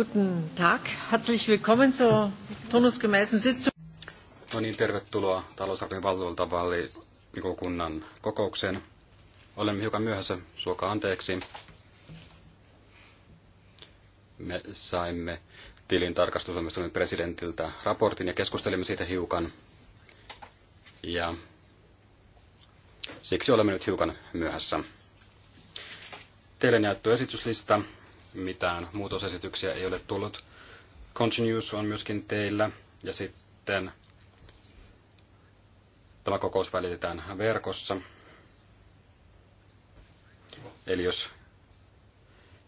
Guten Tag, herzlich willkommen zur turnusgemäßen Sitzung. No niin, tervetuloa talousarvion valtuutavallikunnan kokoukseen. Olemme hiukan myöhässä, suokaa anteeksi. Me saimme tilin tarkastusomistuimen presidentiltä raportin ja keskustelimme siitä hiukan. Ja siksi olemme nyt hiukan myöhässä. Teille näyttö esityslista mitään muutosesityksiä ei ole tullut. Continuous on myöskin teillä ja sitten tämä kokous välitetään verkossa. Eli jos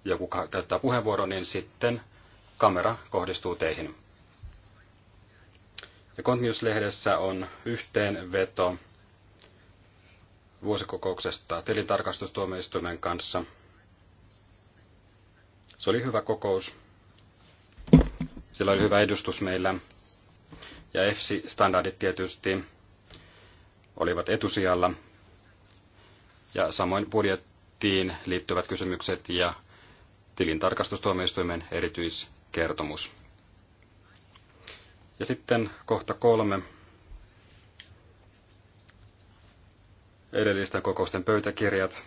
joku käyttää puheenvuoron, niin sitten kamera kohdistuu teihin. Ja Continuous-lehdessä on yhteenveto vuosikokouksesta tilintarkastustuomioistuimen kanssa – se oli hyvä kokous. Siellä oli hyvä edustus meillä. Ja EFSI-standardit tietysti olivat etusijalla. Ja samoin budjettiin liittyvät kysymykset ja tilintarkastustuomioistuimen erityiskertomus. Ja sitten kohta kolme. Edellisten kokousten pöytäkirjat.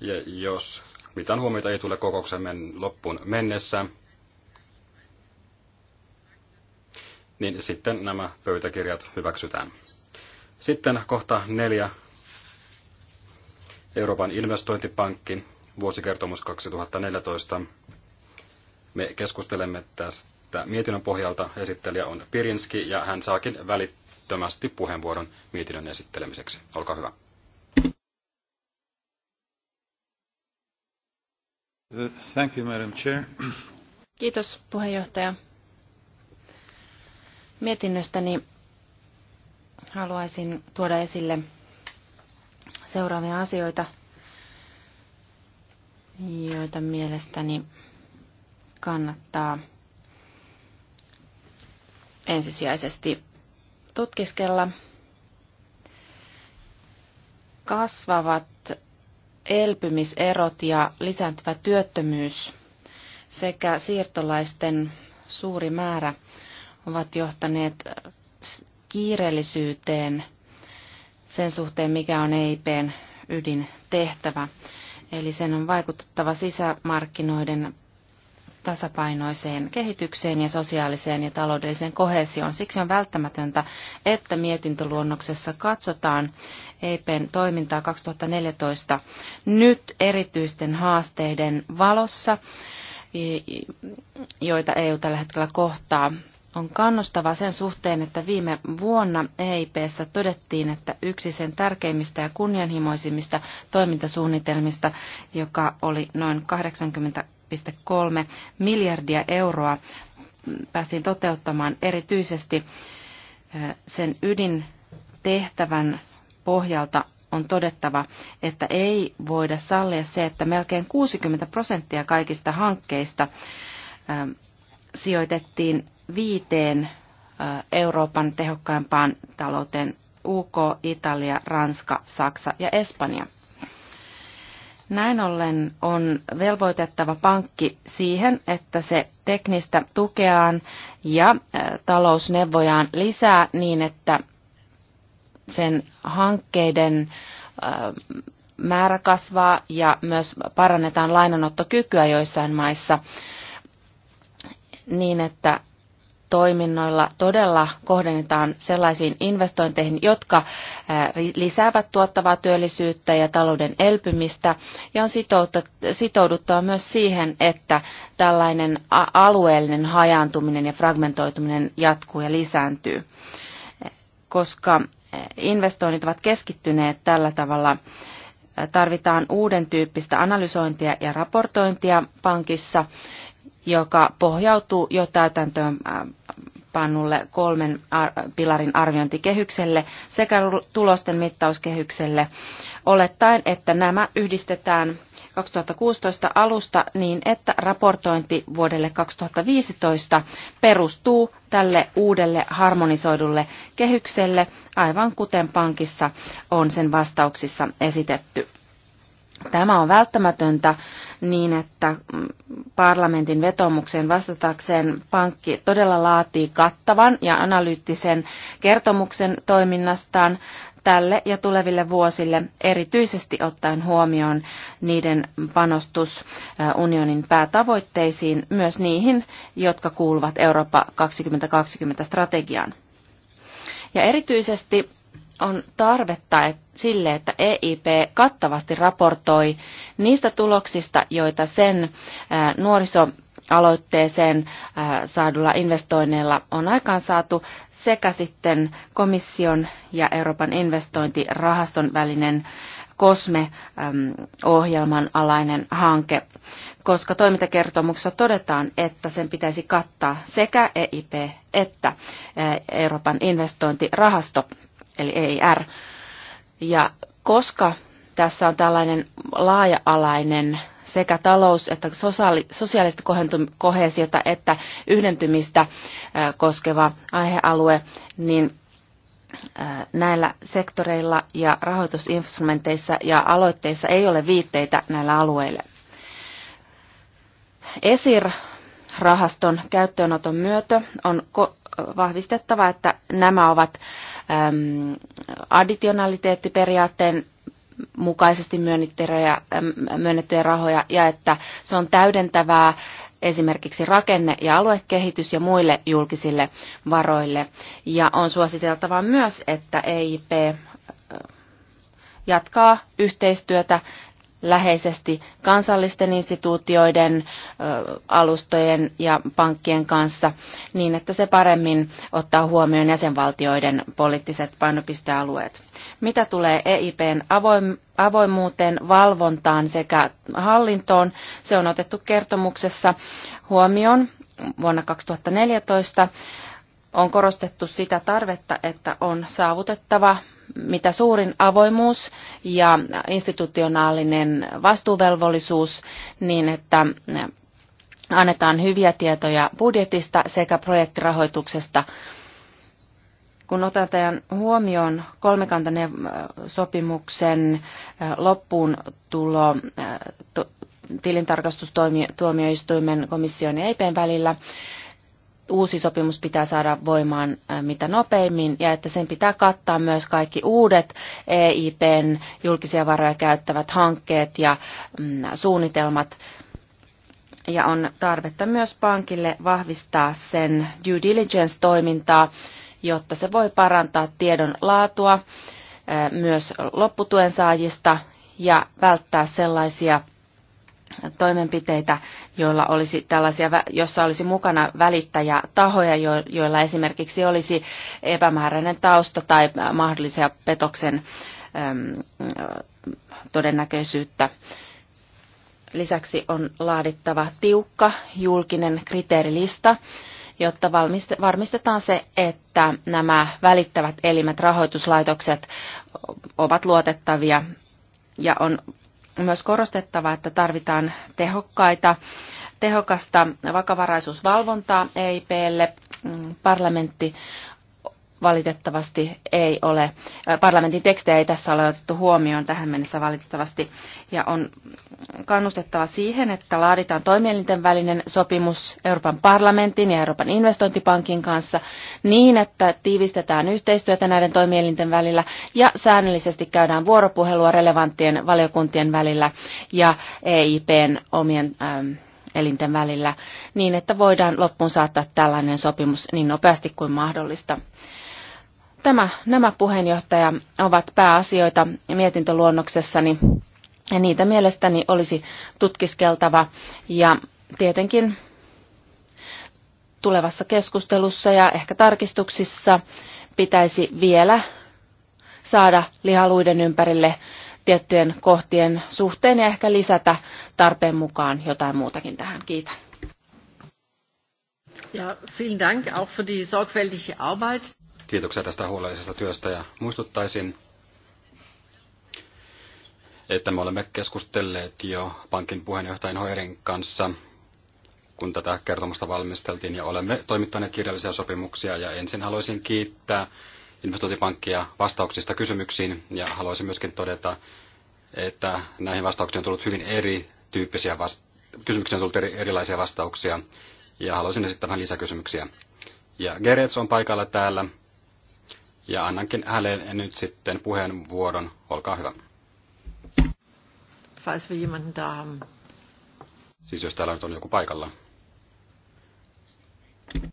Ja jos mitään huomiota ei tule men- loppuun mennessä. Niin sitten nämä pöytäkirjat hyväksytään. Sitten kohta neljä. Euroopan investointipankki, vuosikertomus 2014. Me keskustelemme tästä mietinnön pohjalta. Esittelijä on Pirinski ja hän saakin välittömästi puheenvuoron mietinnön esittelemiseksi. Olkaa hyvä. Uh, thank you, Madam Chair. Kiitos puheenjohtaja. Mietinnöstäni haluaisin tuoda esille seuraavia asioita, joita mielestäni kannattaa ensisijaisesti tutkiskella. Kasvavat elpymiserot ja lisääntyvä työttömyys sekä siirtolaisten suuri määrä ovat johtaneet kiireellisyyteen sen suhteen, mikä on EIPn ydintehtävä. Eli sen on vaikutettava sisämarkkinoiden tasapainoiseen kehitykseen ja sosiaaliseen ja taloudelliseen kohesioon. Siksi on välttämätöntä, että mietintöluonnoksessa katsotaan EIPn toimintaa 2014 nyt erityisten haasteiden valossa, joita EU tällä hetkellä kohtaa. On kannustava sen suhteen, että viime vuonna EIPssä todettiin, että yksi sen tärkeimmistä ja kunnianhimoisimmista toimintasuunnitelmista, joka oli noin 80 kolme miljardia euroa päästiin toteuttamaan erityisesti sen ydintehtävän pohjalta on todettava, että ei voida sallia se, että melkein 60 prosenttia kaikista hankkeista sijoitettiin viiteen Euroopan tehokkaimpaan talouteen UK, Italia, Ranska, Saksa ja Espanja. Näin ollen on velvoitettava pankki siihen, että se teknistä tukeaan ja äh, talousneuvojaan lisää niin, että sen hankkeiden äh, määrä kasvaa ja myös parannetaan lainanottokykyä joissain maissa niin, että toiminnoilla todella kohdennetaan sellaisiin investointeihin, jotka lisäävät tuottavaa työllisyyttä ja talouden elpymistä. Ja on sitouduttava myös siihen, että tällainen alueellinen hajaantuminen ja fragmentoituminen jatkuu ja lisääntyy, koska investoinnit ovat keskittyneet tällä tavalla tarvitaan uuden tyyppistä analysointia ja raportointia pankissa joka pohjautuu jo täytäntöön pannulle kolmen pilarin arviointikehykselle sekä tulosten mittauskehykselle, olettaen, että nämä yhdistetään 2016 alusta niin, että raportointi vuodelle 2015 perustuu tälle uudelle harmonisoidulle kehykselle, aivan kuten pankissa on sen vastauksissa esitetty. Tämä on välttämätöntä niin, että parlamentin vetomukseen vastatakseen pankki todella laatii kattavan ja analyyttisen kertomuksen toiminnastaan tälle ja tuleville vuosille, erityisesti ottaen huomioon niiden panostus äh, unionin päätavoitteisiin, myös niihin, jotka kuuluvat Eurooppa 2020 strategiaan. Ja erityisesti on tarvetta sille, että EIP kattavasti raportoi niistä tuloksista, joita sen nuorisoaloitteeseen saadulla investoinneilla on aikaansaatu sekä sitten komission ja Euroopan investointirahaston välinen COSME-ohjelman alainen hanke, koska toimintakertomuksessa todetaan, että sen pitäisi kattaa sekä EIP että Euroopan investointirahasto eli EIR. Ja koska tässä on tällainen laaja-alainen sekä talous- että sosiaali- sosiaalista kohesiota että yhdentymistä koskeva aihealue, niin näillä sektoreilla ja rahoitusinstrumenteissa ja aloitteissa ei ole viitteitä näillä alueille. ESIR-rahaston käyttöönoton myötä on vahvistettava, että nämä ovat Ähm, additionaliteettiperiaatteen mukaisesti ähm, myönnettyjä rahoja ja että se on täydentävää esimerkiksi rakenne- ja aluekehitys ja muille julkisille varoille. Ja on suositeltavaa myös, että EIP äh, jatkaa yhteistyötä läheisesti kansallisten instituutioiden, alustojen ja pankkien kanssa niin, että se paremmin ottaa huomioon jäsenvaltioiden poliittiset painopistealueet. Mitä tulee EIPn avoimuuteen, valvontaan sekä hallintoon, se on otettu kertomuksessa huomioon vuonna 2014 on korostettu sitä tarvetta, että on saavutettava mitä suurin avoimuus ja institutionaalinen vastuuvelvollisuus niin, että annetaan hyviä tietoja budjetista sekä projektirahoituksesta. Kun otetaan huomioon kolmikantainen sopimuksen loppuun tulo tilintarkastustuomioistuimen komission ja EIPn välillä, uusi sopimus pitää saada voimaan mitä nopeimmin ja että sen pitää kattaa myös kaikki uudet EIPn julkisia varoja käyttävät hankkeet ja mm, suunnitelmat. Ja on tarvetta myös pankille vahvistaa sen due diligence-toimintaa, jotta se voi parantaa tiedon laatua myös lopputuen saajista ja välttää sellaisia toimenpiteitä, joilla olisi tällaisia, jossa olisi mukana välittäjätahoja, joilla esimerkiksi olisi epämääräinen tausta tai mahdollisia petoksen äm, todennäköisyyttä. Lisäksi on laadittava tiukka julkinen kriteerilista, jotta varmistetaan se, että nämä välittävät elimet, rahoituslaitokset ovat luotettavia ja on myös korostettava, että tarvitaan tehokkaita, tehokasta vakavaraisuusvalvontaa EIPlle. Mm, parlamentti valitettavasti ei ole, äh, parlamentin tekstejä ei tässä ole otettu huomioon tähän mennessä valitettavasti, ja on kannustettava siihen, että laaditaan toimielinten välinen sopimus Euroopan parlamentin ja Euroopan investointipankin kanssa niin, että tiivistetään yhteistyötä näiden toimielinten välillä ja säännöllisesti käydään vuoropuhelua relevanttien valiokuntien välillä ja EIPn omien ähm, elinten välillä niin, että voidaan loppuun saattaa tällainen sopimus niin nopeasti kuin mahdollista. Tämä, nämä puheenjohtaja ovat pääasioita mietintöluonnoksessani ja niitä mielestäni olisi tutkiskeltava ja tietenkin tulevassa keskustelussa ja ehkä tarkistuksissa pitäisi vielä saada lihaluiden ympärille tiettyjen kohtien suhteen ja ehkä lisätä tarpeen mukaan jotain muutakin tähän. Kiitän. Ja, vielen Dank auch für die sorgfältige Arbeit. Kiitoksia tästä huolellisesta työstä ja muistuttaisin, että me olemme keskustelleet jo pankin puheenjohtajan Hoerin kanssa, kun tätä kertomusta valmisteltiin, ja olemme toimittaneet kirjallisia sopimuksia, ja ensin haluaisin kiittää investointipankkia vastauksista kysymyksiin, ja haluaisin myöskin todeta, että näihin vastauksiin on tullut hyvin erityyppisiä vast- kysymyksiä on tullut eri, erilaisia vastauksia, ja haluaisin esittää vähän lisäkysymyksiä. Ja Gerets on paikalla täällä, ja annankin hänelle nyt sitten puheenvuoron. Olkaa hyvä. Falls wir jemanden da haben. Siis jos täällä nyt on joku paikalla.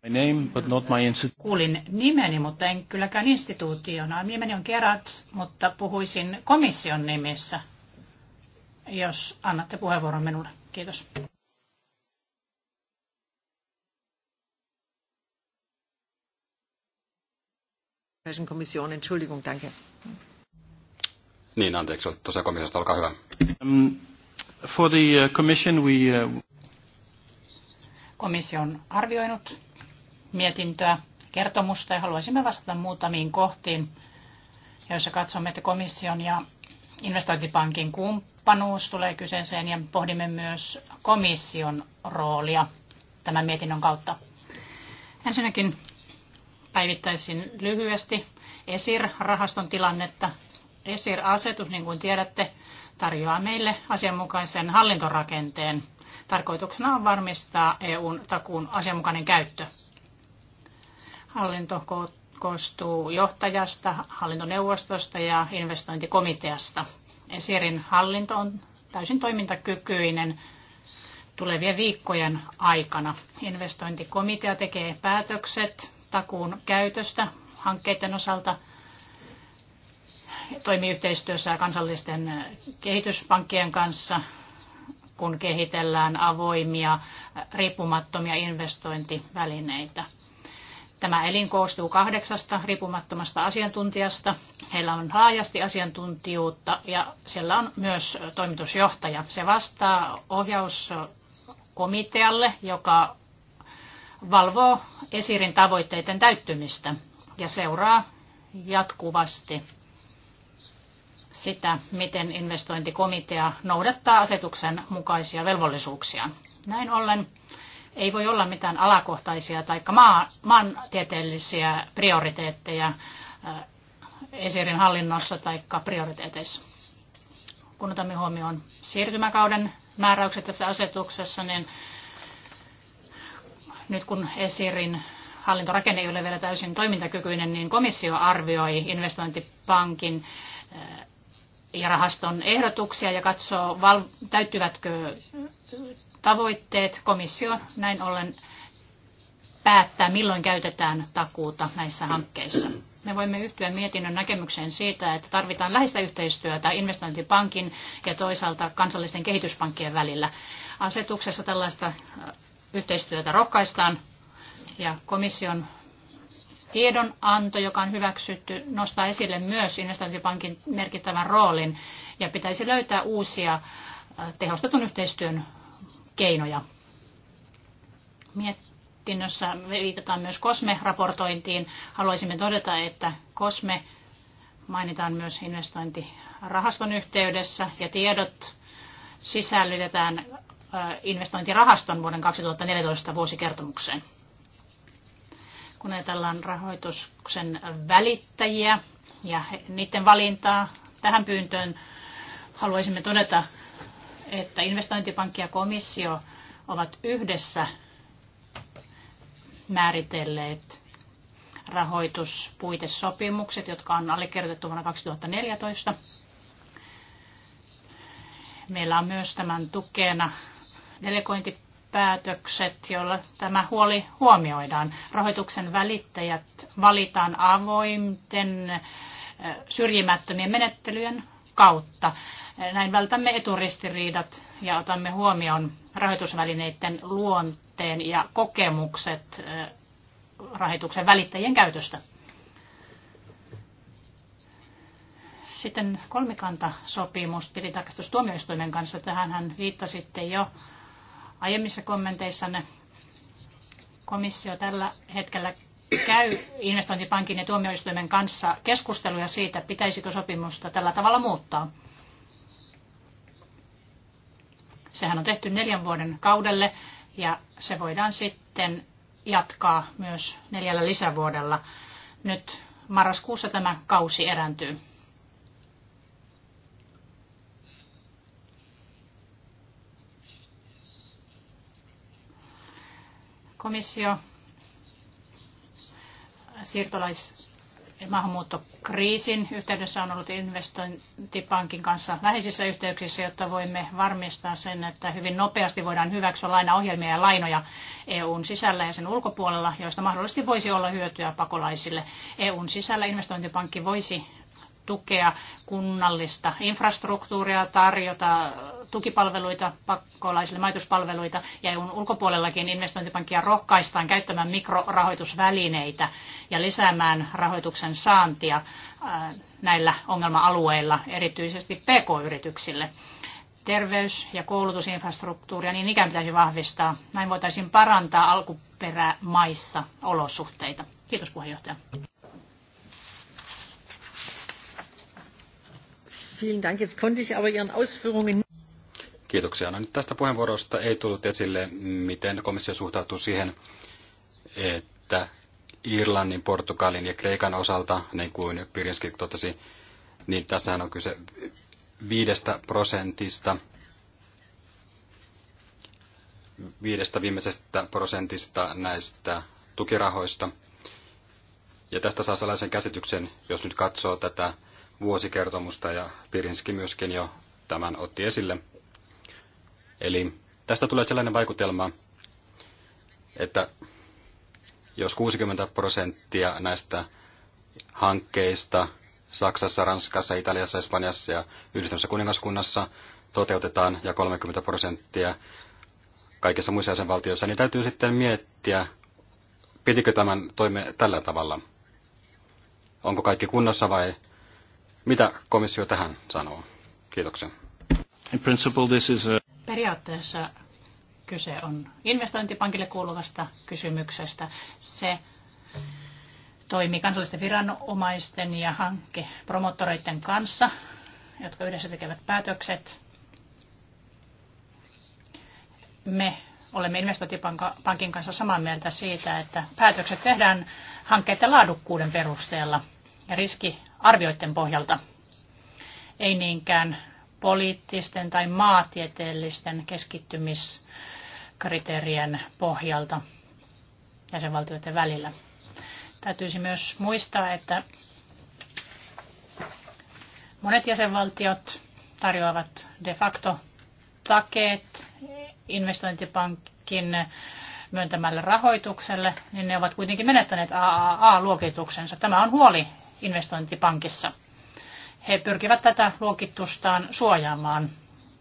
My name, but not my Kuulin nimeni, mutta en kylläkään instituutiona. Nimeni on Gerards, mutta puhuisin komission nimissä, jos annatte puheenvuoron minulle. Kiitos. European Commission, entschuldigung, danke. Niin, anteeksi, tosiaan komissiosta, olkaa hyvä. Um, for the uh, commission we... Uh... Komissio on arvioinut mietintöä, kertomusta ja haluaisimme vastata muutamiin kohtiin, joissa katsomme, että komission ja investointipankin kumppanuus tulee kyseeseen ja pohdimme myös komission roolia tämän mietinnön kautta. Ensinnäkin Päivittäisin lyhyesti ESIR-rahaston tilannetta. ESIR-asetus, niin kuin tiedätte, tarjoaa meille asianmukaisen hallintorakenteen. Tarkoituksena on varmistaa EUn takuun asianmukainen käyttö. Hallinto koostuu johtajasta, hallintoneuvostosta ja investointikomiteasta. ESIRin hallinto on täysin toimintakykyinen tulevien viikkojen aikana. Investointikomitea tekee päätökset takuun käytöstä hankkeiden osalta toimii yhteistyössä kansallisten kehityspankkien kanssa, kun kehitellään avoimia, riippumattomia investointivälineitä. Tämä elin koostuu kahdeksasta riippumattomasta asiantuntijasta. Heillä on laajasti asiantuntijuutta ja siellä on myös toimitusjohtaja. Se vastaa ohjauskomitealle, joka valvoo esirin tavoitteiden täyttymistä ja seuraa jatkuvasti sitä, miten investointikomitea noudattaa asetuksen mukaisia velvollisuuksiaan. Näin ollen ei voi olla mitään alakohtaisia tai maantieteellisiä prioriteetteja äh, esirin hallinnossa tai prioriteeteissa. Kun otamme huomioon siirtymäkauden määräykset tässä asetuksessa, niin nyt kun Esirin hallintorakenne ei ole vielä täysin toimintakykyinen, niin komissio arvioi investointipankin eh, ja rahaston ehdotuksia ja katsoo, val- täyttyvätkö eh, tavoitteet. Komissio näin ollen päättää, milloin käytetään takuuta näissä hankkeissa. Me voimme yhtyä mietinnön näkemykseen siitä, että tarvitaan läheistä yhteistyötä investointipankin ja toisaalta kansallisten kehityspankkien välillä. Asetuksessa tällaista eh, yhteistyötä rohkaistaan ja komission tiedonanto, joka on hyväksytty, nostaa esille myös investointipankin merkittävän roolin ja pitäisi löytää uusia äh, tehostetun yhteistyön keinoja. Mietinnössä viitataan myös COSME-raportointiin. Haluaisimme todeta, että COSME mainitaan myös investointirahaston yhteydessä ja tiedot sisällytetään investointirahaston vuoden 2014 vuosikertomukseen. Kun ajatellaan rahoituksen välittäjiä ja niiden valintaa tähän pyyntöön, haluaisimme todeta, että investointipankki ja komissio ovat yhdessä määritelleet rahoituspuitesopimukset, jotka on allekirjoitettu vuonna 2014. Meillä on myös tämän tukena delegointipäätökset, joilla tämä huoli huomioidaan. Rahoituksen välittäjät valitaan avointen syrjimättömien menettelyjen kautta. Näin vältämme eturistiriidat ja otamme huomioon rahoitusvälineiden luonteen ja kokemukset rahoituksen välittäjien käytöstä. Sitten kolmikanta sopimus tilintarkastustuomioistuimen kanssa. Tähän hän viittasitte jo. Aiemmissa kommenteissanne komissio tällä hetkellä käy investointipankin ja tuomioistuimen kanssa keskusteluja siitä, pitäisikö sopimusta tällä tavalla muuttaa. Sehän on tehty neljän vuoden kaudelle ja se voidaan sitten jatkaa myös neljällä lisävuodella. Nyt marraskuussa tämä kausi erääntyy. Komissio siirtolais- ja maahanmuuttokriisin yhteydessä on ollut investointipankin kanssa läheisissä yhteyksissä, jotta voimme varmistaa sen, että hyvin nopeasti voidaan hyväksyä lainaohjelmia ja lainoja EUn sisällä ja sen ulkopuolella, joista mahdollisesti voisi olla hyötyä pakolaisille. EUn sisällä investointipankki voisi tukea kunnallista infrastruktuuria, tarjota tukipalveluita pakkolaisille, majoituspalveluita ja EUn ulkopuolellakin investointipankkia rohkaistaan käyttämään mikrorahoitusvälineitä ja lisäämään rahoituksen saantia äh, näillä ongelma-alueilla, erityisesti PK-yrityksille. Terveys- ja koulutusinfrastruktuuria niin ikään pitäisi vahvistaa. Näin voitaisiin parantaa alkuperämaissa olosuhteita. Kiitos puheenjohtaja. Vielen Dank. Jetzt konnte ich aber Ihren Ausführungen Kiitoksia. No nyt tästä puheenvuorosta ei tullut esille, miten komissio suhtautuu siihen, että Irlannin, Portugalin ja Kreikan osalta, niin kuin Pirinski totesi, niin tässähän on kyse viidestä prosentista, viidestä viimeisestä prosentista näistä tukirahoista. Ja tästä saa sellaisen käsityksen, jos nyt katsoo tätä vuosikertomusta, ja Pirinski myöskin jo tämän otti esille – Eli tästä tulee sellainen vaikutelma, että jos 60 prosenttia näistä hankkeista Saksassa, Ranskassa, Italiassa, Espanjassa ja Yhdistyneessä kuningaskunnassa toteutetaan ja 30 prosenttia kaikissa muissa jäsenvaltioissa, niin täytyy sitten miettiä, pitikö tämän toime tällä tavalla. Onko kaikki kunnossa vai mitä komissio tähän sanoo? Kiitoksia. In principle this is a... Periaatteessa kyse on investointipankille kuuluvasta kysymyksestä. Se toimii kansallisten viranomaisten ja hankepromottoreiden kanssa, jotka yhdessä tekevät päätökset. Me olemme investointipankin kanssa samaa mieltä siitä, että päätökset tehdään hankkeiden laadukkuuden perusteella ja riskiarvioiden pohjalta. Ei niinkään poliittisten tai maatieteellisten keskittymiskriteerien pohjalta jäsenvaltioiden välillä. Täytyisi myös muistaa, että monet jäsenvaltiot tarjoavat de facto takeet investointipankin myöntämälle rahoitukselle, niin ne ovat kuitenkin menettäneet AAA-luokituksensa. Tämä on huoli investointipankissa he pyrkivät tätä luokitustaan suojaamaan.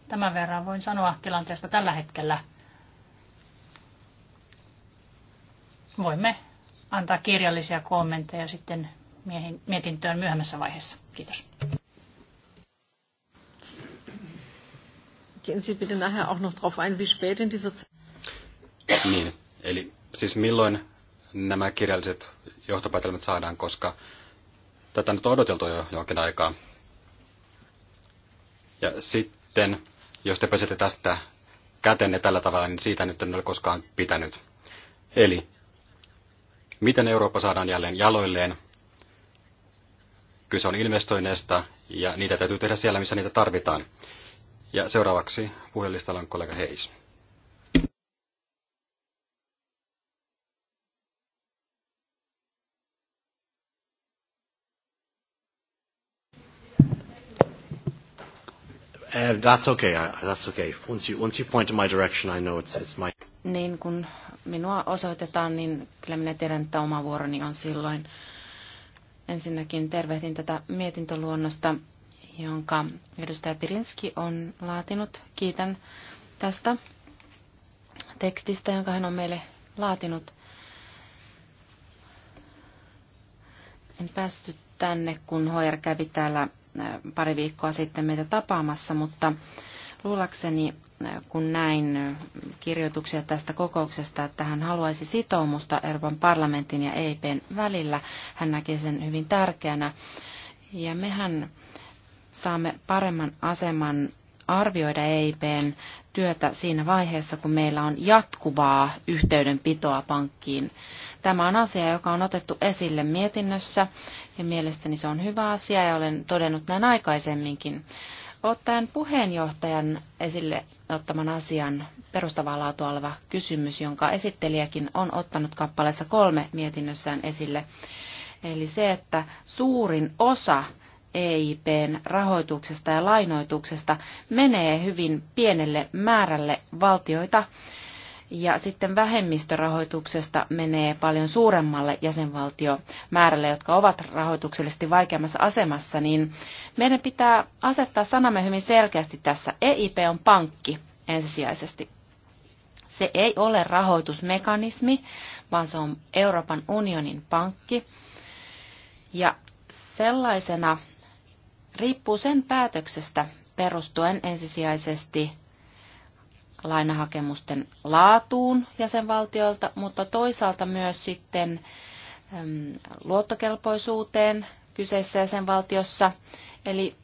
Tämän verran voin sanoa tilanteesta tällä hetkellä. Voimme antaa kirjallisia kommentteja sitten mietintöön myöhemmässä vaiheessa. Kiitos. Sie bitte nachher auch noch drauf ein, wie spät in dieser Niin, eli siis milloin nämä kirjalliset johtopäätelmät saadaan, koska tätä nyt on odoteltu jo jonkin aikaa. Ja sitten, jos te pesette tästä kätenne tällä tavalla, niin siitä nyt en ole koskaan pitänyt. Eli miten Eurooppa saadaan jälleen jaloilleen? Kyse on investoinneista ja niitä täytyy tehdä siellä, missä niitä tarvitaan. Ja seuraavaksi puhelistalla on kollega Heis. Uh, that's okay, that's okay. Once you, once you point in my direction, I know it's, it's my... Niin kun minua osoitetaan, niin kyllä minä tiedän, että oma vuoroni on silloin. Ensinnäkin tervehdin tätä mietintöluonnosta, jonka edustaja Pirinski on laatinut. Kiitän tästä tekstistä, jonka hän on meille laatinut. En päästy tänne, kun HR kävi täällä Äh, pari viikkoa sitten meitä tapaamassa, mutta luulakseni, äh, kun näin äh, kirjoituksia tästä kokouksesta, että hän haluaisi sitoumusta Euroopan parlamentin ja EIPn välillä, hän näkee sen hyvin tärkeänä. Ja mehän saamme paremman aseman arvioida EIPn työtä siinä vaiheessa, kun meillä on jatkuvaa yhteydenpitoa pankkiin. Tämä on asia, joka on otettu esille mietinnössä ja mielestäni se on hyvä asia ja olen todennut näin aikaisemminkin. Ottaen puheenjohtajan esille ottaman asian perustavaa laatua oleva kysymys, jonka esittelijäkin on ottanut kappaleessa kolme mietinnössään esille. Eli se, että suurin osa EIPn rahoituksesta ja lainoituksesta menee hyvin pienelle määrälle valtioita, ja sitten vähemmistörahoituksesta menee paljon suuremmalle jäsenvaltiomäärälle, jotka ovat rahoituksellisesti vaikeammassa asemassa, niin meidän pitää asettaa sanamme hyvin selkeästi tässä. EIP on pankki ensisijaisesti. Se ei ole rahoitusmekanismi, vaan se on Euroopan unionin pankki. Ja sellaisena riippuu sen päätöksestä perustuen ensisijaisesti lainahakemusten laatuun jäsenvaltiolta, mutta toisaalta myös sitten luottokelpoisuuteen kyseisessä jäsenvaltiossa. Eli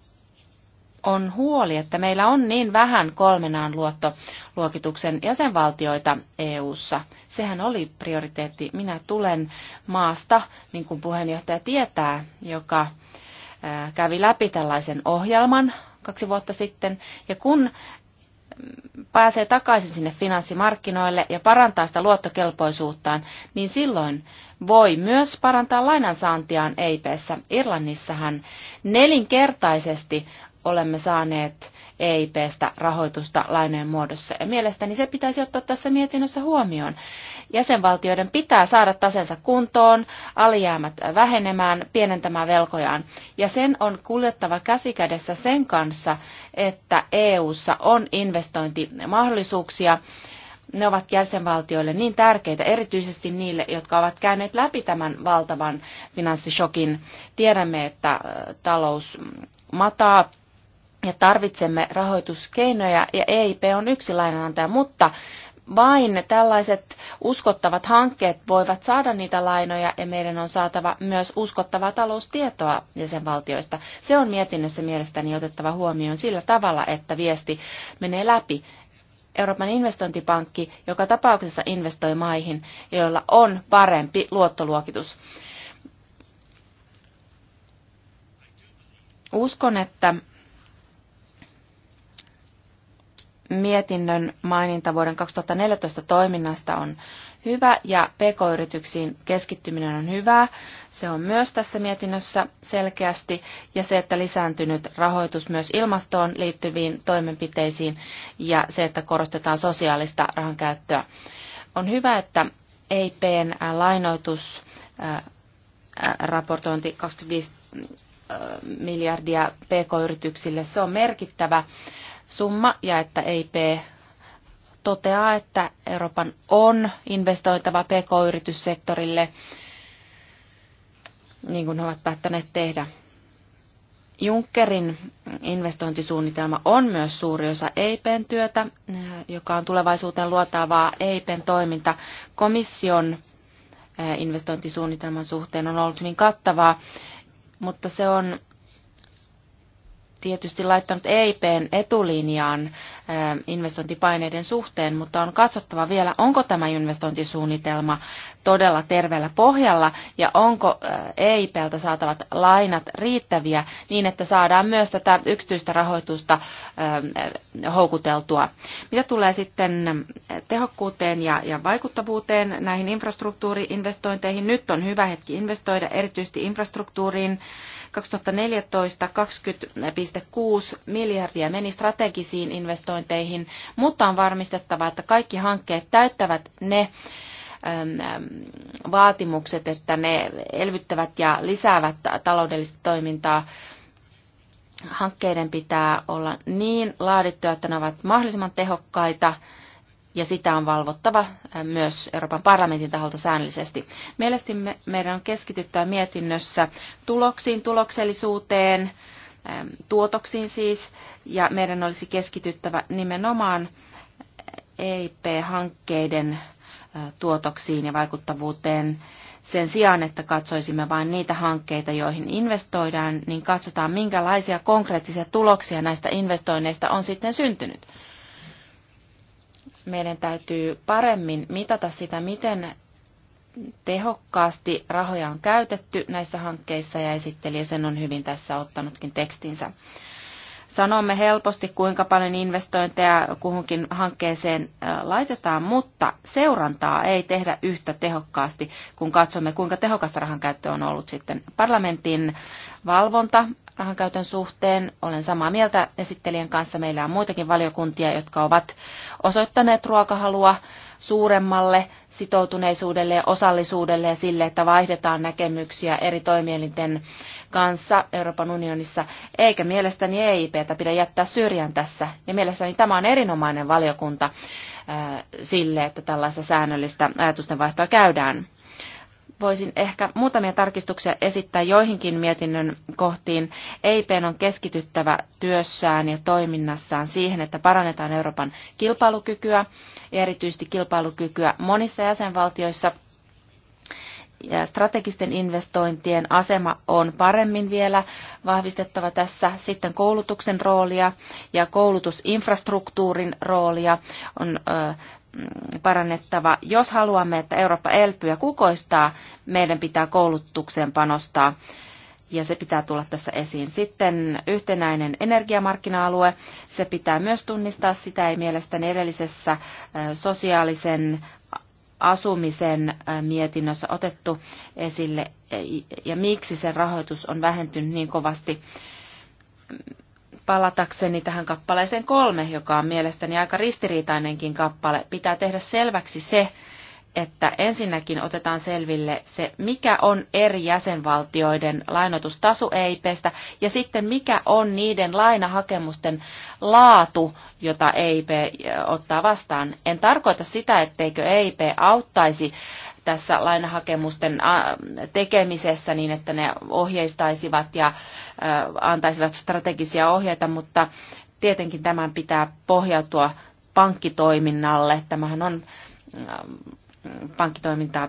on huoli, että meillä on niin vähän kolmenaan luottoluokituksen jäsenvaltioita EU:ssa. Sehän oli prioriteetti. Minä tulen maasta, niin kuin puheenjohtaja tietää, joka kävi läpi tällaisen ohjelman kaksi vuotta sitten. Ja kun pääsee takaisin sinne finanssimarkkinoille ja parantaa sitä luottokelpoisuuttaan, niin silloin voi myös parantaa lainansaantiaan EIP-ssä. Irlannissahan nelinkertaisesti olemme saaneet EIPstä rahoitusta lainojen muodossa. Ja mielestäni se pitäisi ottaa tässä mietinnössä huomioon. Jäsenvaltioiden pitää saada tasensa kuntoon, alijäämät vähenemään, pienentämään velkojaan. Ja sen on kuljettava käsikädessä sen kanssa, että EUssa on investointimahdollisuuksia ne ovat jäsenvaltioille niin tärkeitä, erityisesti niille, jotka ovat käyneet läpi tämän valtavan finanssishokin. Tiedämme, että talous mataa ja tarvitsemme rahoituskeinoja ja EIP on yksi lainanantaja, mutta vain tällaiset uskottavat hankkeet voivat saada niitä lainoja ja meidän on saatava myös uskottavaa taloustietoa jäsenvaltioista. Se on mietinnössä mielestäni otettava huomioon sillä tavalla, että viesti menee läpi. Euroopan investointipankki joka tapauksessa investoi maihin, joilla on parempi luottoluokitus. Uskon, että mietinnön maininta vuoden 2014 toiminnasta on hyvä ja pk-yrityksiin keskittyminen on hyvää. Se on myös tässä mietinnössä selkeästi ja se, että lisääntynyt rahoitus myös ilmastoon liittyviin toimenpiteisiin ja se, että korostetaan sosiaalista rahan käyttöä, On hyvä, että EIPn äh, lainoitus äh, äh, raportointi 25 miljardia pk-yrityksille, se on merkittävä summa ja että EIP toteaa, että Euroopan on investoitava pk-yrityssektorille, niin kuin he ovat päättäneet tehdä. Junckerin investointisuunnitelma on myös suuri osa EIPn työtä, joka on tulevaisuuteen luotavaa EIPn toiminta. Komission eh, investointisuunnitelman suhteen on ollut hyvin kattavaa, mutta se on tietysti laittanut EIPn etulinjaan investointipaineiden suhteen, mutta on katsottava vielä, onko tämä investointisuunnitelma todella terveellä pohjalla ja onko EIPltä saatavat lainat riittäviä niin, että saadaan myös tätä yksityistä rahoitusta houkuteltua. Mitä tulee sitten tehokkuuteen ja, ja vaikuttavuuteen näihin infrastruktuuriinvestointeihin, nyt on hyvä hetki investoida erityisesti infrastruktuuriin, 2014 20,6 miljardia meni strategisiin investointeihin, mutta on varmistettava, että kaikki hankkeet täyttävät ne ähm, ähm, vaatimukset, että ne elvyttävät ja lisäävät taloudellista toimintaa. Hankkeiden pitää olla niin laadittuja, että ne ovat mahdollisimman tehokkaita, ja sitä on valvottava äh, myös Euroopan parlamentin taholta säännöllisesti. Mielestäni meidän on keskityttävä mietinnössä tuloksiin, tuloksellisuuteen, ähm, tuotoksiin siis, ja meidän olisi keskityttävä nimenomaan EIP-hankkeiden äh, tuotoksiin ja vaikuttavuuteen. Sen sijaan, että katsoisimme vain niitä hankkeita, joihin investoidaan, niin katsotaan, minkälaisia konkreettisia tuloksia näistä investoinneista on sitten syntynyt meidän täytyy paremmin mitata sitä, miten tehokkaasti rahoja on käytetty näissä hankkeissa ja esittelijä sen on hyvin tässä ottanutkin tekstinsä. Sanomme helposti, kuinka paljon investointeja kuhunkin hankkeeseen äh, laitetaan, mutta seurantaa ei tehdä yhtä tehokkaasti, kun katsomme, kuinka tehokasta rahan käyttö on ollut sitten. Parlamentin valvonta rahankäytön suhteen. Olen samaa mieltä esittelijän kanssa. Meillä on muitakin valiokuntia, jotka ovat osoittaneet ruokahalua suuremmalle sitoutuneisuudelle ja osallisuudelle ja sille, että vaihdetaan näkemyksiä eri toimielinten kanssa Euroopan unionissa, eikä mielestäni EIPtä pidä jättää syrjään tässä. Ja mielestäni tämä on erinomainen valiokunta sille, että tällaista säännöllistä ajatustenvaihtoa käydään voisin ehkä muutamia tarkistuksia esittää joihinkin mietinnön kohtiin. EIP on keskityttävä työssään ja toiminnassaan siihen, että parannetaan Euroopan kilpailukykyä ja erityisesti kilpailukykyä monissa jäsenvaltioissa. Ja strategisten investointien asema on paremmin vielä vahvistettava tässä. Sitten koulutuksen roolia ja koulutusinfrastruktuurin roolia on Mm, parannettava. Jos haluamme, että Eurooppa elpyy ja kukoistaa, meidän pitää koulutukseen panostaa ja se pitää tulla tässä esiin. Sitten yhtenäinen energiamarkkina-alue, se pitää myös tunnistaa, sitä ei mielestäni edellisessä sosiaalisen asumisen mietinnössä otettu esille ja miksi sen rahoitus on vähentynyt niin kovasti palatakseni tähän kappaleeseen kolme, joka on mielestäni aika ristiriitainenkin kappale. Pitää tehdä selväksi se, että ensinnäkin otetaan selville se, mikä on eri jäsenvaltioiden lainoitustasu EIPstä ja sitten mikä on niiden lainahakemusten laatu, jota EIP äh, ottaa vastaan. En tarkoita sitä, etteikö EIP auttaisi tässä lainahakemusten äh, tekemisessä niin, että ne ohjeistaisivat ja äh, antaisivat strategisia ohjeita, mutta tietenkin tämän pitää pohjautua pankkitoiminnalle. Tämähän on pankkitoimintaa.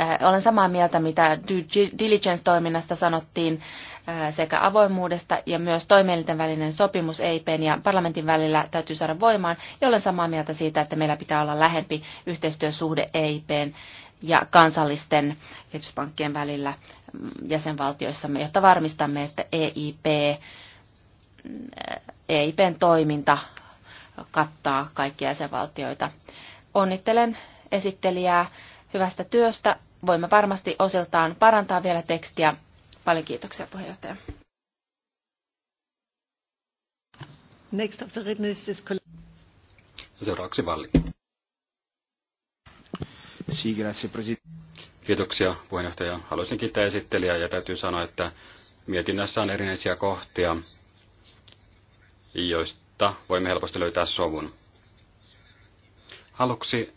Äh, olen samaa mieltä, mitä due diligence-toiminnasta sanottiin äh, sekä avoimuudesta ja myös toimielinten välinen sopimus EIPn ja parlamentin välillä täytyy saada voimaan. Ja olen samaa mieltä siitä, että meillä pitää olla lähempi yhteistyösuhde EIPn ja kansallisten kehityspankkien välillä mm, jäsenvaltioissamme, jotta varmistamme, että EIP, äh, EIPn toiminta kattaa kaikkia jäsenvaltioita. Onnittelen esittelijää hyvästä työstä. Voimme varmasti osiltaan parantaa vielä tekstiä. Paljon kiitoksia puheenjohtaja. Next of the witness is... Seuraavaksi Valli. grazie, Kiitoksia puheenjohtaja. Haluaisin kiittää esittelijää ja täytyy sanoa, että mietinnässä on erinäisiä kohtia, joista voimme helposti löytää sovun. Aluksi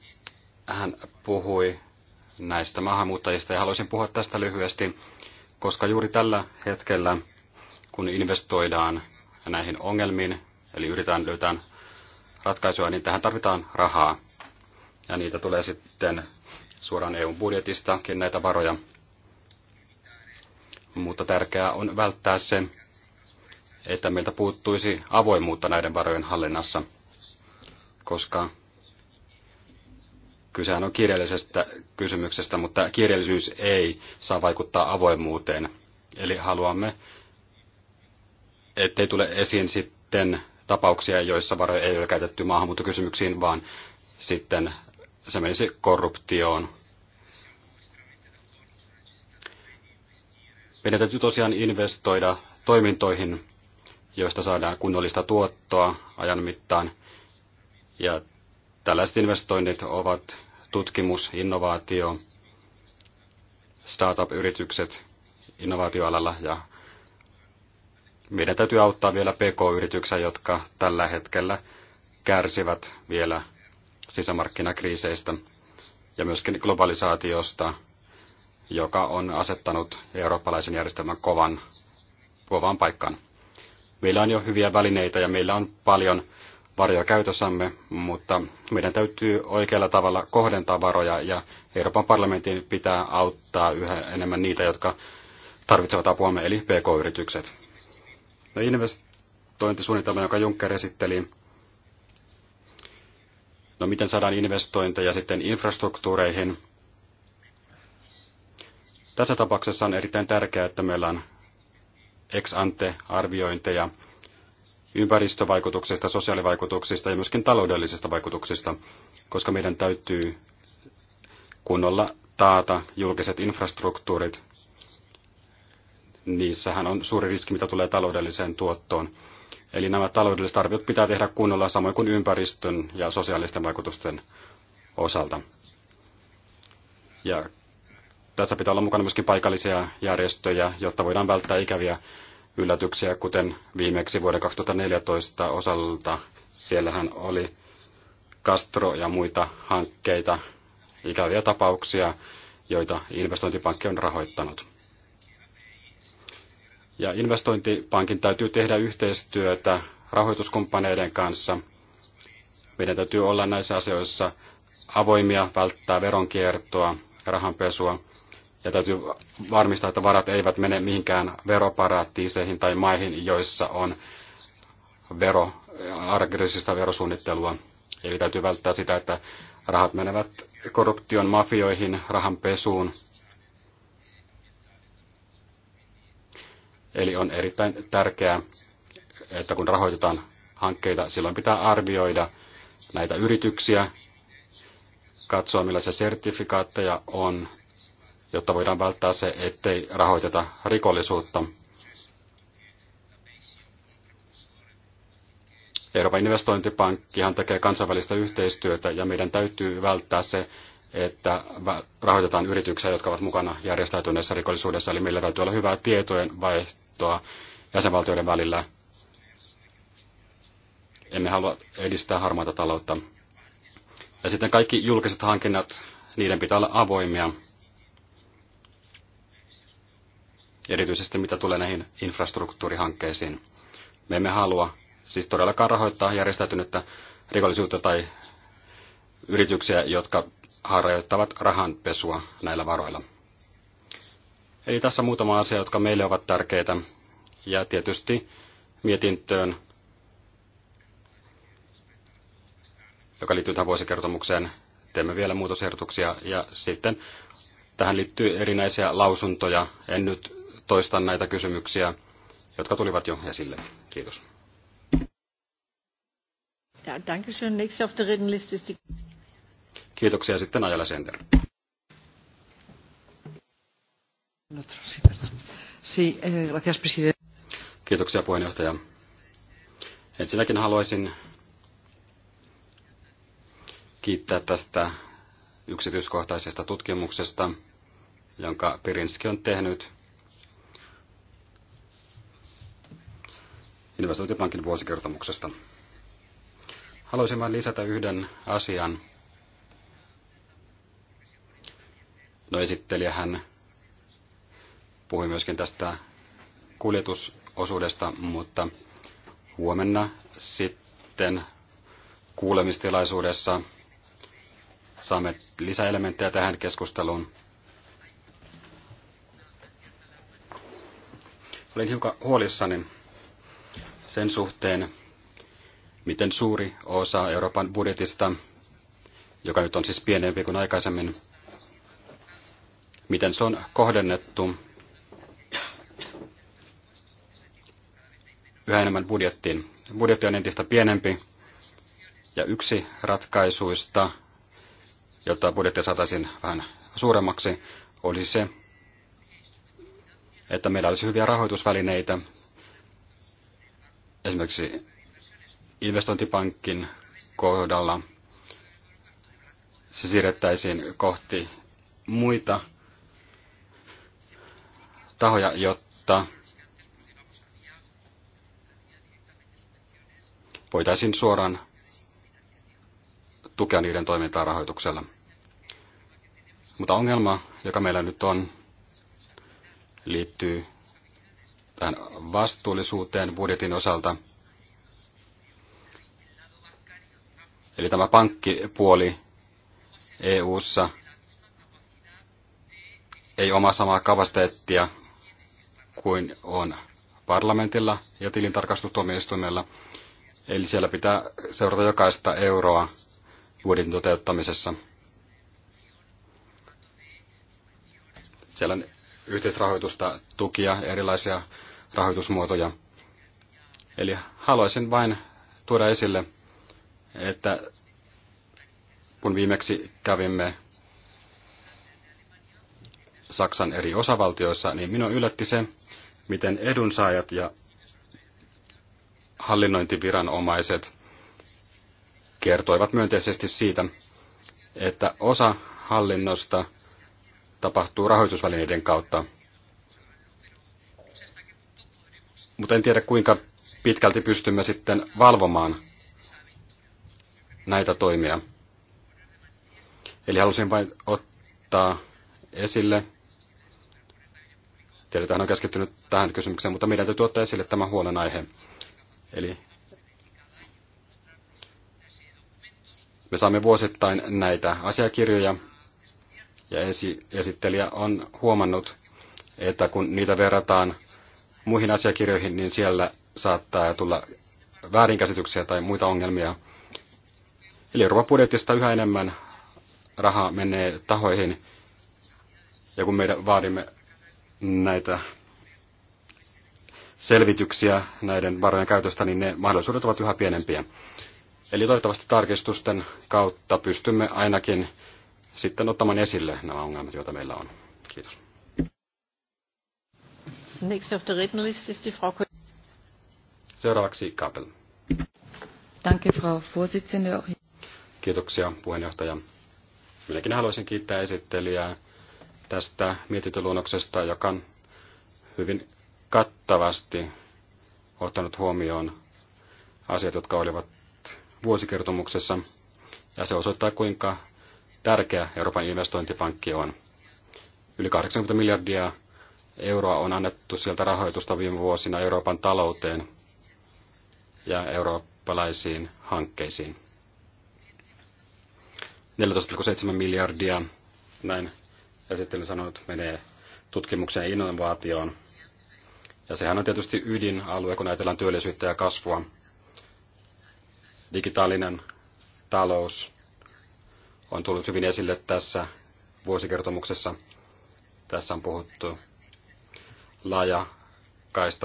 hän puhui näistä maahanmuuttajista ja haluaisin puhua tästä lyhyesti, koska juuri tällä hetkellä, kun investoidaan näihin ongelmiin, eli yritetään löytää ratkaisua, niin tähän tarvitaan rahaa. Ja niitä tulee sitten suoraan EU-budjetistakin näitä varoja. Mutta tärkeää on välttää se, että meiltä puuttuisi avoimuutta näiden varojen hallinnassa, koska Kysehän on kirjallisesta kysymyksestä, mutta kirjallisuus ei saa vaikuttaa avoimuuteen. Eli haluamme, ettei tule esiin sitten tapauksia, joissa varoja ei ole käytetty maahanmuuttokysymyksiin, vaan sitten se menisi korruptioon. Meidän täytyy tosiaan investoida toimintoihin, joista saadaan kunnollista tuottoa ajan mittaan. Ja Tällaiset investoinnit ovat tutkimus, innovaatio, startup-yritykset innovaatioalalla ja meidän täytyy auttaa vielä PK-yrityksiä, jotka tällä hetkellä kärsivät vielä sisämarkkinakriiseistä ja myöskin globalisaatiosta, joka on asettanut eurooppalaisen järjestelmän kovan, kovan paikkaan. Meillä on jo hyviä välineitä ja meillä on paljon varoja käytössämme, mutta meidän täytyy oikealla tavalla kohdentaa varoja ja Euroopan parlamentin pitää auttaa yhä enemmän niitä, jotka tarvitsevat apuamme, eli PK-yritykset. No, investointisuunnitelma, jonka Juncker esitteli, no miten saadaan investointeja sitten infrastruktuureihin. Tässä tapauksessa on erittäin tärkeää, että meillä on ex ante arviointeja ympäristövaikutuksista, sosiaalivaikutuksista ja myöskin taloudellisista vaikutuksista, koska meidän täytyy kunnolla taata julkiset infrastruktuurit. Niissähän on suuri riski, mitä tulee taloudelliseen tuottoon. Eli nämä taloudelliset arviot pitää tehdä kunnolla samoin kuin ympäristön ja sosiaalisten vaikutusten osalta. Ja tässä pitää olla mukana myöskin paikallisia järjestöjä, jotta voidaan välttää ikäviä yllätyksiä, kuten viimeksi vuoden 2014 osalta. Siellähän oli Castro ja muita hankkeita, ikäviä tapauksia, joita investointipankki on rahoittanut. Ja investointipankin täytyy tehdä yhteistyötä rahoituskumppaneiden kanssa. Meidän täytyy olla näissä asioissa avoimia, välttää veronkiertoa, rahanpesua. Ja täytyy varmistaa, että varat eivät mene mihinkään veroparatiiseihin tai maihin, joissa on vero, aggressiivista verosuunnittelua. Eli täytyy välttää sitä, että rahat menevät korruption, mafioihin, rahanpesuun. Eli on erittäin tärkeää, että kun rahoitetaan hankkeita, silloin pitää arvioida näitä yrityksiä, katsoa millaisia sertifikaatteja on jotta voidaan välttää se, ettei rahoiteta rikollisuutta. Euroopan investointipankkihan tekee kansainvälistä yhteistyötä ja meidän täytyy välttää se, että rahoitetaan yrityksiä, jotka ovat mukana järjestäytyneessä rikollisuudessa, eli meillä täytyy olla hyvää tietojen vaihtoa jäsenvaltioiden välillä. Emme halua edistää harmaata taloutta. Ja sitten kaikki julkiset hankinnat, niiden pitää olla avoimia. erityisesti mitä tulee näihin infrastruktuurihankkeisiin. Me emme halua siis todellakaan rahoittaa järjestäytynyttä rikollisuutta tai yrityksiä, jotka harjoittavat rahanpesua näillä varoilla. Eli tässä muutama asia, jotka meille ovat tärkeitä. Ja tietysti mietintöön, joka liittyy tähän vuosikertomukseen, teemme vielä muutosehdotuksia. Ja sitten tähän liittyy erinäisiä lausuntoja. En nyt Toistan näitä kysymyksiä, jotka tulivat jo esille. Kiitos. Kiitoksia sitten Ajala eh, Center. Kiitoksia puheenjohtaja. Ensinnäkin haluaisin kiittää tästä yksityiskohtaisesta tutkimuksesta, jonka Pirinski on tehnyt investointipankin vuosikertomuksesta. Haluaisin vain lisätä yhden asian. No esittelijähän puhui myöskin tästä kuljetusosuudesta, mutta huomenna sitten kuulemistilaisuudessa saamme lisäelementtejä tähän keskusteluun. Olin hiukan huolissani sen suhteen, miten suuri osa Euroopan budjetista, joka nyt on siis pienempi kuin aikaisemmin, miten se on kohdennettu yhä enemmän budjettiin. Budjetti on entistä pienempi ja yksi ratkaisuista, jotta budjetti saataisiin vähän suuremmaksi, olisi se, että meillä olisi hyviä rahoitusvälineitä, Esimerkiksi investointipankin kohdalla se siirrettäisiin kohti muita tahoja, jotta voitaisiin suoraan tukea niiden toimintaa rahoituksella. Mutta ongelma, joka meillä nyt on, liittyy tähän vastuullisuuteen budjetin osalta. Eli tämä pankkipuoli EU:ssa ei oma samaa kapasiteettia kuin on parlamentilla ja tilintarkastustuomioistuimella. Eli siellä pitää seurata jokaista euroa budjetin toteuttamisessa. Siellä on yhteisrahoitusta, tukia, erilaisia rahoitusmuotoja. Eli haluaisin vain tuoda esille, että kun viimeksi kävimme Saksan eri osavaltioissa, niin minua yllätti se, miten edunsaajat ja hallinnointiviranomaiset kertoivat myönteisesti siitä, että osa hallinnosta tapahtuu rahoitusvälineiden kautta. Mutta en tiedä, kuinka pitkälti pystymme sitten valvomaan näitä toimia. Eli halusin vain ottaa esille, tiedetään on keskittynyt tähän kysymykseen, mutta meidän täytyy ottaa esille tämä huolenaihe. Eli me saamme vuosittain näitä asiakirjoja, ja esi- esittelijä on huomannut, että kun niitä verrataan muihin asiakirjoihin, niin siellä saattaa tulla väärinkäsityksiä tai muita ongelmia. Eli Euroopan budjetista yhä enemmän rahaa menee tahoihin, ja kun meidän vaadimme näitä selvityksiä näiden varojen käytöstä, niin ne mahdollisuudet ovat yhä pienempiä. Eli toivottavasti tarkistusten kautta pystymme ainakin sitten ottamaan esille nämä ongelmat, joita meillä on. Kiitos. Next auf der die Frau Seuraavaksi Kapel. Danke, Frau Vorsitzende. Kiitoksia, puheenjohtaja. Minäkin haluaisin kiittää esittelijää tästä mietintöluonnoksesta, joka on hyvin kattavasti ottanut huomioon asiat, jotka olivat vuosikertomuksessa. Ja se osoittaa, kuinka tärkeä Euroopan investointipankki on. Yli 80 miljardia euroa on annettu sieltä rahoitusta viime vuosina Euroopan talouteen ja eurooppalaisiin hankkeisiin. 14,7 miljardia, näin esittelin sanonut, menee tutkimukseen ja innovaatioon. Ja sehän on tietysti ydinalue, kun ajatellaan työllisyyttä ja kasvua. Digitaalinen talous on tullut hyvin esille tässä vuosikertomuksessa. Tässä on puhuttu laaja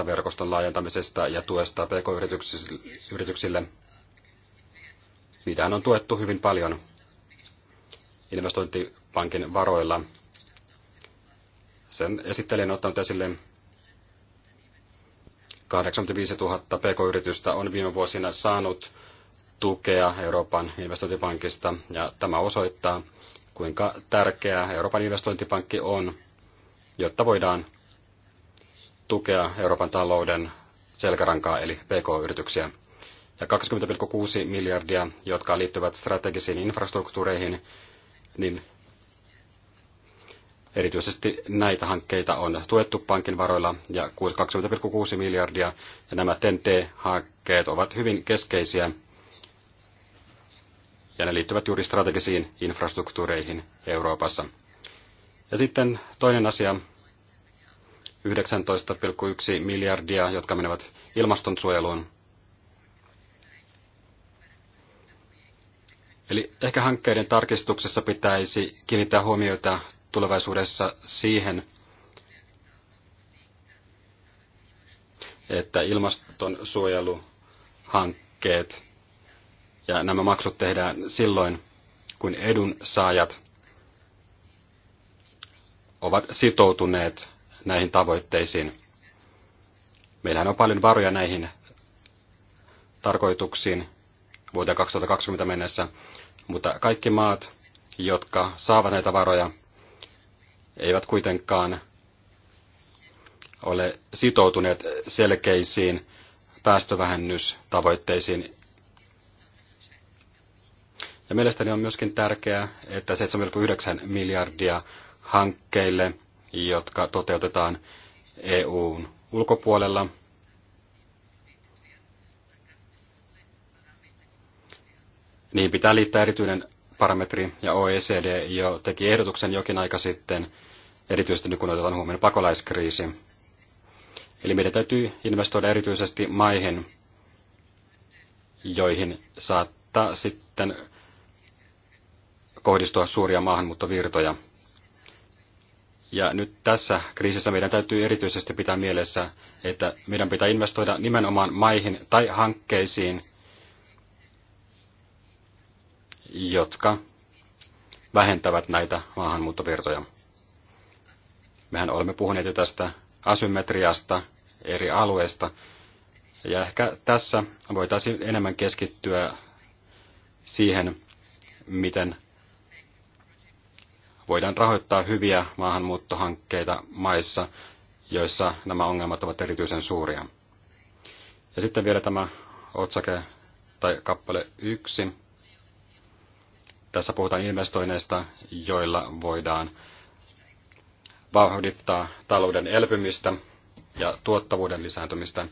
verkoston laajentamisesta ja tuesta pk-yrityksille. Niitähän on tuettu hyvin paljon investointipankin varoilla. Sen esittelijän ottanut esille 85 000 pk-yritystä on viime vuosina saanut tukea Euroopan investointipankista ja tämä osoittaa, kuinka tärkeää Euroopan investointipankki on, jotta voidaan tukea Euroopan talouden selkärankaa eli PK-yrityksiä. Ja 20,6 miljardia, jotka liittyvät strategisiin infrastruktuureihin, niin erityisesti näitä hankkeita on tuettu pankin varoilla ja 20,6 miljardia. Ja nämä TEN-T-hankkeet ovat hyvin keskeisiä ja ne liittyvät juuri strategisiin infrastruktuureihin Euroopassa. Ja sitten toinen asia, 19,1 miljardia, jotka menevät ilmastonsuojeluun. Eli ehkä hankkeiden tarkistuksessa pitäisi kiinnittää huomiota tulevaisuudessa siihen, että ilmastonsuojeluhankkeet ja nämä maksut tehdään silloin, kun edunsaajat ovat sitoutuneet näihin tavoitteisiin. Meillähän on paljon varoja näihin tarkoituksiin vuoteen 2020 mennessä, mutta kaikki maat, jotka saavat näitä varoja, eivät kuitenkaan ole sitoutuneet selkeisiin päästövähennystavoitteisiin ja mielestäni on myöskin tärkeää, että 7,9 miljardia hankkeille, jotka toteutetaan EUn ulkopuolella, Niin pitää liittää erityinen parametri, ja OECD jo teki ehdotuksen jokin aika sitten, erityisesti nyt kun otetaan huomioon pakolaiskriisi. Eli meidän täytyy investoida erityisesti maihin, joihin saattaa sitten kohdistua suuria maahanmuuttovirtoja. Ja nyt tässä kriisissä meidän täytyy erityisesti pitää mielessä, että meidän pitää investoida nimenomaan maihin tai hankkeisiin, jotka vähentävät näitä maahanmuuttovirtoja. Mehän olemme puhuneet jo tästä asymmetriasta eri alueista, ja ehkä tässä voitaisiin enemmän keskittyä siihen, miten voidaan rahoittaa hyviä maahanmuuttohankkeita maissa, joissa nämä ongelmat ovat erityisen suuria. Ja sitten vielä tämä otsake tai kappale yksi. Tässä puhutaan investoinneista, joilla voidaan vauhdittaa talouden elpymistä ja tuottavuuden lisääntymistä.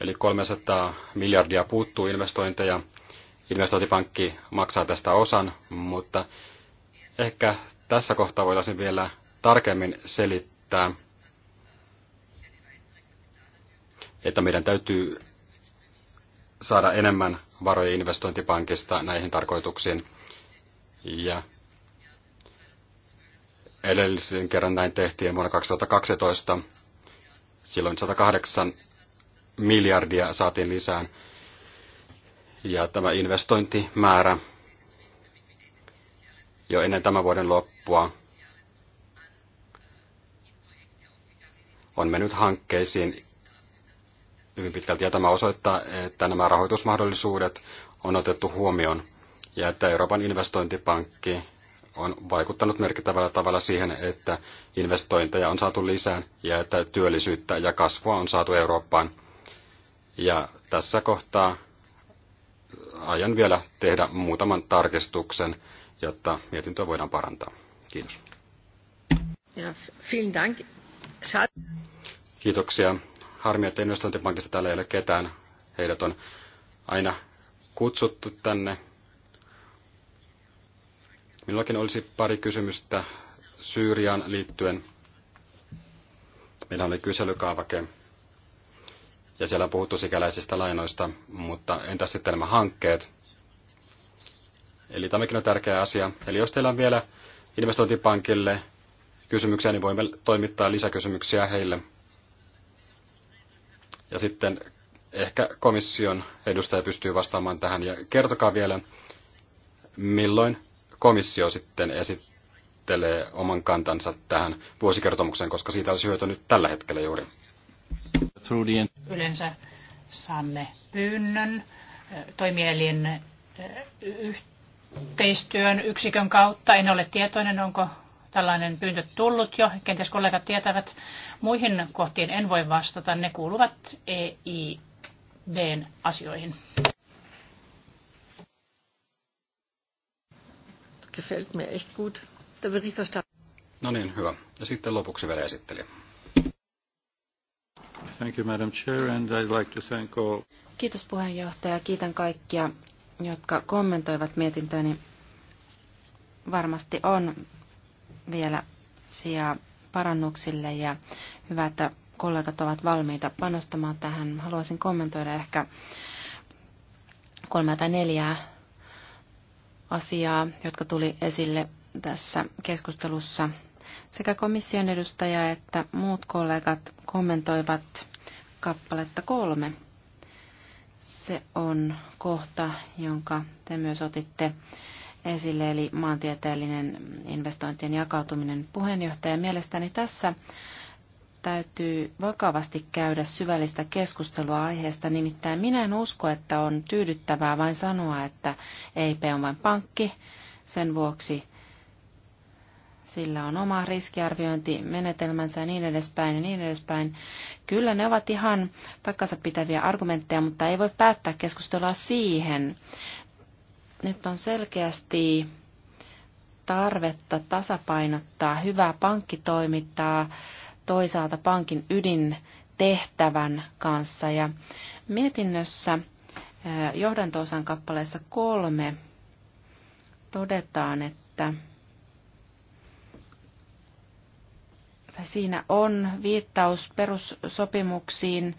Eli 300 miljardia puuttuu investointeja. Investointipankki maksaa tästä osan, mutta Ehkä tässä kohtaa voitaisiin vielä tarkemmin selittää, että meidän täytyy saada enemmän varoja investointipankista näihin tarkoituksiin. Ja edellisen kerran näin tehtiin vuonna 2012. Silloin 108 miljardia saatiin lisään. Ja tämä investointimäärä jo ennen tämän vuoden loppua on mennyt hankkeisiin hyvin pitkälti. Ja tämä osoittaa, että nämä rahoitusmahdollisuudet on otettu huomioon ja että Euroopan investointipankki on vaikuttanut merkittävällä tavalla siihen, että investointeja on saatu lisää ja että työllisyyttä ja kasvua on saatu Eurooppaan. Ja tässä kohtaa aion vielä tehdä muutaman tarkistuksen jotta mietintöä voidaan parantaa. Kiitos. Ja, vielen dank. Kiitoksia. Harmi, että investointipankista täällä ei ole ketään. Heidät on aina kutsuttu tänne. Minullakin olisi pari kysymystä Syyriaan liittyen. Meillä oli kyselykaavake ja siellä on puhuttu sikäläisistä lainoista, mutta entäs sitten nämä hankkeet? Eli tämäkin on tärkeä asia. Eli jos teillä on vielä investointipankille kysymyksiä, niin voimme toimittaa lisäkysymyksiä heille. Ja sitten ehkä komission edustaja pystyy vastaamaan tähän. Ja kertokaa vielä, milloin komissio sitten esittelee oman kantansa tähän vuosikertomukseen, koska siitä olisi hyötynyt nyt tällä hetkellä juuri. Yleensä saamme pyynnön toimielin yhteyttä yhteistyön yksikön kautta. En ole tietoinen, onko tällainen pyyntö tullut jo. Kenties kollegat tietävät. Muihin kohtiin en voi vastata. Ne kuuluvat EIBn asioihin. Gefällt mir echt gut. Der Berichterstatter. No niin, hyvä. Ja sitten lopuksi vielä esitteli. Thank you, Madam Chair, and I'd like to thank all... Kiitos puheenjohtaja. Kiitän kaikkia jotka kommentoivat mietintöä, Niin varmasti on vielä sijaa parannuksille ja hyvä, että kollegat ovat valmiita panostamaan tähän. Haluaisin kommentoida ehkä kolme tai neljää asiaa, jotka tuli esille tässä keskustelussa. Sekä komission edustaja että muut kollegat kommentoivat kappaletta kolme. Se on kohta, jonka te myös otitte esille, eli maantieteellinen investointien jakautuminen puheenjohtaja. Mielestäni tässä täytyy vakavasti käydä syvällistä keskustelua aiheesta, nimittäin minä en usko, että on tyydyttävää vain sanoa, että EIP on vain pankki, sen vuoksi sillä on oma riskiarviointimenetelmänsä ja niin edespäin ja niin edespäin. Kyllä ne ovat ihan paikkansa pitäviä argumentteja, mutta ei voi päättää keskustelua siihen. Nyt on selkeästi tarvetta tasapainottaa hyvää pankkitoimintaa toisaalta pankin ydintehtävän kanssa. Ja mietinnössä eh, osan kappaleessa kolme todetaan, että Siinä on viittaus perussopimuksiin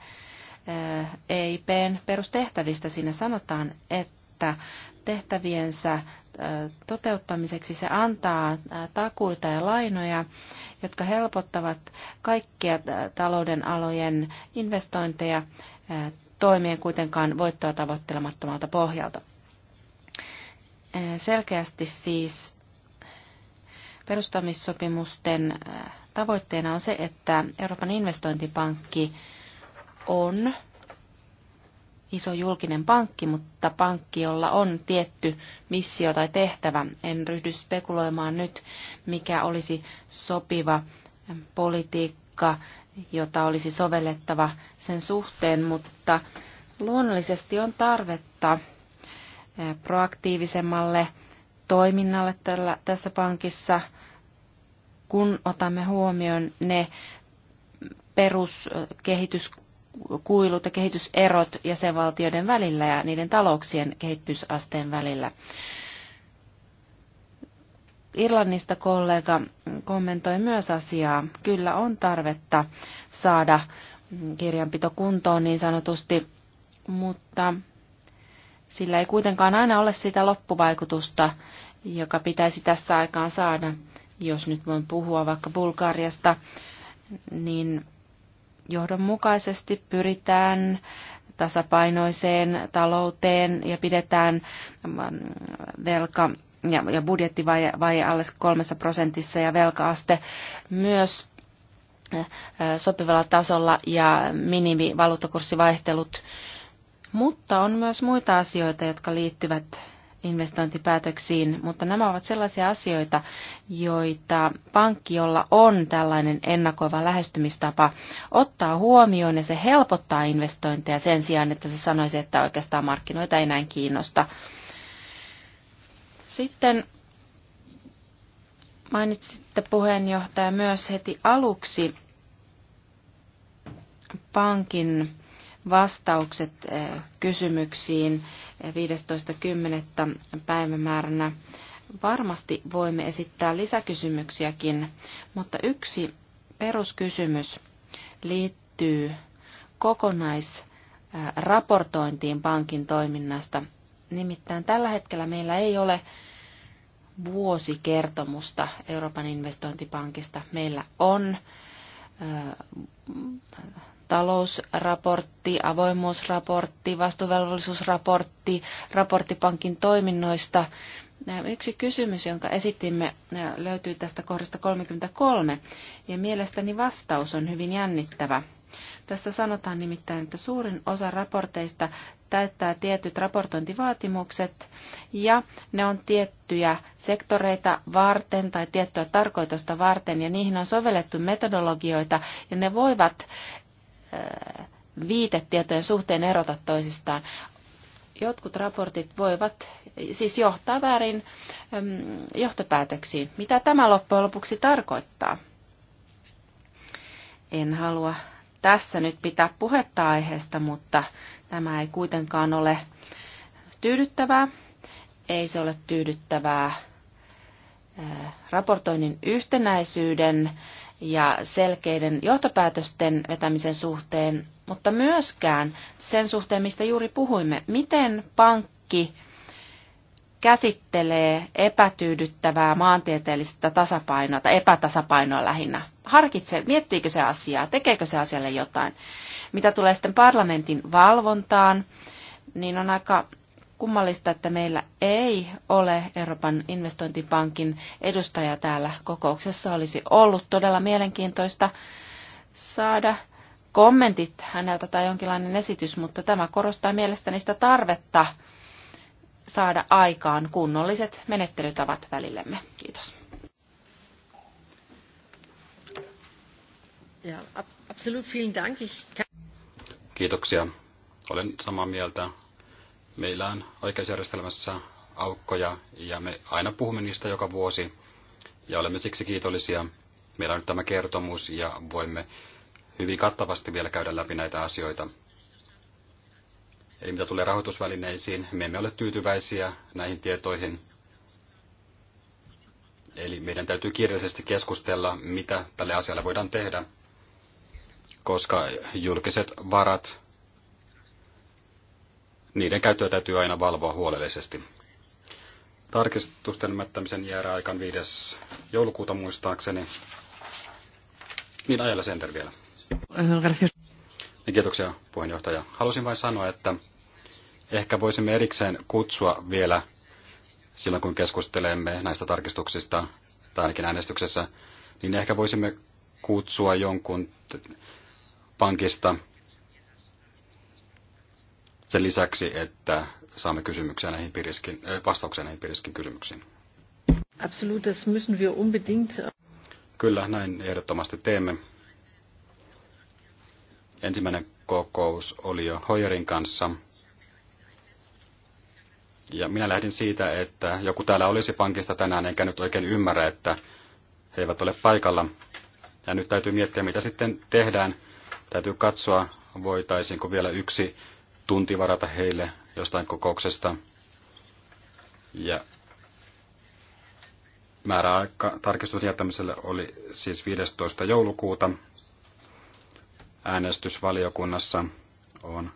EIPn eh, e perustehtävistä. Siinä sanotaan, että tehtäviensä eh, toteuttamiseksi se antaa eh, takuita ja lainoja, jotka helpottavat kaikkia talouden alojen investointeja toimien kuitenkaan voittoa tavoittelemattomalta pohjalta. Selkeästi siis perustamissopimusten tavoitteena on se, että Euroopan investointipankki on iso julkinen pankki, mutta pankki, jolla on tietty missio tai tehtävä. En ryhdy spekuloimaan nyt, mikä olisi sopiva politiikka, jota olisi sovellettava sen suhteen, mutta luonnollisesti on tarvetta eh, proaktiivisemmalle toiminnalle tällä, tässä pankissa – kun otamme huomioon ne peruskehityskuilut ja kehityserot jäsenvaltioiden välillä ja niiden talouksien kehitysasteen välillä. Irlannista kollega kommentoi myös asiaa. Kyllä on tarvetta saada kirjanpito kuntoon niin sanotusti, mutta sillä ei kuitenkaan aina ole sitä loppuvaikutusta, joka pitäisi tässä aikaan saada jos nyt voin puhua vaikka Bulgariasta, niin johdonmukaisesti pyritään tasapainoiseen talouteen ja pidetään mm, velka ja, ja vai alle kolmessa prosentissa ja velkaaste myös eh, eh, sopivalla tasolla ja minimivaluuttakurssivaihtelut. Mutta on myös muita asioita, jotka liittyvät investointipäätöksiin, mutta nämä ovat sellaisia asioita, joita pankki, jolla on tällainen ennakoiva lähestymistapa, ottaa huomioon ja se helpottaa investointeja sen sijaan, että se sanoisi, että oikeastaan markkinoita ei näin kiinnosta. Sitten mainitsitte puheenjohtaja myös heti aluksi pankin vastaukset eh, kysymyksiin 15.10. päivämääränä. Varmasti voimme esittää lisäkysymyksiäkin, mutta yksi peruskysymys liittyy kokonaisraportointiin pankin toiminnasta. Nimittäin tällä hetkellä meillä ei ole vuosikertomusta Euroopan investointipankista. Meillä on talousraportti, avoimuusraportti, vastuvelvollisuusraportti, raporttipankin toiminnoista. Yksi kysymys, jonka esitimme, löytyy tästä kohdasta 33, ja mielestäni vastaus on hyvin jännittävä. Tässä sanotaan nimittäin, että suurin osa raporteista täyttää tietyt raportointivaatimukset ja ne on tiettyjä sektoreita varten tai tiettyä tarkoitusta varten ja niihin on sovellettu metodologioita ja ne voivat viitetietojen suhteen erota toisistaan. Jotkut raportit voivat siis johtaa väärin johtopäätöksiin. Mitä tämä loppujen lopuksi tarkoittaa? En halua tässä nyt pitää puhetta aiheesta, mutta tämä ei kuitenkaan ole tyydyttävää. Ei se ole tyydyttävää raportoinnin yhtenäisyyden ja selkeiden johtopäätösten vetämisen suhteen, mutta myöskään sen suhteen, mistä juuri puhuimme. Miten pankki käsittelee epätyydyttävää maantieteellistä tasapainoa tai epätasapainoa lähinnä? Harkitsee, miettiikö se asiaa, tekeekö se asialle jotain? Mitä tulee sitten parlamentin valvontaan, niin on aika kummallista, että meillä ei ole Euroopan investointipankin edustaja täällä kokouksessa. Olisi ollut todella mielenkiintoista saada kommentit häneltä tai jonkinlainen esitys, mutta tämä korostaa mielestäni sitä tarvetta saada aikaan kunnolliset menettelytavat välillemme. Kiitos. Ja, absolut vielen Dank. Kiitoksia. Olen samaa mieltä Meillä on oikeusjärjestelmässä aukkoja ja me aina puhumme niistä joka vuosi ja olemme siksi kiitollisia. Meillä on nyt tämä kertomus ja voimme hyvin kattavasti vielä käydä läpi näitä asioita. Eli mitä tulee rahoitusvälineisiin, me emme ole tyytyväisiä näihin tietoihin. Eli meidän täytyy kirjallisesti keskustella, mitä tälle asialle voidaan tehdä, koska julkiset varat niiden käyttöä täytyy aina valvoa huolellisesti. Tarkistusten mättämisen jääräaikan 5. joulukuuta muistaakseni. Niin ajalla Center vielä. Ja niin, kiitoksia puheenjohtaja. Halusin vain sanoa, että ehkä voisimme erikseen kutsua vielä silloin, kun keskustelemme näistä tarkistuksista, tai ainakin äänestyksessä, niin ehkä voisimme kutsua jonkun pankista sen lisäksi, että saamme kysymyksiä näihin piriskin, äh, vastauksia näihin piriskin kysymyksiin. Absolut, das müssen wir unbedingt. Kyllä, näin ehdottomasti teemme. Ensimmäinen kokous oli jo Hoyerin kanssa. Ja minä lähdin siitä, että joku täällä olisi pankista tänään, enkä nyt oikein ymmärrä, että he eivät ole paikalla. Ja nyt täytyy miettiä, mitä sitten tehdään. Täytyy katsoa, voitaisiinko vielä yksi tunti varata heille jostain kokouksesta. Ja määräaika tarkistuksen jättämiselle oli siis 15. joulukuuta. Äänestysvaliokunnassa on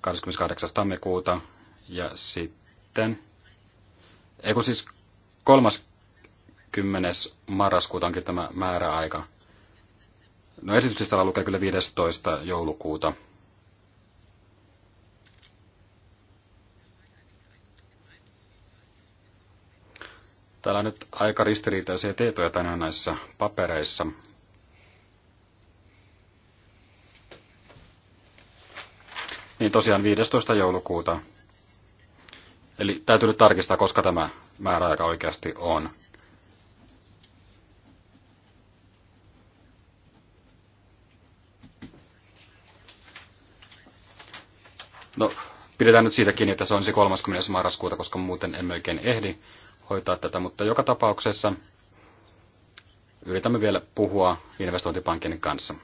28. tammikuuta ja sitten, ei kun siis 30. marraskuuta onkin tämä määräaika. No esityslistalla lukee kyllä 15. joulukuuta. Täällä on nyt aika ristiriitaisia tietoja tänään näissä papereissa. Niin tosiaan 15. joulukuuta. Eli täytyy nyt tarkistaa, koska tämä määräaika oikeasti on. No, pidetään nyt siitä kiinni, että se on se 30. marraskuuta, koska muuten emme oikein ehdi hoitaa tätä, mutta joka tapauksessa yritämme vielä puhua investointipankin kanssa.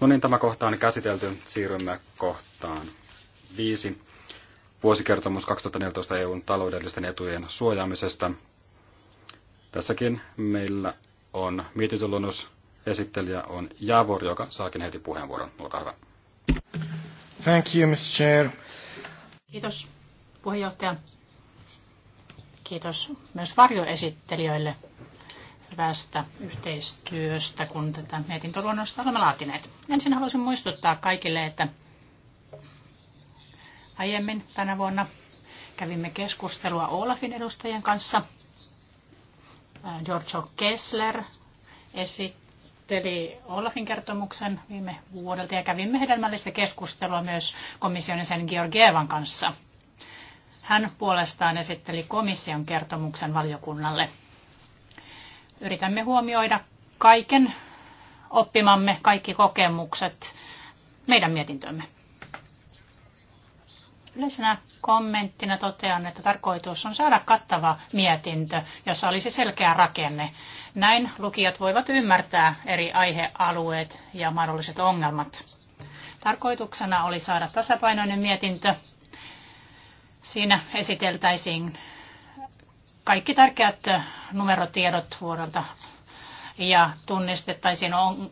No niin, tämä kohta on käsitelty. Siirrymme kohtaan viisi. Vuosikertomus 2014 EUn taloudellisten etujen suojaamisesta. Tässäkin meillä on mietintöluonnos. Esittelijä on Javor, joka saakin heti puheenvuoron. Olkaa hyvä. Thank you, Mr. Chair. Kiitos, puheenjohtaja. Kiitos myös varjoesittelijöille hyvästä yhteistyöstä, kun tätä mietintöluonnosta olemme laatineet. Ensin haluaisin muistuttaa kaikille, että aiemmin tänä vuonna kävimme keskustelua Olafin edustajien kanssa. Giorgio Kessler esitteli Olafin kertomuksen viime vuodelta ja kävimme hedelmällistä keskustelua myös komission sen Georgievan kanssa – hän puolestaan esitteli komission kertomuksen valiokunnalle. Yritämme huomioida kaiken oppimamme, kaikki kokemukset meidän mietintömme. Yleisenä kommenttina totean, että tarkoitus on saada kattava mietintö, jossa olisi selkeä rakenne. Näin lukijat voivat ymmärtää eri aihealueet ja mahdolliset ongelmat. Tarkoituksena oli saada tasapainoinen mietintö, Siinä esiteltäisiin kaikki tärkeät numerotiedot vuodelta ja tunnistettaisiin on,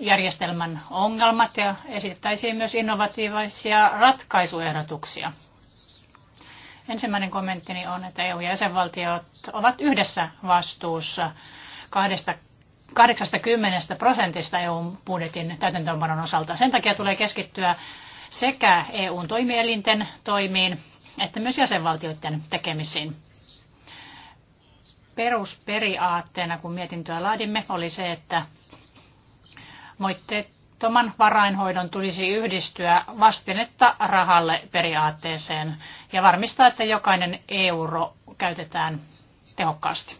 järjestelmän ongelmat ja esitettäisiin myös innovatiivisia ratkaisuehdotuksia. Ensimmäinen kommenttini on, että EU-jäsenvaltiot ovat yhdessä vastuussa 80 prosentista EU-budjetin täytäntöönpanon osalta. Sen takia tulee keskittyä sekä EUn toimielinten toimiin että myös jäsenvaltioiden tekemisiin. Perusperiaatteena, kun mietintöä laadimme, oli se, että moitteettoman varainhoidon tulisi yhdistyä vastinetta rahalle periaatteeseen ja varmistaa, että jokainen euro käytetään tehokkaasti.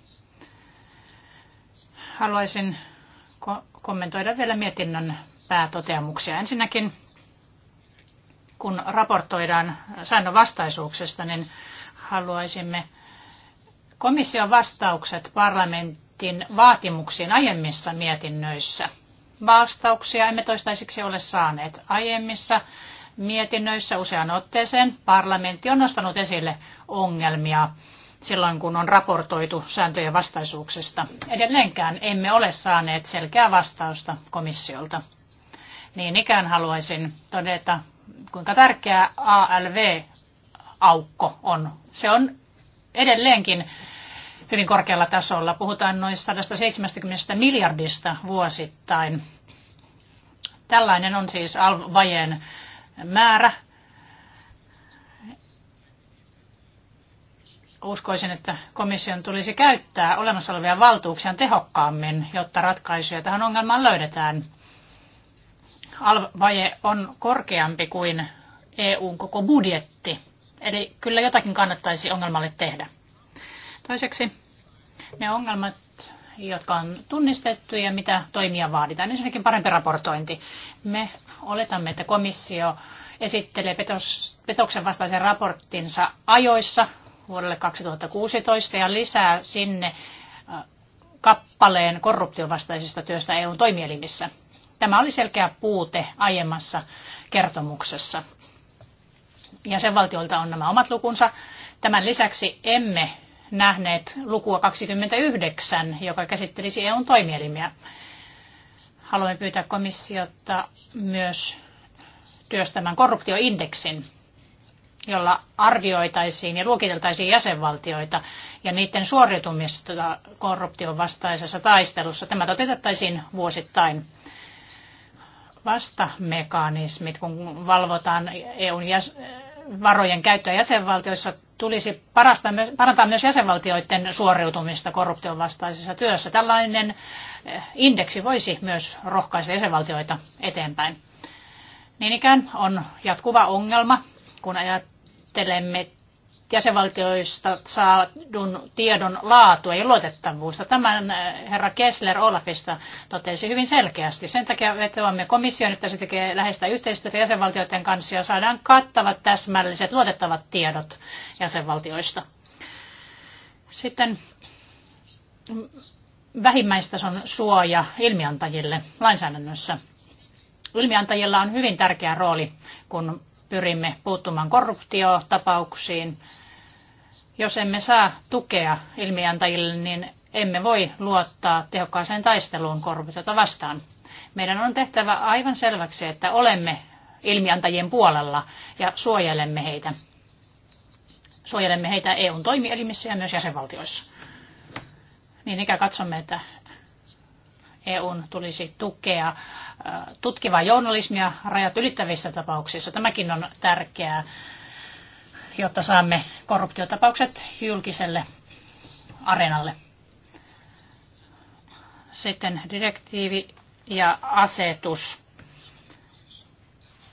Haluaisin kommentoida vielä mietinnön päätoteamuksia. Ensinnäkin kun raportoidaan säännönvastaisuuksesta, niin haluaisimme komission vastaukset parlamentin vaatimuksiin aiemmissa mietinnöissä. Vastauksia emme toistaiseksi ole saaneet aiemmissa mietinnöissä usean otteeseen. Parlamentti on nostanut esille ongelmia silloin, kun on raportoitu sääntöjen vastaisuuksista. Edelleenkään emme ole saaneet selkeää vastausta komissiolta. Niin ikään haluaisin todeta kuinka tärkeä ALV-aukko on. Se on edelleenkin hyvin korkealla tasolla. Puhutaan noin 170 miljardista vuosittain. Tällainen on siis vajeen määrä. Uskoisin, että komission tulisi käyttää olemassa olevia valtuuksia tehokkaammin, jotta ratkaisuja tähän ongelmaan löydetään alvaje on korkeampi kuin EUn koko budjetti. Eli kyllä jotakin kannattaisi ongelmalle tehdä. Toiseksi ne ongelmat, jotka on tunnistettu ja mitä toimia vaaditaan. Ensinnäkin parempi raportointi. Me oletamme, että komissio esittelee petos, petoksen vastaisen raporttinsa ajoissa vuodelle 2016 ja lisää sinne äh, kappaleen korruptiovastaisesta työstä EUn toimielimissä. Tämä oli selkeä puute aiemmassa kertomuksessa. Jäsenvaltioilta on nämä omat lukunsa. Tämän lisäksi emme nähneet lukua 29, joka käsittelisi EUn toimielimiä. Haluamme pyytää komissiota myös työstämään korruptioindeksin, jolla arvioitaisiin ja luokiteltaisiin jäsenvaltioita ja niiden suoriutumista korruption vastaisessa taistelussa. Tämä toteutettaisiin vuosittain vastamekanismit, kun valvotaan EUn jäs- varojen käyttöä jäsenvaltioissa, tulisi parantaa myös jäsenvaltioiden suoriutumista korruption vastaisessa työssä. Tällainen eh, indeksi voisi myös rohkaista jäsenvaltioita eteenpäin. Niin ikään on jatkuva ongelma, kun ajattelemme jäsenvaltioista saadun tiedon laatu ja luotettavuutta. Tämän eh, herra Kessler Olafista totesi hyvin selkeästi. Sen takia vetoamme komission, että se tekee läheistä yhteistyötä jäsenvaltioiden kanssa ja saadaan kattavat, täsmälliset, luotettavat tiedot jäsenvaltioista. Sitten vähimmäistason suoja ilmiantajille lainsäädännössä. Ilmiantajilla on hyvin tärkeä rooli, kun pyrimme puuttumaan korruptiotapauksiin. Jos emme saa tukea ilmiantajille, niin emme voi luottaa tehokkaaseen taisteluun korruptiota vastaan. Meidän on tehtävä aivan selväksi, että olemme ilmiantajien puolella ja suojelemme heitä. Suojelemme heitä EUn toimielimissä ja myös jäsenvaltioissa. Niin ikä katsomme, että EUn tulisi tukea äh, tutkivaa journalismia rajat ylittävissä tapauksissa. Tämäkin on tärkeää, jotta saamme korruptiotapaukset julkiselle areenalle. Sitten direktiivi ja asetus.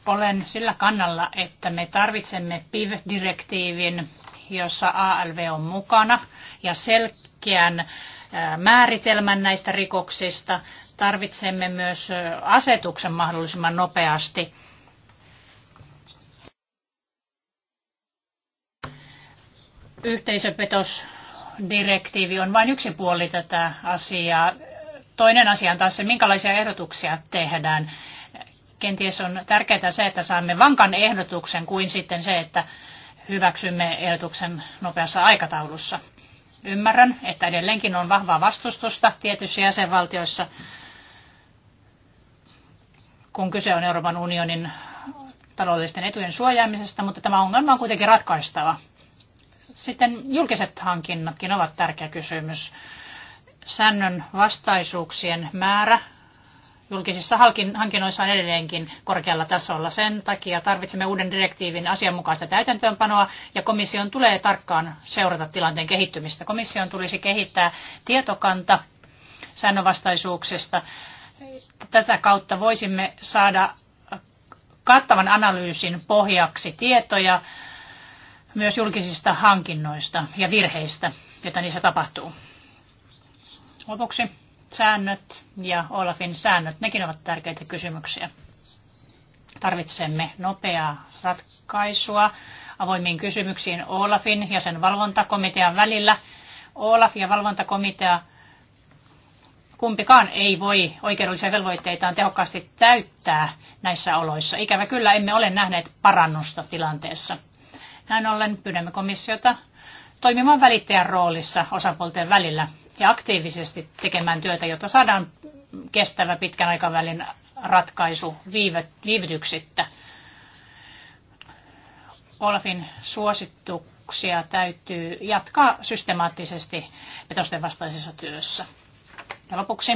Olen sillä kannalla, että me tarvitsemme PIV-direktiivin, jossa ALV on mukana, ja selkeän määritelmän näistä rikoksista. Tarvitsemme myös asetuksen mahdollisimman nopeasti. Yhteisöpetosdirektiivi on vain yksi puoli tätä asiaa. Toinen asia on taas se, minkälaisia ehdotuksia tehdään. Kenties on tärkeää se, että saamme vankan ehdotuksen kuin sitten se, että hyväksymme ehdotuksen nopeassa aikataulussa. Ymmärrän, että edelleenkin on vahvaa vastustusta tietyissä jäsenvaltioissa, kun kyse on Euroopan unionin taloudellisten etujen suojaamisesta, mutta tämä ongelma on kuitenkin ratkaistava. Sitten julkiset hankinnatkin ovat tärkeä kysymys. Säännön vastaisuuksien määrä julkisissa hankinnoissa on edelleenkin korkealla tasolla. Sen takia tarvitsemme uuden direktiivin asianmukaista täytäntöönpanoa ja komission tulee tarkkaan seurata tilanteen kehittymistä. Komission tulisi kehittää tietokanta säännönvastaisuuksista. Tätä kautta voisimme saada kattavan analyysin pohjaksi tietoja myös julkisista hankinnoista ja virheistä, joita niissä tapahtuu. Lopuksi säännöt ja Olafin säännöt, nekin ovat tärkeitä kysymyksiä. Tarvitsemme nopeaa ratkaisua avoimiin kysymyksiin Olafin ja sen valvontakomitean välillä. Olaf ja valvontakomitea kumpikaan ei voi oikeudellisia velvoitteitaan tehokkaasti täyttää näissä oloissa. Ikävä kyllä emme ole nähneet parannusta tilanteessa. Näin ollen pyydämme komissiota toimimaan välittäjän roolissa osapuolten välillä ja aktiivisesti tekemään työtä, jotta saadaan kestävä pitkän aikavälin ratkaisu viivytyksittä. Olafin suosituksia täytyy jatkaa systemaattisesti petosten vastaisessa työssä. Ja lopuksi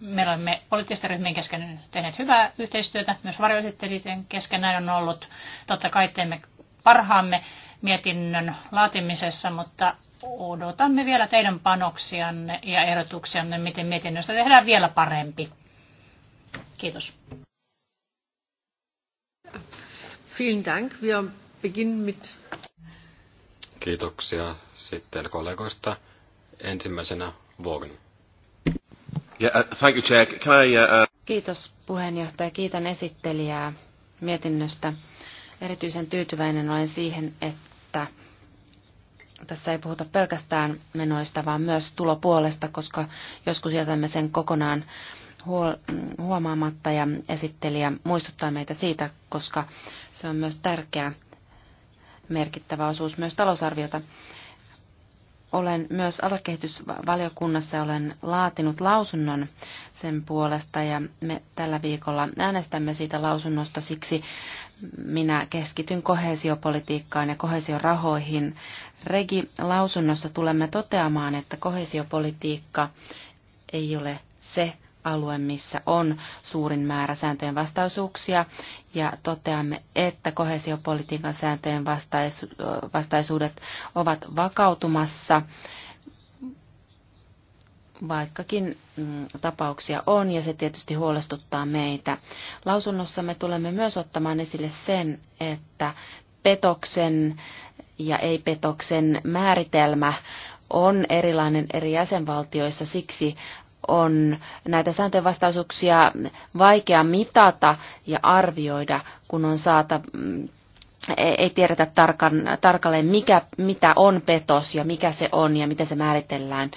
me olemme poliittisten ryhmien kesken tehneet hyvää yhteistyötä, myös varjoesittelijöiden kesken näin on ollut. Totta kai teemme parhaamme, mietinnön laatimisessa, mutta odotamme vielä teidän panoksianne ja ehdotuksianne, miten mietinnöstä tehdään vielä parempi. Kiitos. Vielen Dank. Wir beginnen mit... Kiitoksia sitten kollegoista. Ensimmäisenä Vogen. Yeah, uh, thank you, Chair. Can I, uh, uh... Kiitos puheenjohtaja. Kiitän esittelijää mietinnöstä. Erityisen tyytyväinen olen siihen, että että tässä ei puhuta pelkästään menoista, vaan myös tulopuolesta, koska joskus jätämme sen kokonaan huomaamatta ja esittelijä muistuttaa meitä siitä, koska se on myös tärkeä merkittävä osuus myös talousarviota. Olen myös aluekehitysvaliokunnassa olen laatinut lausunnon sen puolesta ja me tällä viikolla äänestämme siitä lausunnosta. Siksi minä keskityn kohesiopolitiikkaan ja kohesiorahoihin. Regi-lausunnossa tulemme toteamaan, että kohesiopolitiikka ei ole se alue, missä on suurin määrä sääntöjen vastaisuuksia, ja toteamme, että kohesiopolitiikan sääntöjen vastaisuudet ovat vakautumassa, vaikkakin mm, tapauksia on, ja se tietysti huolestuttaa meitä. Lausunnossa me tulemme myös ottamaan esille sen, että petoksen ja ei-petoksen määritelmä on erilainen eri jäsenvaltioissa, siksi on näitä sääntöjen vaikea mitata ja arvioida, kun on saata, mm, ei tiedetä tarkan, tarkalleen, mikä, mitä on petos ja mikä se on ja miten se määritellään.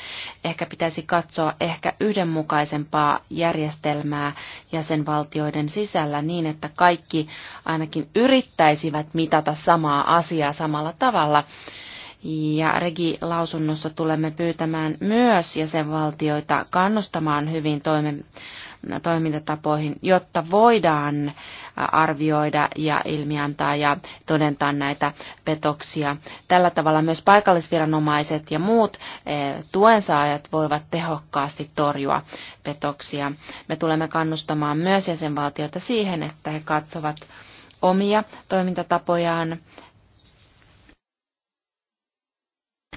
Ehkä pitäisi katsoa ehkä yhdenmukaisempaa järjestelmää jäsenvaltioiden sisällä niin, että kaikki ainakin yrittäisivät mitata samaa asiaa samalla tavalla. Ja Regi-lausunnossa tulemme pyytämään myös jäsenvaltioita kannustamaan hyvin toimen, toimintatapoihin, jotta voidaan arvioida ja ilmiantaa ja todentaa näitä petoksia. Tällä tavalla myös paikallisviranomaiset ja muut eh, tuensaajat voivat tehokkaasti torjua petoksia. Me tulemme kannustamaan myös jäsenvaltioita siihen, että he katsovat omia toimintatapojaan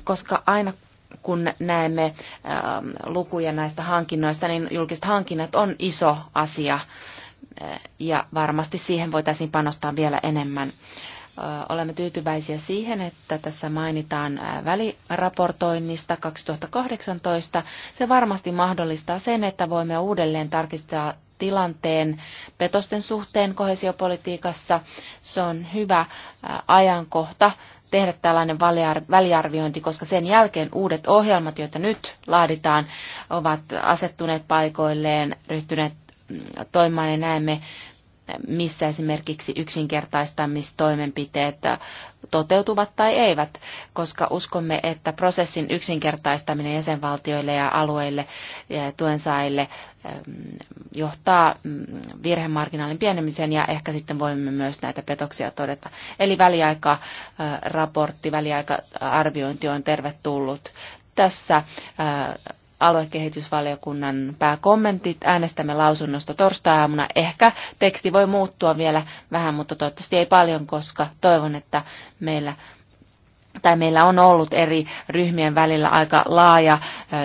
koska aina kun näemme ähm, lukuja näistä hankinnoista, niin julkiset hankinnat on iso asia äh, ja varmasti siihen voitaisiin panostaa vielä enemmän. Äh, olemme tyytyväisiä siihen, että tässä mainitaan äh, väliraportoinnista 2018. Se varmasti mahdollistaa sen, että voimme uudelleen tarkistaa tilanteen petosten suhteen kohesiopolitiikassa. Se on hyvä ajankohta tehdä tällainen väliarviointi, koska sen jälkeen uudet ohjelmat, joita nyt laaditaan, ovat asettuneet paikoilleen, ryhtyneet mm, toimimaan ja näemme, missä esimerkiksi yksinkertaistamistoimenpiteet toteutuvat tai eivät, koska uskomme, että prosessin yksinkertaistaminen jäsenvaltioille ja alueille ja tuensaajille ähm, johtaa mm, virhemarginaalin pienemiseen ja ehkä sitten voimme myös näitä petoksia todeta. Eli väliaikaraportti, äh, väliaikaarviointi on tervetullut tässä äh, aluekehitysvaliokunnan pääkommentit. Äänestämme lausunnosta torstai-aamuna. Ehkä teksti voi muuttua vielä vähän, mutta toivottavasti ei paljon, koska toivon, että meillä tai meillä on ollut eri ryhmien välillä aika laaja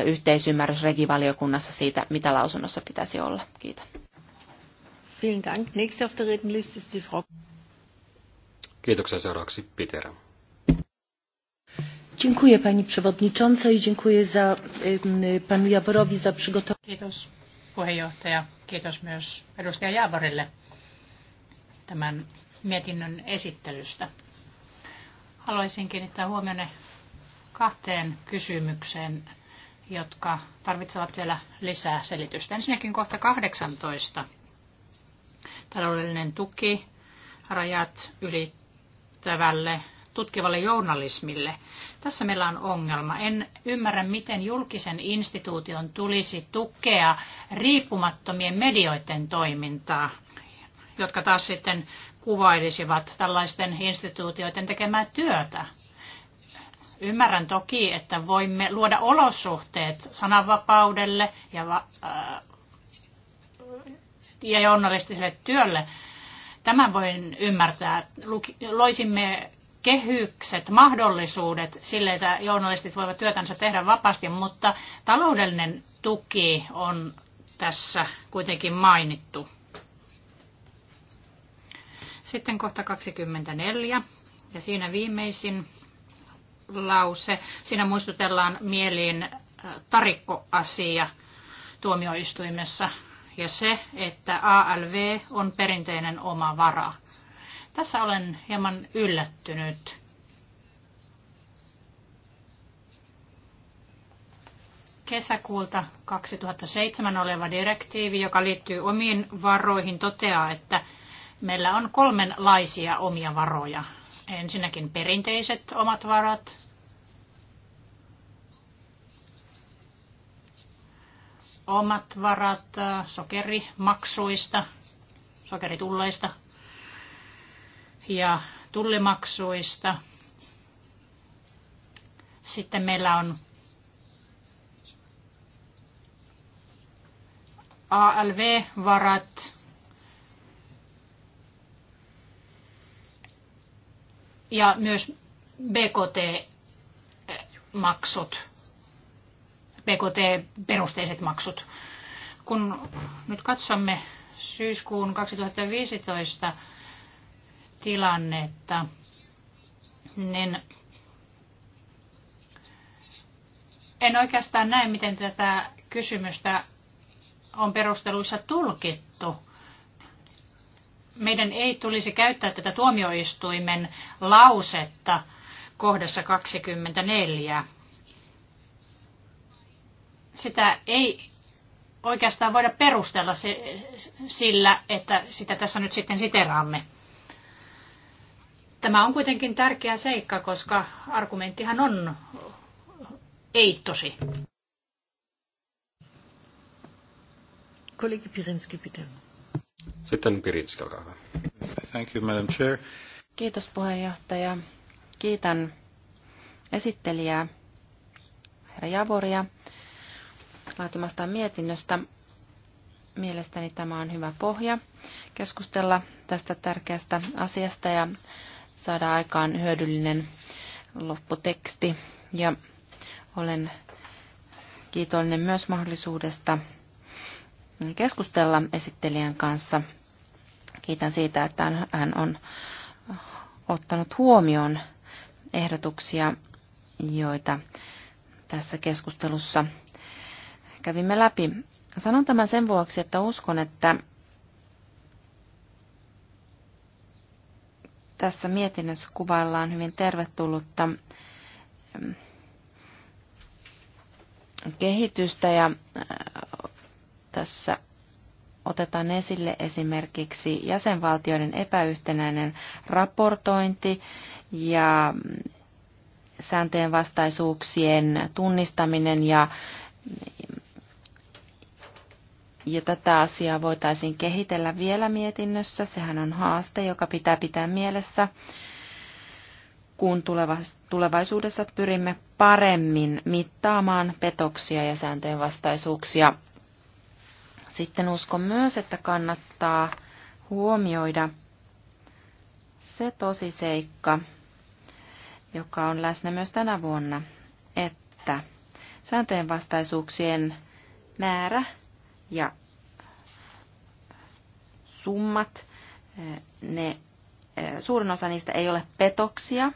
yhteisymmärrys regivaliokunnassa siitä, mitä lausunnossa pitäisi olla. Kiitän. Vielen Dank. Nächste auf der Rednerliste ist die Frau. Kiitoksia seuraavaksi Pitera. Dziękuję pani przewodnicząca i dziękuję za, panu Jaworowi za przygotowanie. Kiitos puheenjohtaja. Kiitos myös edustaja Jaavorille tämän mietinnön esittelystä. Haluaisin kiinnittää huomionne kahteen kysymykseen, jotka tarvitsevat vielä lisää selitystä. Ensinnäkin kohta 18. Taloudellinen tuki rajat ylittävälle tutkivalle journalismille. Tässä meillä on ongelma. En ymmärrä, miten julkisen instituution tulisi tukea riippumattomien medioiden toimintaa, jotka taas sitten kuvailisivat tällaisten instituutioiden tekemää työtä. Ymmärrän toki, että voimme luoda olosuhteet sananvapaudelle ja, äh, ja journalistiselle työlle. Tämän voin ymmärtää. Loisimme kehykset, mahdollisuudet sille, että journalistit voivat työtänsä tehdä vapaasti, mutta taloudellinen tuki on tässä kuitenkin mainittu. Sitten kohta 24 ja siinä viimeisin lause. Siinä muistutellaan mieliin äh, tarikkoasia tuomioistuimessa ja se, että ALV on perinteinen oma varaa tässä olen hieman yllättynyt. Kesäkuulta 2007 oleva direktiivi, joka liittyy omiin varoihin, toteaa, että meillä on kolmenlaisia omia varoja. Ensinnäkin perinteiset omat varat, omat varat äh, sokerimaksuista, sokeritulleista ja tullimaksuista. Sitten meillä on ALV-varat ja myös BKT-maksut, BKT-perusteiset maksut. Kun nyt katsomme syyskuun 2015 tilannetta, niin en oikeastaan näe, miten tätä kysymystä on perusteluissa tulkittu. Meidän ei tulisi käyttää tätä tuomioistuimen lausetta kohdassa 24. Sitä ei oikeastaan voida perustella sillä, että sitä tässä nyt sitten siteraamme. Tämä on kuitenkin tärkeä seikka, koska argumenttihan on ei tosi. Kollegi Pirinski pitää. Sitten Pirinski, olkaa hyvä. Thank you, Madam Chair. Kiitos puheenjohtaja. Kiitän esittelijää, herra Javoria, laatimastaan mietinnöstä. Mielestäni tämä on hyvä pohja keskustella tästä tärkeästä asiasta ja saada aikaan hyödyllinen lopputeksti. Ja olen kiitollinen myös mahdollisuudesta keskustella esittelijän kanssa. Kiitän siitä, että hän on ottanut huomioon ehdotuksia, joita tässä keskustelussa kävimme läpi. Sanon tämän sen vuoksi, että uskon, että tässä mietinnössä kuvaillaan hyvin tervetullutta mm, kehitystä ja äh, tässä otetaan esille esimerkiksi jäsenvaltioiden epäyhtenäinen raportointi ja mm, sääntöjen vastaisuuksien tunnistaminen ja mm, ja tätä asiaa voitaisiin kehitellä vielä mietinnössä. Sehän on haaste, joka pitää pitää mielessä, kun tulevaisuudessa pyrimme paremmin mittaamaan petoksia ja sääntöjen vastaisuuksia. Sitten uskon myös, että kannattaa huomioida se tosiseikka, joka on läsnä myös tänä vuonna, että sääntöjen vastaisuuksien määrä ja summat, eh, ne, eh, suurin osa niistä ei ole petoksia.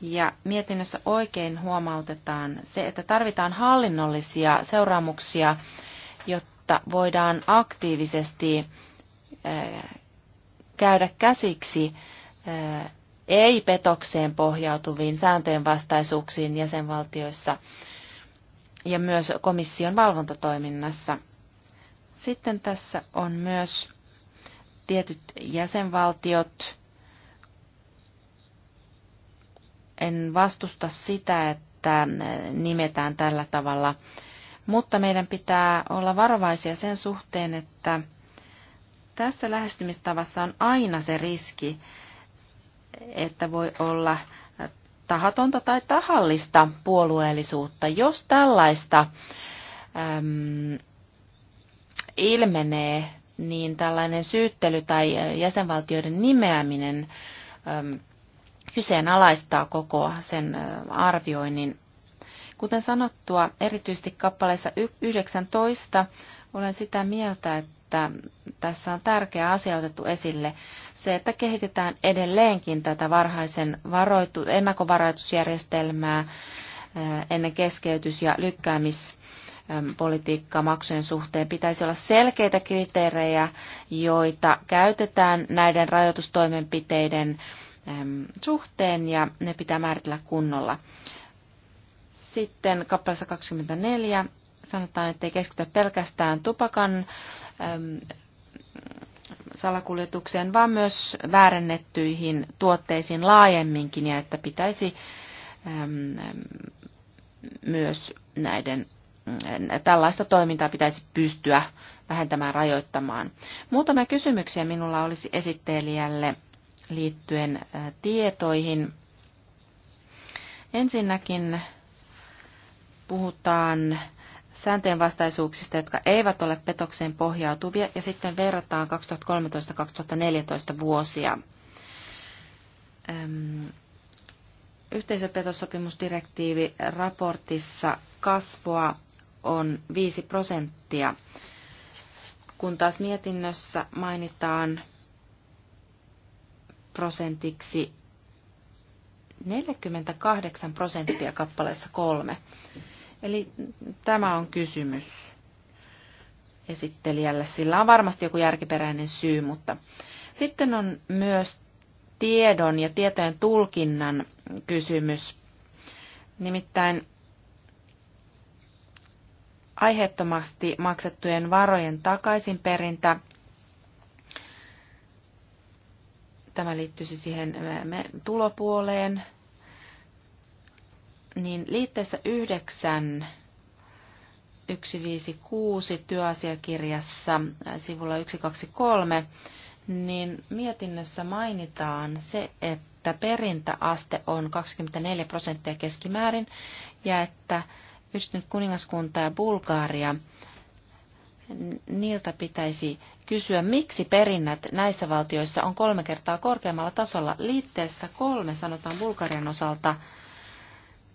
Ja mietinnössä oikein huomautetaan se, että tarvitaan hallinnollisia seuraamuksia, jotta voidaan aktiivisesti eh, käydä käsiksi ei-petokseen pohjautuviin sääntöjen vastaisuuksiin jäsenvaltioissa ja myös komission valvontatoiminnassa – sitten tässä on myös tietyt jäsenvaltiot. En vastusta sitä, että nimetään tällä tavalla, mutta meidän pitää olla varovaisia sen suhteen, että tässä lähestymistavassa on aina se riski, että voi olla tahatonta tai tahallista puolueellisuutta. Jos tällaista ilmenee, niin tällainen syyttely tai jäsenvaltioiden nimeäminen ähm, kyseenalaistaa koko sen äh, arvioinnin. Kuten sanottua, erityisesti kappaleessa 19 olen sitä mieltä, että tässä on tärkeä asia otettu esille se, että kehitetään edelleenkin tätä varhaisen varoitu, ennakkovaroitusjärjestelmää äh, ennen keskeytys- ja lykkäämis politiikkaa maksujen suhteen. Pitäisi olla selkeitä kriteerejä, joita käytetään näiden rajoitustoimenpiteiden suhteen ja ne pitää määritellä kunnolla. Sitten kappaleessa 24 sanotaan, että ei keskitytä pelkästään tupakan salakuljetukseen, vaan myös väärennettyihin tuotteisiin laajemminkin ja että pitäisi myös näiden tällaista toimintaa pitäisi pystyä vähentämään, rajoittamaan. Muutamia kysymyksiä minulla olisi esittelijälle liittyen äh, tietoihin. Ensinnäkin puhutaan sääntöjen vastaisuuksista, jotka eivät ole petokseen pohjautuvia, ja sitten verrataan 2013-2014 vuosia. Öm, yhteisöpetossopimusdirektiivi raportissa kasvoa on 5 prosenttia, kun taas mietinnössä mainitaan prosentiksi 48 prosenttia kappaleessa kolme. Eli tämä on kysymys esittelijälle. Sillä on varmasti joku järkiperäinen syy, mutta sitten on myös tiedon ja tietojen tulkinnan kysymys. Nimittäin aiheettomasti maksettujen varojen takaisinperintä. Tämä liittyisi siihen tulopuoleen. Niin liitteessä 9 156 työasiakirjassa äh, sivulla 123, niin mietinnössä mainitaan se, että perintäaste on 24 prosenttia keskimäärin ja että yhdistynyt kuningaskunta ja Bulgaaria, niiltä pitäisi kysyä, miksi perinnät näissä valtioissa on kolme kertaa korkeammalla tasolla. Liitteessä kolme, sanotaan Bulgarian osalta,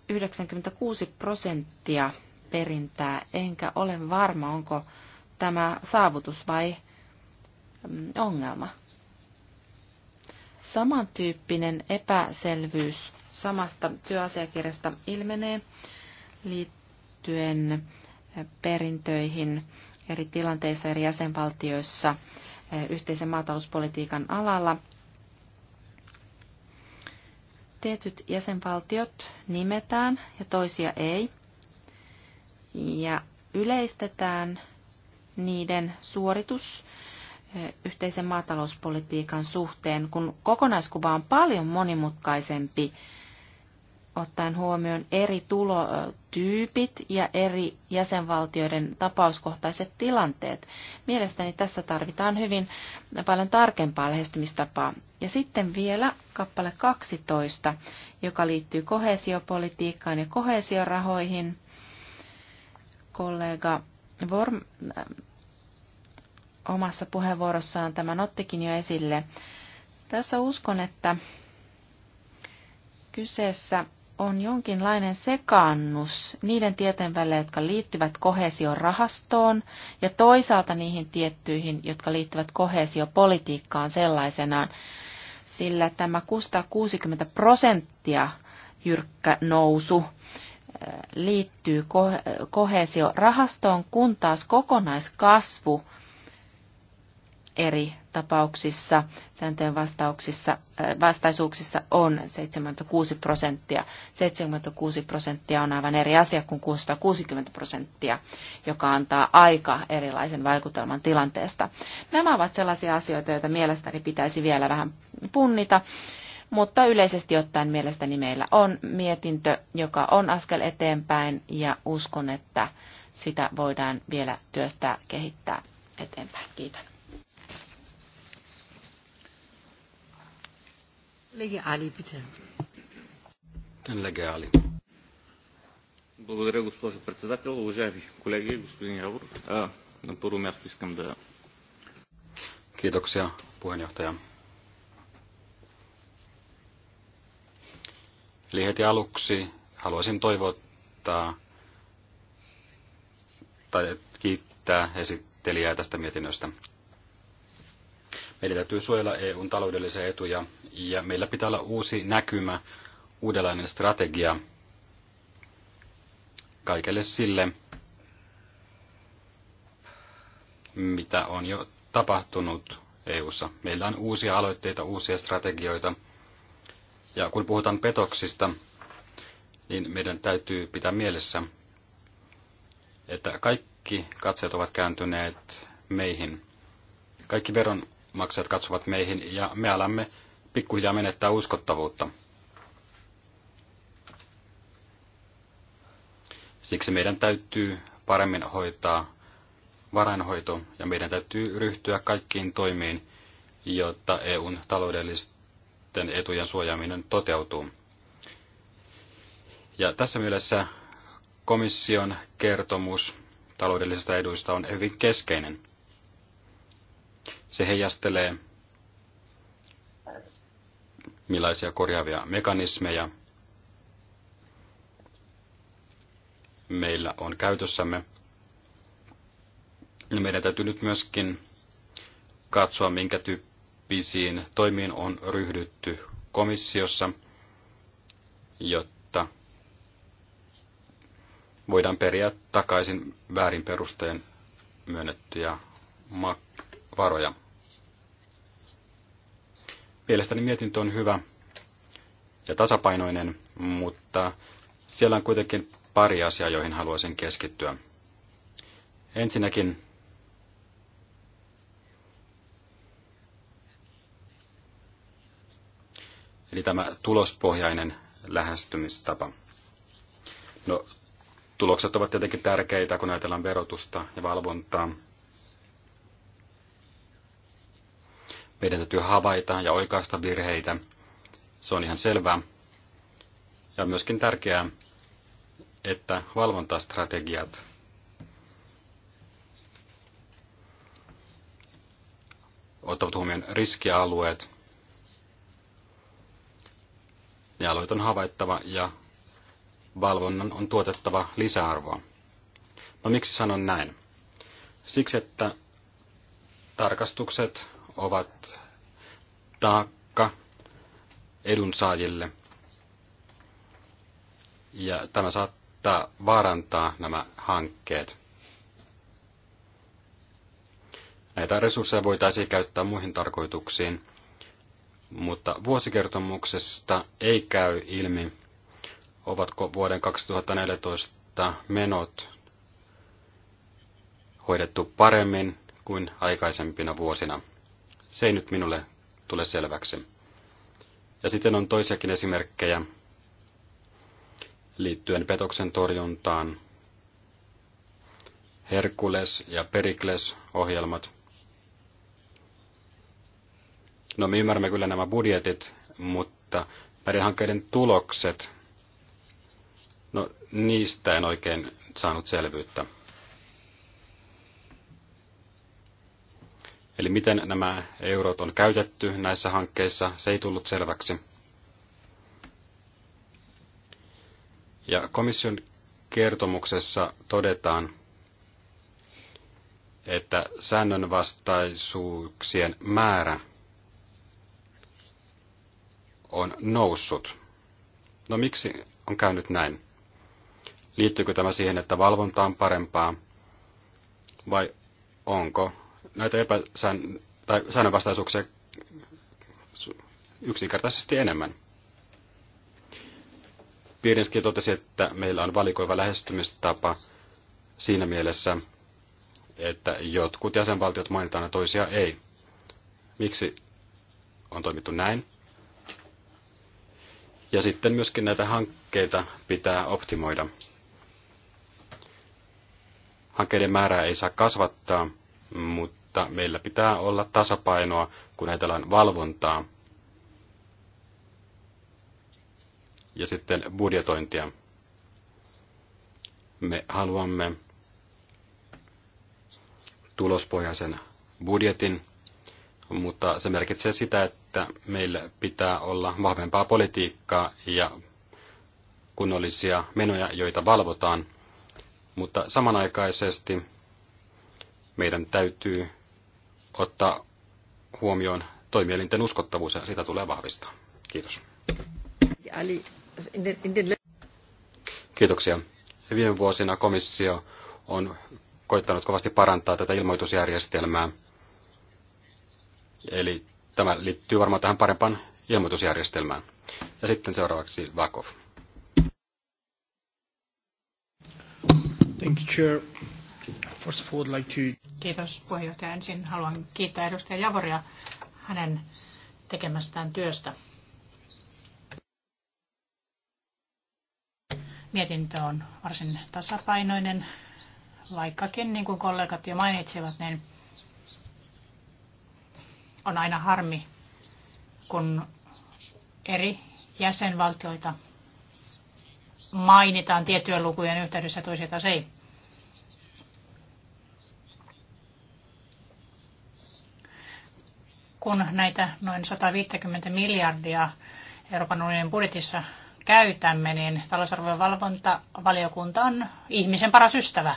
96 prosenttia perintää, enkä ole varma, onko tämä saavutus vai mm, ongelma. Samantyyppinen epäselvyys samasta työasiakirjasta ilmenee liitteessä liittyen eh, perintöihin eri tilanteissa eri jäsenvaltioissa eh, yhteisen maatalouspolitiikan alalla. Tietyt jäsenvaltiot nimetään ja toisia ei. Ja yleistetään niiden suoritus eh, yhteisen maatalouspolitiikan suhteen, kun kokonaiskuva on paljon monimutkaisempi ottaen huomioon eri tulotyypit ja eri jäsenvaltioiden tapauskohtaiset tilanteet. Mielestäni tässä tarvitaan hyvin paljon tarkempaa lähestymistapaa. Ja sitten vielä kappale 12, joka liittyy kohesiopolitiikkaan ja kohesiorahoihin. Kollega Vorm äh, omassa puheenvuorossaan tämän ottikin jo esille. Tässä uskon, että kyseessä on jonkinlainen sekannus niiden tieteen välillä, jotka liittyvät kohesiorahastoon ja toisaalta niihin tiettyihin, jotka liittyvät kohesiopolitiikkaan sellaisenaan, sillä tämä 660 prosenttia jyrkkä nousu liittyy kohesiorahastoon, kun taas kokonaiskasvu eri tapauksissa sääntöjen vastauksissa, äh, vastaisuuksissa on 76 prosenttia. 76 prosenttia on aivan eri asia kuin 660 prosenttia, joka antaa aika erilaisen vaikutelman tilanteesta. Nämä ovat sellaisia asioita, joita mielestäni pitäisi vielä vähän punnita. Mutta yleisesti ottaen mielestäni meillä on mietintö, joka on askel eteenpäin ja uskon, että sitä voidaan vielä työstää, kehittää eteenpäin. Kiitän. Ali bitte. Благодаря, госпожо председател. Уважаеми колеги, господин Явор, а, на първо място искам да... Kiitoksia, puheenjohtaja. Eli heti aluksi haluaisin toivottaa tai kiittää esittelijää tästä mietinnöstä. Meidän täytyy suojella EUn taloudellisia etuja ja meillä pitää olla uusi näkymä, uudenlainen strategia kaikelle sille, mitä on jo tapahtunut EU:ssa. Meillä on uusia aloitteita, uusia strategioita. Ja kun puhutaan petoksista, niin meidän täytyy pitää mielessä, että kaikki katseet ovat kääntyneet meihin. Kaikki veronmaksajat katsovat meihin ja me alamme pikkuhiljaa menettää uskottavuutta. Siksi meidän täytyy paremmin hoitaa varainhoito ja meidän täytyy ryhtyä kaikkiin toimiin, jotta EUn taloudellisten etujen suojaaminen toteutuu. Ja tässä mielessä komission kertomus taloudellisista eduista on hyvin keskeinen. Se heijastelee millaisia korjaavia mekanismeja meillä on käytössämme. Meidän täytyy nyt myöskin katsoa, minkä tyyppisiin toimiin on ryhdytty komissiossa, jotta voidaan periä takaisin väärin perusteen myönnettyjä varoja. Mielestäni mietintö on hyvä ja tasapainoinen, mutta siellä on kuitenkin pari asiaa, joihin haluaisin keskittyä. Ensinnäkin eli tämä tulospohjainen lähestymistapa. No, tulokset ovat tietenkin tärkeitä, kun ajatellaan verotusta ja valvontaa, Meidän täytyy havaita ja oikaista virheitä. Se on ihan selvää. Ja myöskin tärkeää, että valvontastrategiat ottavat huomioon riskialueet. Ne alueet on havaittava ja valvonnan on tuotettava lisäarvoa. No miksi sanon näin? Siksi, että tarkastukset ovat taakka edunsaajille. Ja tämä saattaa vaarantaa nämä hankkeet. Näitä resursseja voitaisiin käyttää muihin tarkoituksiin, mutta vuosikertomuksesta ei käy ilmi, ovatko vuoden 2014 menot hoidettu paremmin kuin aikaisempina vuosina. Se ei nyt minulle tule selväksi. Ja sitten on toisiakin esimerkkejä liittyen petoksen torjuntaan. Herkules ja Perikles ohjelmat. No me ymmärrämme kyllä nämä budjetit, mutta näiden hankkeiden tulokset, no niistä en oikein saanut selvyyttä. Eli miten nämä eurot on käytetty näissä hankkeissa, se ei tullut selväksi. Ja komission kertomuksessa todetaan, että säännönvastaisuuksien määrä on noussut. No miksi on käynyt näin? Liittyykö tämä siihen, että valvonta on parempaa vai onko näitä epäsään, tai säännönvastaisuuksia yksinkertaisesti enemmän. Piirinski totesi, että meillä on valikoiva lähestymistapa siinä mielessä, että jotkut jäsenvaltiot mainitaan ja toisia ei. Miksi on toimittu näin? Ja sitten myöskin näitä hankkeita pitää optimoida. Hankkeiden määrää ei saa kasvattaa, mutta mutta meillä pitää olla tasapainoa, kun ajatellaan valvontaa ja sitten budjetointia. Me haluamme tulospohjaisen budjetin, mutta se merkitsee sitä, että meillä pitää olla vahvempaa politiikkaa ja kunnollisia menoja, joita valvotaan, mutta samanaikaisesti meidän täytyy ottaa huomioon toimielinten uskottavuus ja sitä tulee vahvistaa. Kiitos. Kiitoksia. Viime vuosina komissio on koittanut kovasti parantaa tätä ilmoitusjärjestelmää. Eli tämä liittyy varmaan tähän parempaan ilmoitusjärjestelmään. Ja sitten seuraavaksi Vakov. Thank you, Chair. First of all, like to... Kiitos puheenjohtaja. Ensin haluan kiittää edustaja Javoria hänen tekemästään työstä. Mietintö on varsin tasapainoinen, vaikkakin niin kuin kollegat jo mainitsivat, niin on aina harmi, kun eri jäsenvaltioita mainitaan tiettyjen lukujen yhteydessä, toisia taas ei. kun näitä noin 150 miljardia Euroopan unionin budjetissa käytämme, niin talousarvion valvontavaliokunta on ihmisen paras ystävä.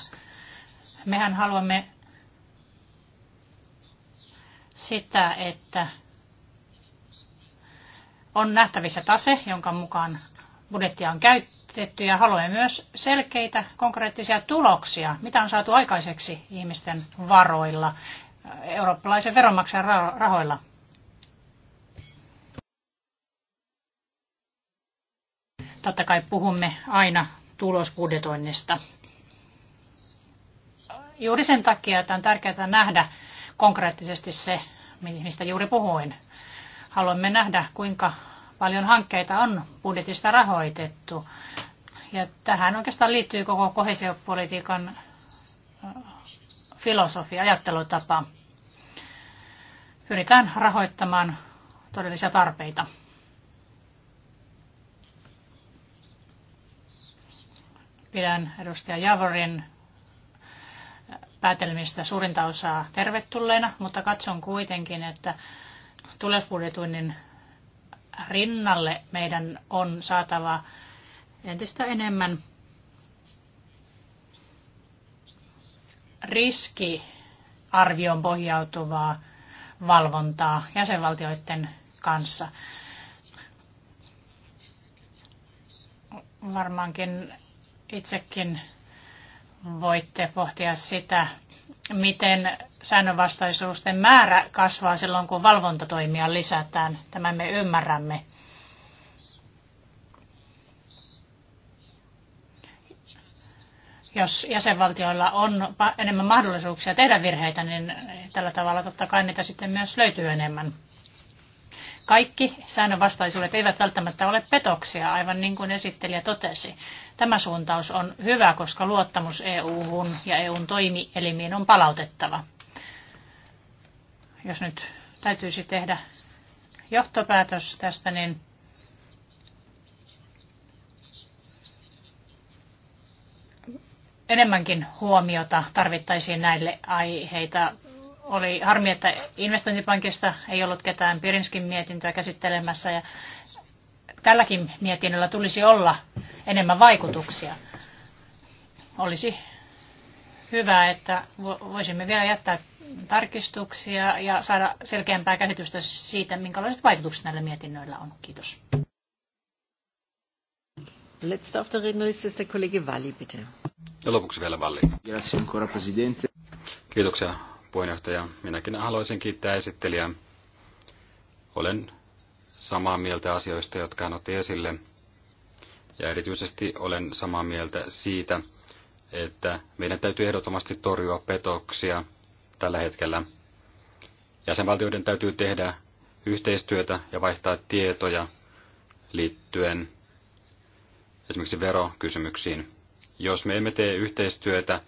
Mehän haluamme sitä, että on nähtävissä tase, jonka mukaan budjettia on käytetty ja haluamme myös selkeitä konkreettisia tuloksia, mitä on saatu aikaiseksi ihmisten varoilla eurooppalaisen veronmaksajan rahoilla. Totta kai puhumme aina tulosbudjetoinnista. Juuri sen takia, että on tärkeää nähdä konkreettisesti se, mistä juuri puhuin. Haluamme nähdä, kuinka paljon hankkeita on budjetista rahoitettu. Ja tähän oikeastaan liittyy koko kohesiopolitiikan äh, filosofia, ajattelutapa pyritään rahoittamaan todellisia tarpeita. Pidän edustaja Javorin äh, päätelmistä suurinta osaa tervetulleena, mutta katson kuitenkin, että tulosbudjetoinnin rinnalle meidän on saatava entistä enemmän riskiarvion pohjautuvaa valvontaa jäsenvaltioiden kanssa. Varmaankin itsekin voitte pohtia sitä, miten säännönvastaisuusten määrä kasvaa silloin, kun valvontatoimia lisätään. Tämän me ymmärrämme. Jos jäsenvaltioilla on enemmän mahdollisuuksia tehdä virheitä, niin tällä tavalla totta kai niitä sitten myös löytyy enemmän. Kaikki säännönvastaisuudet eivät välttämättä ole petoksia, aivan niin kuin esittelijä totesi. Tämä suuntaus on hyvä, koska luottamus EU-hun ja EUn toimielimiin on palautettava. Jos nyt täytyisi tehdä johtopäätös tästä, niin enemmänkin huomiota tarvittaisiin näille aiheita. Oli harmi, että investointipankista ei ollut ketään Pirinskin mietintöä käsittelemässä ja tälläkin mietinnöllä tulisi olla enemmän vaikutuksia. Olisi hyvä, että voisimme vielä jättää tarkistuksia ja saada selkeämpää käsitystä siitä, minkälaiset vaikutukset näillä mietinnöillä on. Kiitos. Letzter auf der Rednerliste ist der Kollege Valli, bitte. Ja lopuksi vielä Valli. Grazie ancora, presidente. Kiitoksia, puheenjohtaja. Minäkin haluaisin kiittää esittelijää. Olen samaa mieltä asioista, jotka hän otti esille. Ja erityisesti olen samaa mieltä siitä, että meidän täytyy ehdottomasti torjua petoksia tällä hetkellä. Jäsenvaltioiden täytyy tehdä yhteistyötä ja vaihtaa tietoja liittyen esimerkiksi verokysymyksiin. Jos me emme tee yhteistyötä,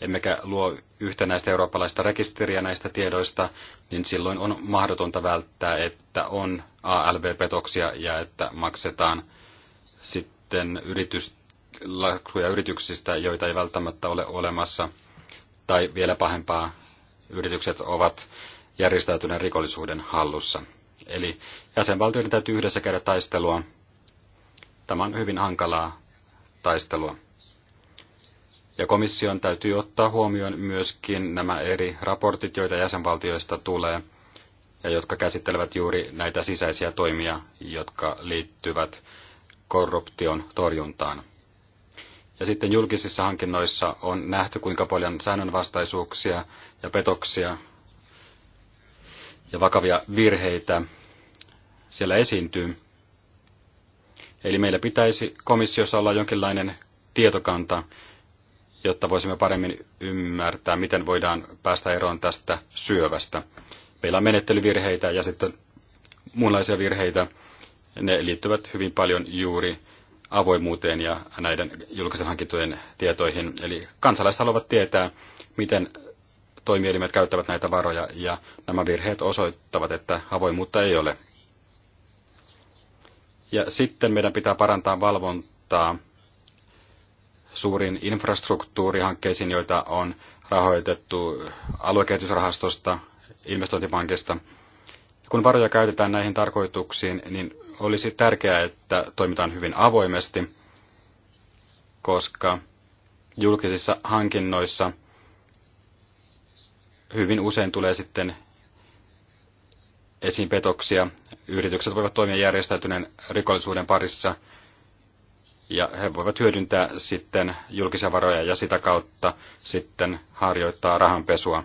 emmekä luo yhtenäistä eurooppalaista rekisteriä näistä tiedoista, niin silloin on mahdotonta välttää, että on ALV-petoksia ja että maksetaan sitten yritys, lakkuja yrityksistä, joita ei välttämättä ole olemassa. Tai vielä pahempaa, yritykset ovat järjestäytyneen rikollisuuden hallussa. Eli jäsenvaltioiden täytyy yhdessä käydä taistelua Tämä on hyvin hankalaa taistelua. Ja komission täytyy ottaa huomioon myöskin nämä eri raportit, joita jäsenvaltioista tulee, ja jotka käsittelevät juuri näitä sisäisiä toimia, jotka liittyvät korruption torjuntaan. Ja sitten julkisissa hankinnoissa on nähty, kuinka paljon säännönvastaisuuksia ja petoksia ja vakavia virheitä siellä esiintyy. Eli meillä pitäisi komissiossa olla jonkinlainen tietokanta, jotta voisimme paremmin ymmärtää, miten voidaan päästä eroon tästä syövästä. Meillä on menettelyvirheitä ja sitten muunlaisia virheitä. Ne liittyvät hyvin paljon juuri avoimuuteen ja näiden julkisen hankintojen tietoihin. Eli kansalaiset haluavat tietää, miten toimielimet käyttävät näitä varoja ja nämä virheet osoittavat, että avoimuutta ei ole. Ja sitten meidän pitää parantaa valvontaa suuriin infrastruktuurihankkeisiin, joita on rahoitettu aluekehitysrahastosta, investointipankista. Kun varoja käytetään näihin tarkoituksiin, niin olisi tärkeää, että toimitaan hyvin avoimesti, koska julkisissa hankinnoissa hyvin usein tulee sitten esiin petoksia yritykset voivat toimia järjestäytyneen rikollisuuden parissa ja he voivat hyödyntää sitten julkisia varoja ja sitä kautta sitten harjoittaa rahanpesua.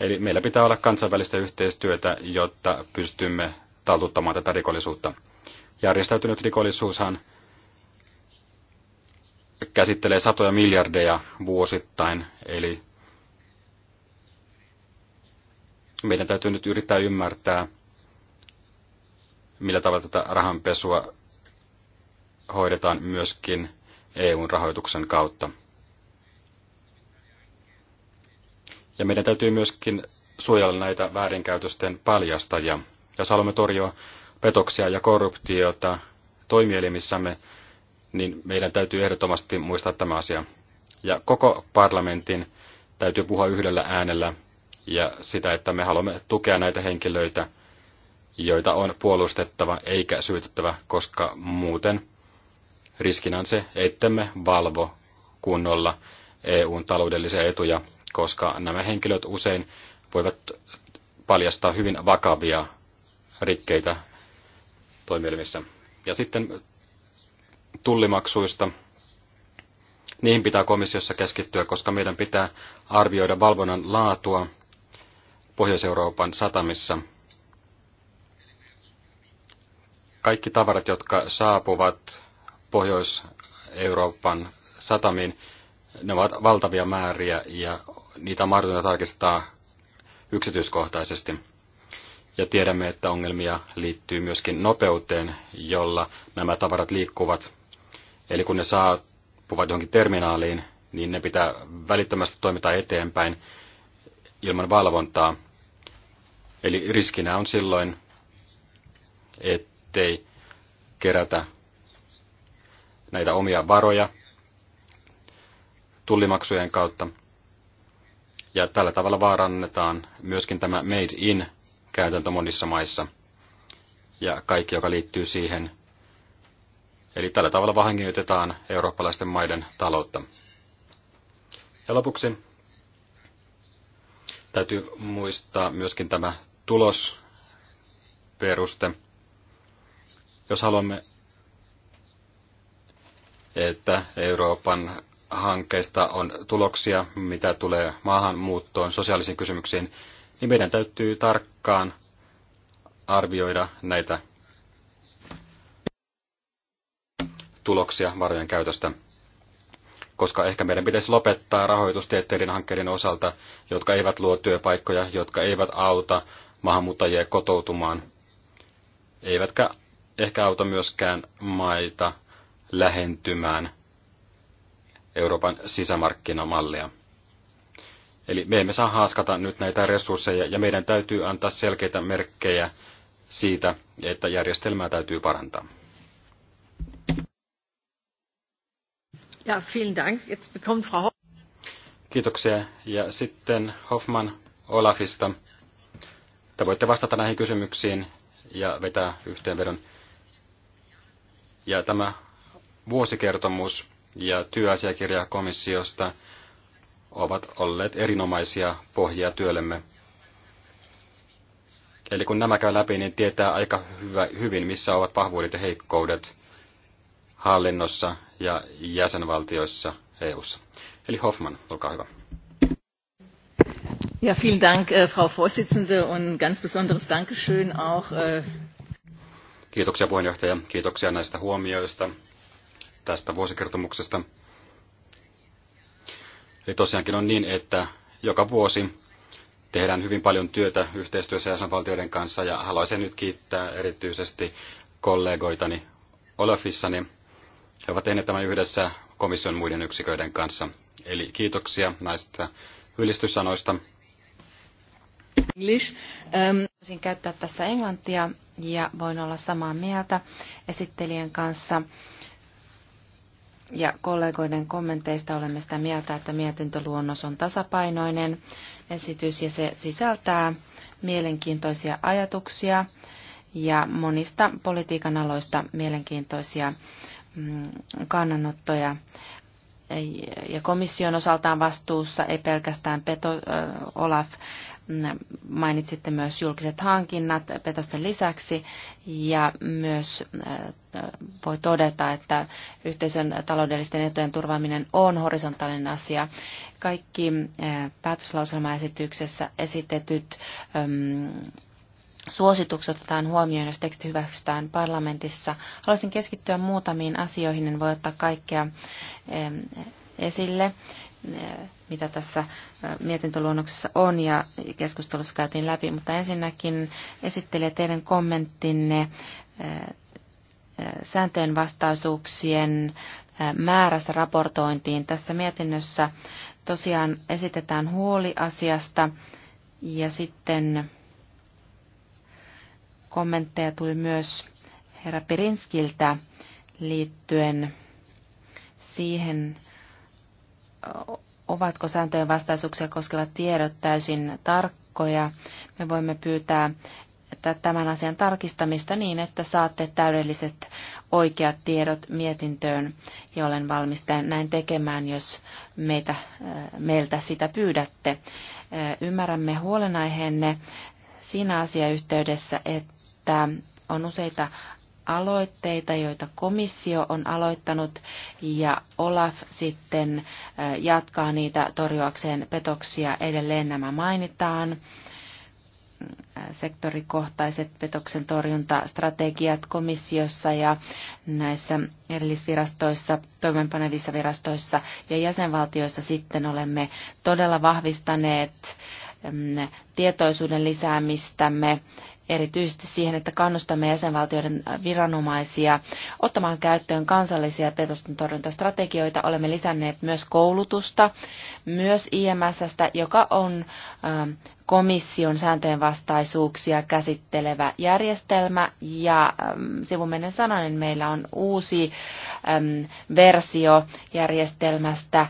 Eli meillä pitää olla kansainvälistä yhteistyötä, jotta pystymme taltuttamaan tätä rikollisuutta. Järjestäytynyt rikollisuushan käsittelee satoja miljardeja vuosittain, eli meidän täytyy nyt yrittää ymmärtää, millä tavalla tätä rahanpesua hoidetaan myöskin eu rahoituksen kautta. Ja meidän täytyy myöskin suojella näitä väärinkäytösten paljastajia. Jos haluamme torjua petoksia ja korruptiota toimielimissämme, niin meidän täytyy ehdottomasti muistaa tämä asia. Ja koko parlamentin täytyy puhua yhdellä äänellä ja sitä, että me haluamme tukea näitä henkilöitä – joita on puolustettava eikä syytettävä, koska muuten riskinä on se, ettemme valvo kunnolla EUn taloudellisia etuja, koska nämä henkilöt usein voivat paljastaa hyvin vakavia rikkeitä toimielimissä. Ja sitten tullimaksuista. Niihin pitää komissiossa keskittyä, koska meidän pitää arvioida valvonnan laatua Pohjois-Euroopan satamissa – kaikki tavarat, jotka saapuvat Pohjois-Euroopan satamiin, ne ovat valtavia määriä ja niitä on tarkistaa yksityiskohtaisesti. Ja tiedämme, että ongelmia liittyy myöskin nopeuteen, jolla nämä tavarat liikkuvat. Eli kun ne saapuvat johonkin terminaaliin, niin ne pitää välittömästi toimita eteenpäin ilman valvontaa. Eli riskinä on silloin, että ettei kerätä näitä omia varoja tullimaksujen kautta. Ja tällä tavalla vaarannetaan myöskin tämä made in käytäntö monissa maissa ja kaikki, joka liittyy siihen. Eli tällä tavalla vahingoitetaan eurooppalaisten maiden taloutta. Ja lopuksi täytyy muistaa myöskin tämä tulosperuste. Jos haluamme, että Euroopan hankkeista on tuloksia, mitä tulee maahanmuuttoon, sosiaalisiin kysymyksiin, niin meidän täytyy tarkkaan arvioida näitä tuloksia varojen käytöstä, koska ehkä meidän pitäisi lopettaa rahoitustieteiden hankkeiden osalta, jotka eivät luo työpaikkoja, jotka eivät auta maahanmuuttajia kotoutumaan, eivätkä ehkä auta myöskään maita lähentymään Euroopan sisämarkkinamallia. Eli me emme saa haaskata nyt näitä resursseja ja meidän täytyy antaa selkeitä merkkejä siitä, että järjestelmää täytyy parantaa. Ja, vielen Dank. Jetzt bekommt Frau Kiitoksia. Ja sitten Hoffman Olafista. Te voitte vastata näihin kysymyksiin ja vetää yhteenvedon. Ja tämä vuosikertomus ja työasiakirja komissiosta ovat olleet erinomaisia pohjia työllemme. Eli kun nämä käy läpi, niin tietää aika hyvä, hyvin, missä ovat vahvuudet ja heikkoudet hallinnossa ja jäsenvaltioissa EU:ssa. Eli Hoffman, olkaa hyvä. Ja, vielen Dank, äh, Frau Vorsitzende, und ganz besonderes Dankeschön auch äh, Kiitoksia puheenjohtaja, kiitoksia näistä huomioista tästä vuosikertomuksesta. Eli tosiaankin on niin, että joka vuosi tehdään hyvin paljon työtä yhteistyössä jäsenvaltioiden kanssa ja haluaisin nyt kiittää erityisesti kollegoitani Olafissani. He ovat tehneet tämän yhdessä komission muiden yksiköiden kanssa. Eli kiitoksia näistä ylistyssanoista. English. Um, ähm, voisin käyttää tässä englantia ja voin olla samaa mieltä esittelijän kanssa. Ja kollegoiden kommenteista olemme sitä mieltä, että mietintöluonnos on tasapainoinen esitys ja se sisältää mielenkiintoisia ajatuksia ja monista politiikan aloista mielenkiintoisia mm, kannanottoja. Ja komission osaltaan vastuussa ei pelkästään Peto, Olaf Mainitsitte myös julkiset hankinnat petosten lisäksi ja myös äh, voi todeta, että yhteisön taloudellisten etujen turvaaminen on horisontaalinen asia. Kaikki äh, päätöslauselmaesityksessä esitetyt ähm, suositukset otetaan huomioon, jos teksti hyväksytään parlamentissa. Haluaisin keskittyä muutamiin asioihin, en voi ottaa kaikkea ähm, esille mitä tässä mietintöluonnoksessa on ja keskustelussa käytiin läpi. Mutta ensinnäkin esittelijä teidän kommenttinne sääntöjen vastaisuuksien määrässä raportointiin. Tässä mietinnössä tosiaan esitetään huoli asiasta ja sitten kommentteja tuli myös herra Pirinskiltä liittyen siihen, ovatko sääntöjen vastaisuuksia koskevat tiedot täysin tarkkoja. Me voimme pyytää tämän asian tarkistamista niin, että saatte täydelliset oikeat tiedot mietintöön ja olen valmis näin tekemään, jos meitä, äh, meiltä sitä pyydätte. Äh, ymmärrämme huolenaiheenne siinä asiayhteydessä, että on useita aloitteita, joita komissio on aloittanut ja Olaf sitten äh, jatkaa niitä torjuakseen petoksia. Edelleen nämä mainitaan äh, sektorikohtaiset petoksen torjuntastrategiat komissiossa ja näissä erillisvirastoissa, toimenpanevissa virastoissa ja jäsenvaltioissa sitten olemme todella vahvistaneet tietoisuuden lisäämistämme erityisesti siihen, että kannustamme jäsenvaltioiden viranomaisia ottamaan käyttöön kansallisia petosten torjuntastrategioita. Olemme lisänneet myös koulutusta, myös IMS, joka on ähm, komission sääntöjen vastaisuuksia käsittelevä järjestelmä ja ähm, sivumennen sananen meillä on uusi ähm, versio järjestelmästä,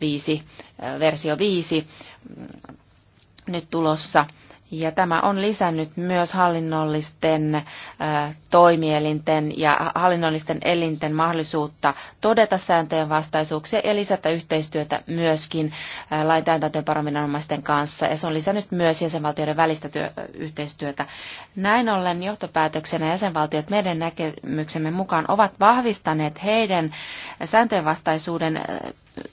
viisi, äh, versio 5 mm, nyt tulossa – ja tämä on lisännyt myös hallinnollisten toimielinten ja hallinnollisten elinten mahdollisuutta todeta sääntöjen vastaisuuksia ja lisätä yhteistyötä myöskin lain täytäntöönpanoviranomaisten kanssa. Ja se on lisännyt myös jäsenvaltioiden välistä työ, yhteistyötä. Näin ollen johtopäätöksenä jäsenvaltiot meidän näkemyksemme mukaan ovat vahvistaneet heidän sääntöjen vastaisuuden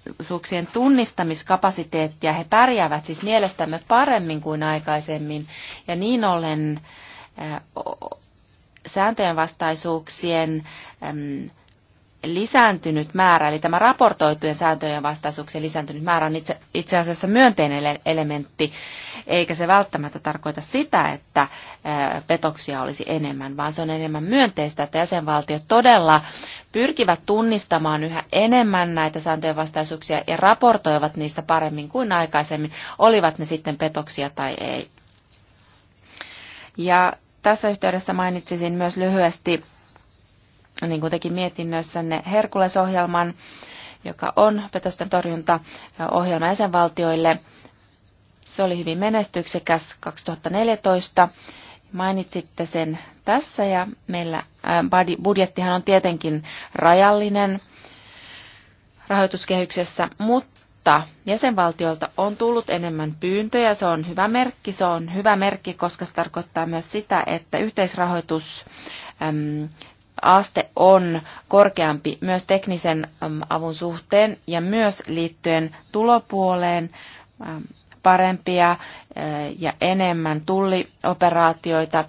mahdollisuuksien tunnistamiskapasiteettia. He pärjäävät siis mielestämme paremmin kuin aikaisemmin. Ja niin ollen sääntöjen vastaisuuksien lisääntynyt määrä, eli tämä raportoitujen sääntöjen vastaisuuksien lisääntynyt määrä on itse, itse asiassa myönteinen elementti, eikä se välttämättä tarkoita sitä, että petoksia olisi enemmän, vaan se on enemmän myönteistä, että jäsenvaltiot todella pyrkivät tunnistamaan yhä enemmän näitä sääntöjen vastaisuuksia ja raportoivat niistä paremmin kuin aikaisemmin, olivat ne sitten petoksia tai ei. Ja tässä yhteydessä mainitsisin myös lyhyesti niin kuin teki mietinnössänne Herkulesohjelman, joka on petosten torjuntaohjelma jäsenvaltioille. Se oli hyvin menestyksekäs 2014. Mainitsitte sen tässä ja meillä budjettihan on tietenkin rajallinen rahoituskehyksessä, mutta jäsenvaltioilta on tullut enemmän pyyntöjä. Se on hyvä merkki, se on hyvä merkki, koska se tarkoittaa myös sitä, että yhteisrahoitus aste on korkeampi myös teknisen avun suhteen ja myös liittyen tulopuoleen parempia ja enemmän tullioperaatioita.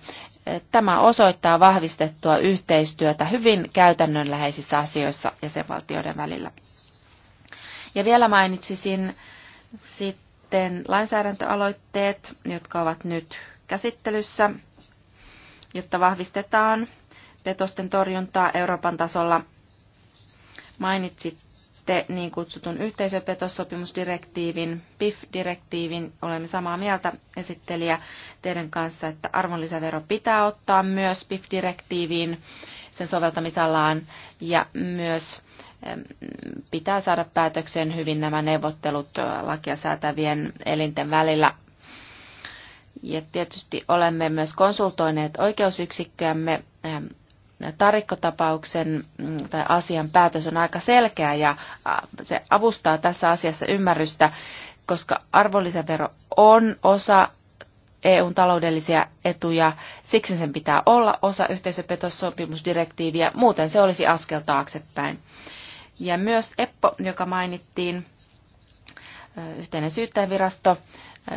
Tämä osoittaa vahvistettua yhteistyötä hyvin käytännönläheisissä asioissa jäsenvaltioiden välillä. Ja vielä mainitsisin sitten lainsäädäntöaloitteet, jotka ovat nyt käsittelyssä, jotta vahvistetaan petosten torjuntaa Euroopan tasolla. Mainitsitte niin kutsutun yhteisöpetossopimusdirektiivin, PIF-direktiivin. Olemme samaa mieltä esittelijä teidän kanssa, että arvonlisävero pitää ottaa myös PIF-direktiiviin, sen soveltamisalaan ja myös pitää saada päätökseen hyvin nämä neuvottelut lakia säätävien elinten välillä. Ja tietysti olemme myös konsultoineet oikeusyksikköämme tarikkotapauksen mm, tai asian päätös on aika selkeä ja se avustaa tässä asiassa ymmärrystä, koska arvonlisävero on osa EUn taloudellisia etuja, siksi sen pitää olla osa yhteisöpetossopimusdirektiiviä, muuten se olisi askel taaksepäin. Ja myös EPPO, joka mainittiin, yhteinen syyttäjävirasto,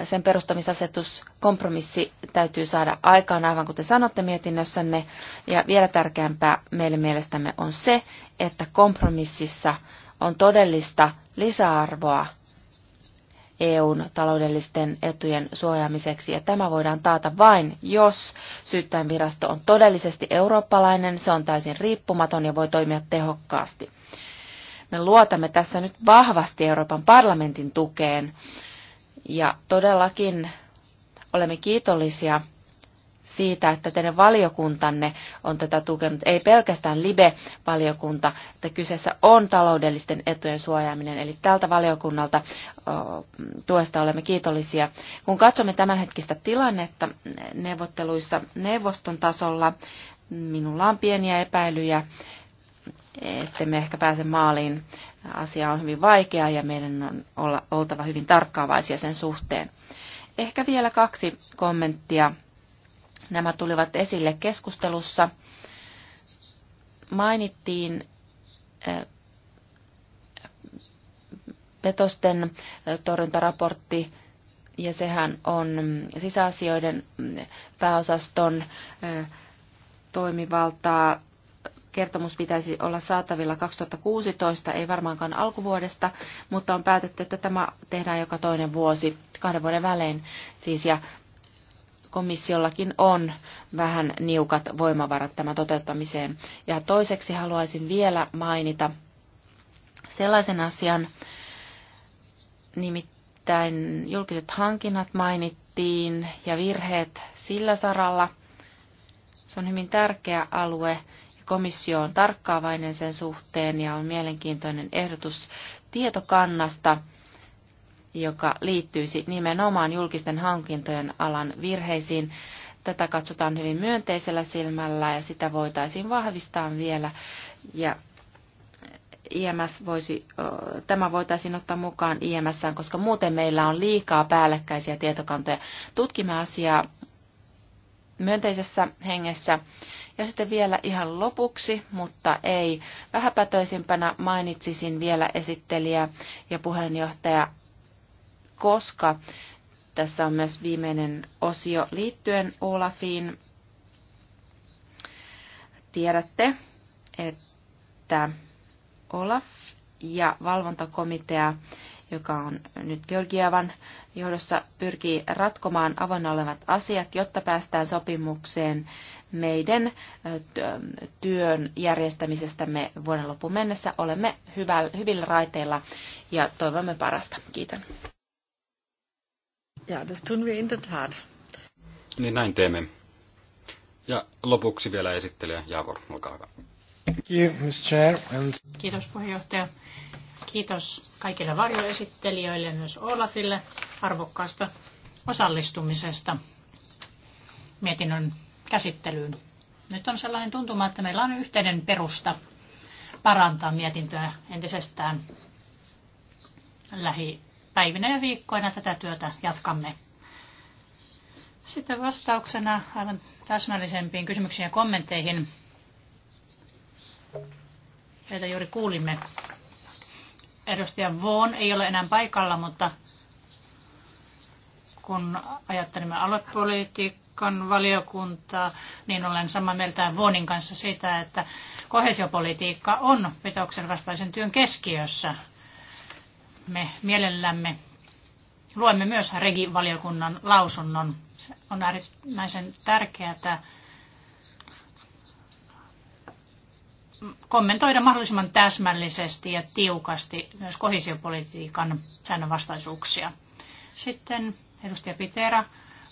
sen perustamisasetus, kompromissi täytyy saada aikaan, aivan kuten sanotte mietinnössänne. Ja vielä tärkeämpää meille mielestämme on se, että kompromississa on todellista lisäarvoa EUn taloudellisten etujen suojaamiseksi, ja tämä voidaan taata vain, jos syyttäjänvirasto on todellisesti eurooppalainen, se on täysin riippumaton ja voi toimia tehokkaasti. Me luotamme tässä nyt vahvasti Euroopan parlamentin tukeen ja todellakin olemme kiitollisia siitä, että teidän valiokuntanne on tätä tukenut. Ei pelkästään LIBE-valiokunta, että kyseessä on taloudellisten etujen suojaaminen. Eli tältä valiokunnalta tuesta olemme kiitollisia. Kun katsomme tämänhetkistä tilannetta neuvotteluissa neuvoston tasolla, minulla on pieniä epäilyjä, että me ehkä pääse maaliin Asia on hyvin vaikea ja meidän on olla, oltava hyvin tarkkaavaisia sen suhteen. Ehkä vielä kaksi kommenttia. Nämä tulivat esille keskustelussa. Mainittiin petosten torjuntaraportti, ja sehän on sisäasioiden mm, pääosaston toimivaltaa kertomus pitäisi olla saatavilla 2016, ei varmaankaan alkuvuodesta, mutta on päätetty, että tämä tehdään joka toinen vuosi, kahden vuoden välein siis, ja komissiollakin on vähän niukat voimavarat tämän toteuttamiseen. Ja toiseksi haluaisin vielä mainita sellaisen asian, nimittäin julkiset hankinnat mainittiin ja virheet sillä saralla. Se on hyvin tärkeä alue komissio on tarkkaavainen sen suhteen ja on mielenkiintoinen ehdotus tietokannasta, joka liittyisi nimenomaan julkisten hankintojen alan virheisiin. Tätä katsotaan hyvin myönteisellä silmällä ja sitä voitaisiin vahvistaa vielä. Ja IMS voisi, tämä voitaisiin ottaa mukaan IMS, koska muuten meillä on liikaa päällekkäisiä tietokantoja. Tutkimme asiaa myönteisessä hengessä ja sitten vielä ihan lopuksi, mutta ei vähäpätöisimpänä mainitsisin vielä esittelijä ja puheenjohtaja, koska tässä on myös viimeinen osio liittyen Olafiin. Tiedätte, että Olaf ja valvontakomitea, joka on nyt Georgiavan johdossa, pyrkii ratkomaan avoinna olevat asiat, jotta päästään sopimukseen meidän työn järjestämisestämme vuoden loppuun mennessä. Olemme hyvillä raiteilla ja toivomme parasta. Kiitän. Ja, das tun wir in der Tat. Niin näin teemme. Ja lopuksi vielä esittelijä Javor, olkaa hyvä. Kiitos puheenjohtaja. Kiitos kaikille varjoesittelijöille ja myös Olafille arvokkaasta osallistumisesta mietinnön käsittelyyn. Nyt on sellainen tuntuma, että meillä on yhteinen perusta parantaa mietintöä entisestään lähipäivinä ja viikkoina tätä työtä jatkamme. Sitten vastauksena aivan täsmällisempiin kysymyksiin ja kommentteihin. joita juuri kuulimme. Edustaja Vaughan ei ole enää paikalla, mutta kun ajattelimme aluepolitiikkaa, Kan valiokunta, niin olen samaa mieltä Vuonin kanssa siitä, että kohesiopolitiikka on petoksen vastaisen työn keskiössä. Me mielellämme luemme myös regivaliokunnan lausunnon. Se on äärimmäisen tärkeää kommentoida mahdollisimman täsmällisesti ja tiukasti myös kohesiopolitiikan säännönvastaisuuksia. Sitten edustaja Pitera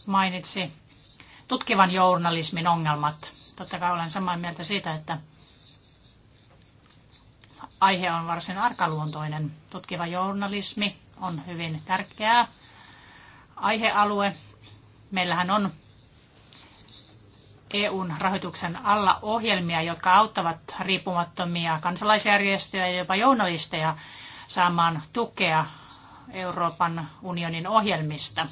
mainitsi tutkivan journalismin ongelmat. Totta kai olen samaa mieltä siitä, että aihe on varsin arkaluontoinen. Tutkiva journalismi on hyvin tärkeä aihealue. Meillähän on EUn rahoituksen alla ohjelmia, jotka auttavat riippumattomia kansalaisjärjestöjä ja jopa journalisteja saamaan tukea Euroopan unionin ohjelmista.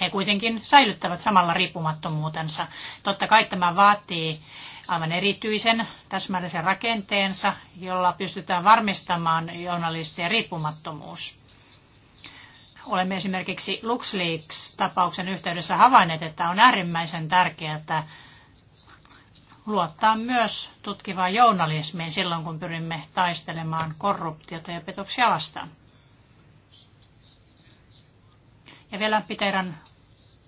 He kuitenkin säilyttävät samalla riippumattomuutensa. Totta kai tämä vaatii aivan erityisen täsmällisen rakenteensa, jolla pystytään varmistamaan journalistien riippumattomuus. Olemme esimerkiksi LuxLeaks-tapauksen yhteydessä havainneet, että on äärimmäisen tärkeää, luottaa myös tutkivaan journalismiin silloin, kun pyrimme taistelemaan korruptiota ja petoksia vastaan. Ja vielä Piteran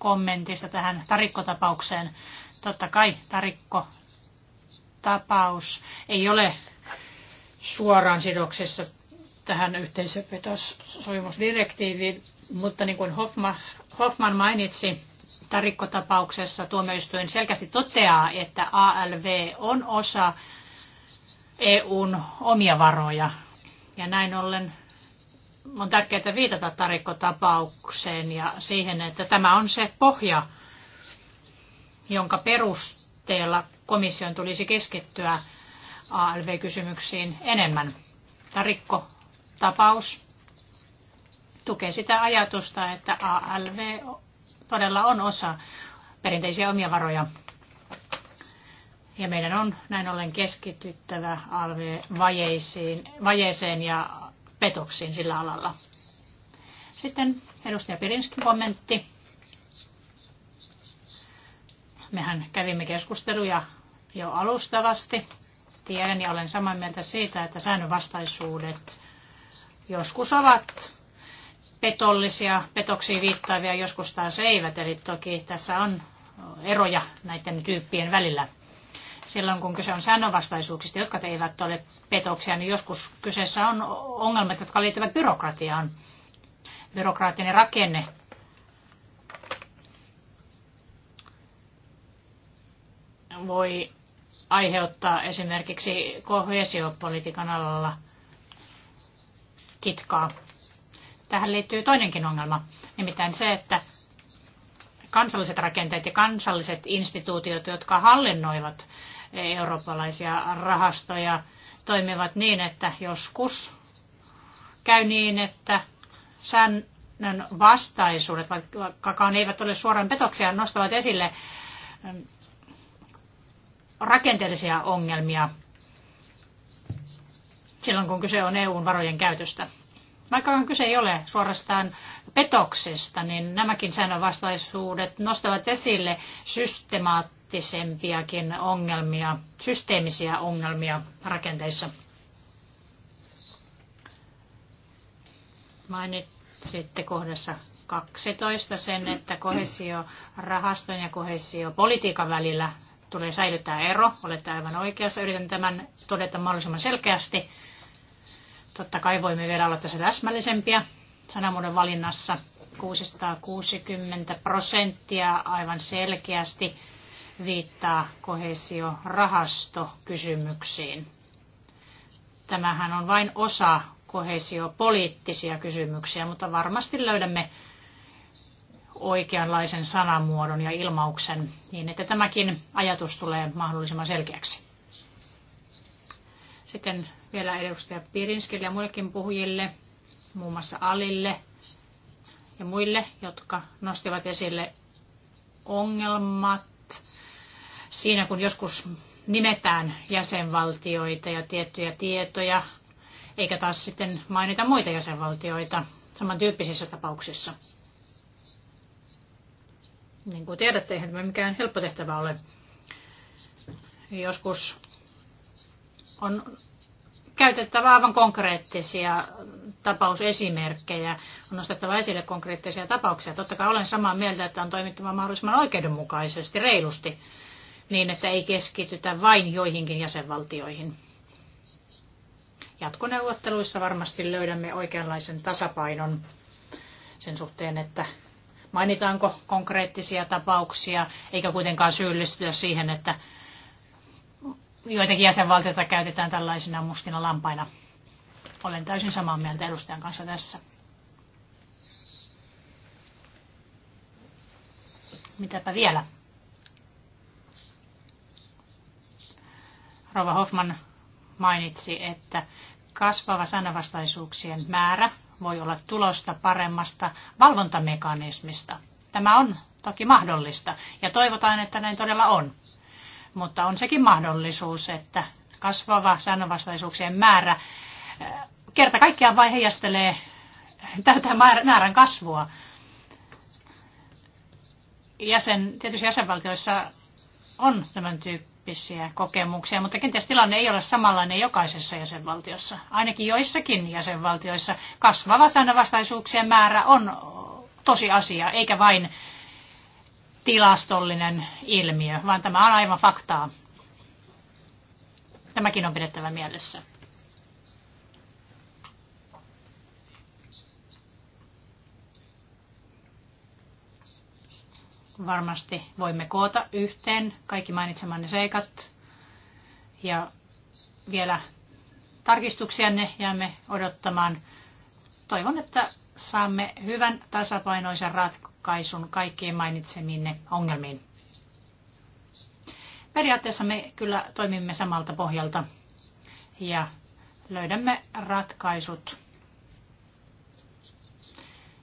kommentista tähän tarikkotapaukseen. Totta kai tarikkotapaus ei ole suoraan sidoksessa tähän yhteisöpetossoimusdirektiiviin, mutta niin kuin Hoffman mainitsi, tarikkotapauksessa tuomioistuin selkeästi toteaa, että ALV on osa EUn omia varoja. Ja näin ollen on tärkeää viitata tarikkotapaukseen ja siihen, että tämä on se pohja, jonka perusteella komission tulisi keskittyä ALV-kysymyksiin enemmän. Tarikkotapaus tukee sitä ajatusta, että ALV todella on osa perinteisiä omia varoja. Ja meidän on näin ollen keskityttävä ALV-vajeeseen ja petoksiin sillä alalla. Sitten edustaja Pirinski kommentti. Mehän kävimme keskusteluja jo alustavasti. Tiedän ja olen samaa mieltä siitä, että säännönvastaisuudet joskus ovat petollisia, petoksiin viittaavia, joskus taas eivät. Eli toki tässä on eroja näiden tyyppien välillä silloin, kun kyse on säännönvastaisuuksista, jotka eivät ole petoksia, niin joskus kyseessä on ongelmat, jotka liittyvät byrokratiaan. Byrokraattinen rakenne voi aiheuttaa esimerkiksi kohesiopolitiikan alalla kitkaa. Tähän liittyy toinenkin ongelma, nimittäin se, että kansalliset rakenteet ja kansalliset instituutiot, jotka hallinnoivat eurooppalaisia rahastoja, toimivat niin, että joskus käy niin, että säännön vastaisuudet, vaikkakaan eivät ole suoraan petoksia, nostavat esille ähm, rakenteellisia ongelmia silloin, kun kyse on EUn varojen käytöstä. Vaikka kyse ei ole suorastaan petoksesta, niin nämäkin säännönvastaisuudet nostavat esille systemaattisempiakin ongelmia, systeemisiä ongelmia rakenteissa. Mainitsitte kohdassa 12 sen, että kohesiorahaston ja kohesiopolitiikan välillä tulee säilyttää ero. Olette aivan oikeassa. Yritän tämän todeta mahdollisimman selkeästi. Totta kai voimme vielä olla tässä täsmällisempiä sanamuodon valinnassa. 660 prosenttia aivan selkeästi viittaa kohesiorahastokysymyksiin. Tämähän on vain osa kohesiopoliittisia kysymyksiä, mutta varmasti löydämme oikeanlaisen sanamuodon ja ilmauksen niin, että tämäkin ajatus tulee mahdollisimman selkeäksi. Sitten vielä edustaja Pirinskille ja muillekin puhujille, muun muassa Alille ja muille, jotka nostivat esille ongelmat siinä, kun joskus nimetään jäsenvaltioita ja tiettyjä tietoja, eikä taas sitten mainita muita jäsenvaltioita samantyyppisissä tapauksissa. Niin kuin tiedätte, eihän tämä mikään helppo tehtävä ole. Joskus on käytettävä aivan konkreettisia tapausesimerkkejä, on nostettava esille konkreettisia tapauksia. Totta kai olen samaa mieltä, että on toimittava mahdollisimman oikeudenmukaisesti, reilusti, niin että ei keskitytä vain joihinkin jäsenvaltioihin. Jatkoneuvotteluissa varmasti löydämme oikeanlaisen tasapainon sen suhteen, että mainitaanko konkreettisia tapauksia, eikä kuitenkaan syyllistytä siihen, että joitakin jäsenvaltioita käytetään tällaisina mustina lampaina. Olen täysin samaa mieltä edustajan kanssa tässä. Mitäpä vielä? Rova Hoffman mainitsi, että kasvava sanavastaisuuksien määrä voi olla tulosta paremmasta valvontamekanismista. Tämä on toki mahdollista ja toivotaan, että näin todella on mutta on sekin mahdollisuus, että kasvava säännönvastaisuuksien määrä eh, kerta kaikkiaan vain heijastelee tätä määrän kasvua. Jäsen, tietysti jäsenvaltioissa on tämän tyyppisiä kokemuksia, mutta kenties tilanne ei ole samanlainen jokaisessa jäsenvaltiossa. Ainakin joissakin jäsenvaltioissa kasvava säännönvastaisuuksien määrä on tosiasia, eikä vain tilastollinen ilmiö, vaan tämä on aivan faktaa. Tämäkin on pidettävä mielessä. Varmasti voimme koota yhteen kaikki mainitsemanne seikat ja vielä tarkistuksianne jäämme odottamaan. Toivon, että saamme hyvän tasapainoisen ratkaisun kaikkiin mainitseminne ongelmiin. Periaatteessa me kyllä toimimme samalta pohjalta ja löydämme ratkaisut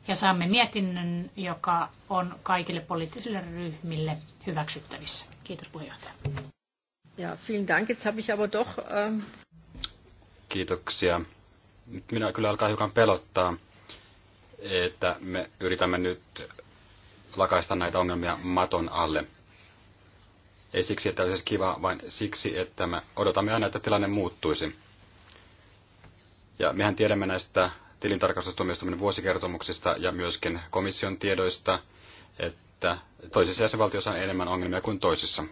ja saamme mietinnön, joka on kaikille poliittisille ryhmille hyväksyttävissä. Kiitos puheenjohtaja. Ja, vielen Dank. Jetzt habe ich aber doch, ähm... Kiitoksia. Nyt minä kyllä alkaa hiukan pelottaa, että me yritämme nyt lakaista näitä ongelmia maton alle. Ei siksi, että olisi kiva, vaan siksi, että me odotamme aina, että tilanne muuttuisi. Ja mehän tiedämme näistä tilintarkastustuomioistuminen vuosikertomuksista ja myöskin komission tiedoista, että toisissa jäsenvaltioissa on enemmän ongelmia kuin toisissa.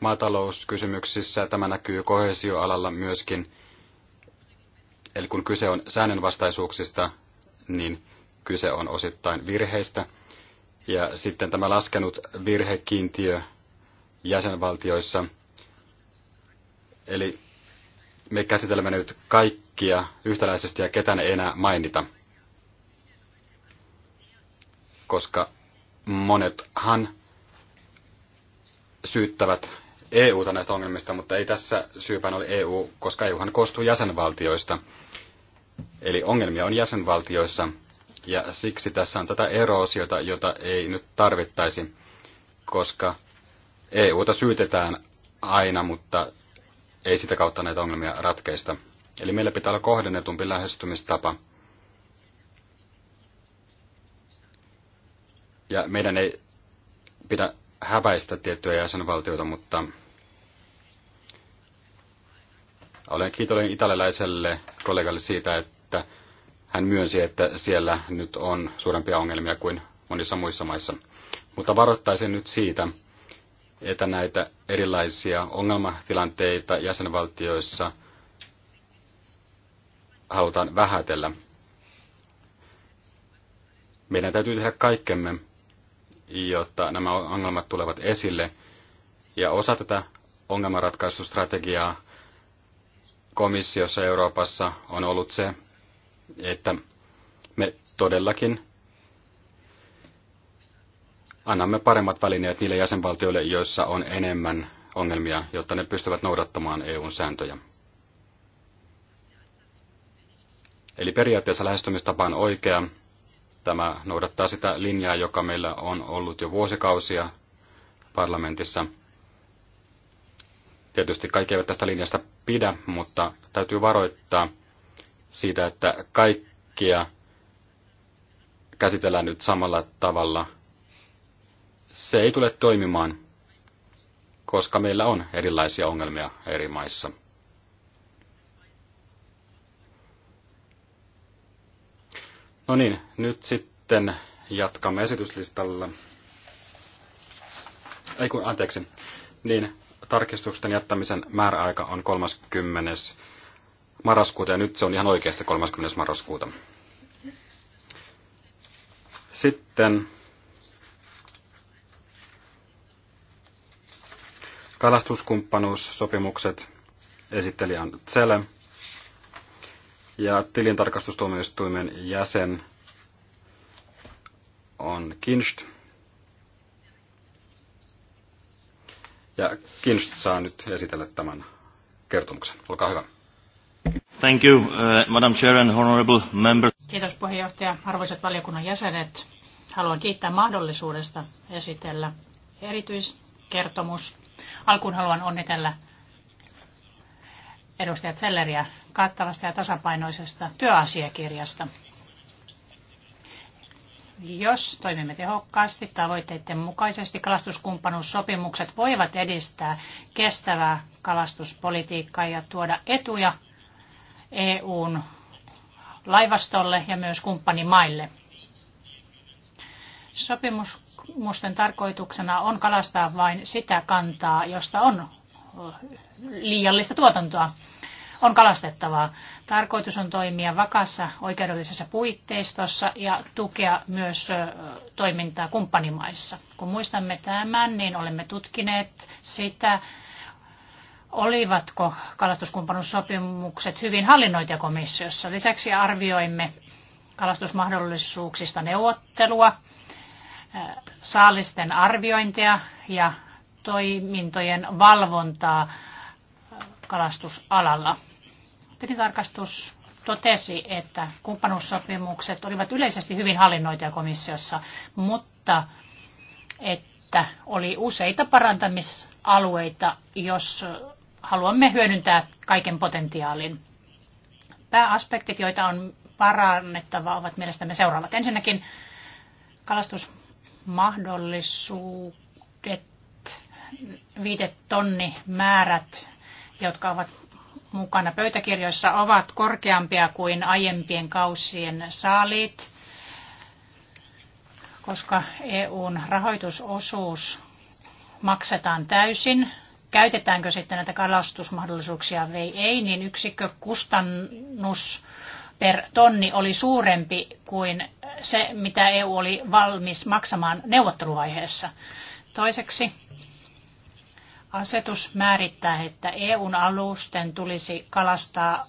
Maatalouskysymyksissä tämä näkyy kohesioalalla myöskin, eli kun kyse on säännönvastaisuuksista, niin kyse on osittain virheistä. Ja sitten tämä laskenut virhekiintiö jäsenvaltioissa. Eli me käsitelemme nyt kaikkia yhtäläisesti ja ketään ei enää mainita. Koska monethan syyttävät EUta näistä ongelmista, mutta ei tässä syypään ole EU, koska EUhan koostuu jäsenvaltioista. Eli ongelmia on jäsenvaltioissa, ja siksi tässä on tätä eroosiota, jota ei nyt tarvittaisi, koska EUta syytetään aina, mutta ei sitä kautta näitä ongelmia ratkeista. Eli meillä pitää olla kohdennetumpi lähestymistapa. Ja meidän ei pidä häväistä tiettyjä jäsenvaltioita, mutta olen kiitollinen italialaiselle kollegalle siitä, että hän myönsi, että siellä nyt on suurempia ongelmia kuin monissa muissa maissa. Mutta varoittaisin nyt siitä, että näitä erilaisia ongelmatilanteita jäsenvaltioissa halutaan vähätellä. Meidän täytyy tehdä kaikkemme, jotta nämä ongelmat tulevat esille. Ja osa tätä ongelmanratkaisustrategiaa komissiossa Euroopassa on ollut se, että me todellakin annamme paremmat välineet niille jäsenvaltioille, joissa on enemmän ongelmia, jotta ne pystyvät noudattamaan EUn sääntöjä. Eli periaatteessa lähestymistapa on oikea. Tämä noudattaa sitä linjaa, joka meillä on ollut jo vuosikausia parlamentissa – Tietysti kaikki eivät tästä linjasta pidä, mutta täytyy varoittaa siitä, että kaikkia käsitellään nyt samalla tavalla. Se ei tule toimimaan, koska meillä on erilaisia ongelmia eri maissa. No niin, nyt sitten jatkamme esityslistalla. Ei kun, anteeksi. Niin, tarkistusten jättämisen määräaika on 30. marraskuuta ja nyt se on ihan oikeasti 30. marraskuuta. Sitten kalastuskumppanuussopimukset esittelijän on Tsele ja tilintarkastustuomioistuimen jäsen on Kinst. Ja Kinst saa nyt esitellä tämän kertomuksen. Olkaa hyvä. Thank you, uh, Madam Chair and Honorable Members. Kiitos puheenjohtaja, arvoisat valiokunnan jäsenet. Haluan kiittää mahdollisuudesta esitellä erityiskertomus. Alkuun haluan onnitella edustajat Selleriä kattavasta ja tasapainoisesta työasiakirjasta. Jos toimimme tehokkaasti tavoitteiden mukaisesti, kalastuskumppanuussopimukset voivat edistää kestävää kalastuspolitiikkaa ja tuoda etuja EUn laivastolle ja myös kumppanimaille. Sopimusten tarkoituksena on kalastaa vain sitä kantaa, josta on liiallista tuotantoa on kalastettavaa. Tarkoitus on toimia vakassa oikeudellisessa puitteistossa ja tukea myös toimintaa kumppanimaissa. Kun muistamme tämän, niin olemme tutkineet sitä, olivatko kalastuskumppanuussopimukset hyvin hallinnoitia komissiossa. Lisäksi arvioimme kalastusmahdollisuuksista neuvottelua, saalisten arviointia ja toimintojen valvontaa kalastusalalla. Tilintarkastus totesi, että kumppanuussopimukset olivat yleisesti hyvin hallinnoituja komissiossa, mutta että oli useita parantamisalueita, jos haluamme hyödyntää kaiken potentiaalin. Pääaspektit, joita on parannettava, ovat mielestämme seuraavat. Ensinnäkin kalastusmahdollisuudet, viitetonni määrät, jotka ovat mukana pöytäkirjoissa ovat korkeampia kuin aiempien kausien saaliit, koska EUn rahoitusosuus maksetaan täysin. Käytetäänkö sitten näitä kalastusmahdollisuuksia vai ei, niin yksikkökustannus per tonni oli suurempi kuin se, mitä EU oli valmis maksamaan neuvotteluvaiheessa. Toiseksi Asetus määrittää, että EUn alusten tulisi kalastaa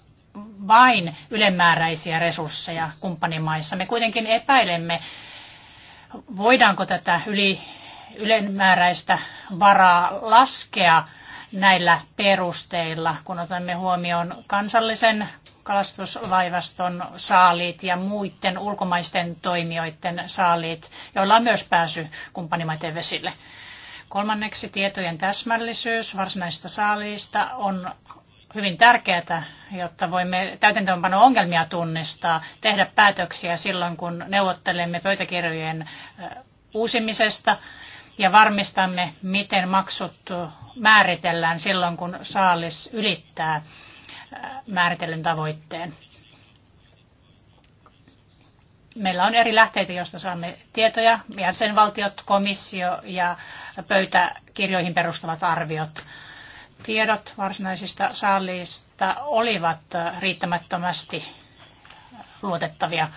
vain ylimääräisiä resursseja kumppanimaissa. Me kuitenkin epäilemme, voidaanko tätä yli, ylimääräistä varaa laskea näillä perusteilla, kun otamme huomioon kansallisen kalastuslaivaston saaliit ja muiden ulkomaisten toimijoiden saaliit, joilla on myös pääsy kumppanimaiden vesille. Kolmanneksi tietojen täsmällisyys varsinaisista saaliista on hyvin tärkeää, jotta voimme täytäntöönpano ongelmia tunnistaa, tehdä päätöksiä silloin, kun neuvottelemme pöytäkirjojen uusimisesta ja varmistamme, miten maksut määritellään silloin, kun saalis ylittää määritellyn tavoitteen meillä on eri lähteitä, joista saamme tietoja, jäsenvaltiot, komissio ja pöytäkirjoihin perustuvat arviot. Tiedot varsinaisista saaliista olivat riittämättömästi luotettavia.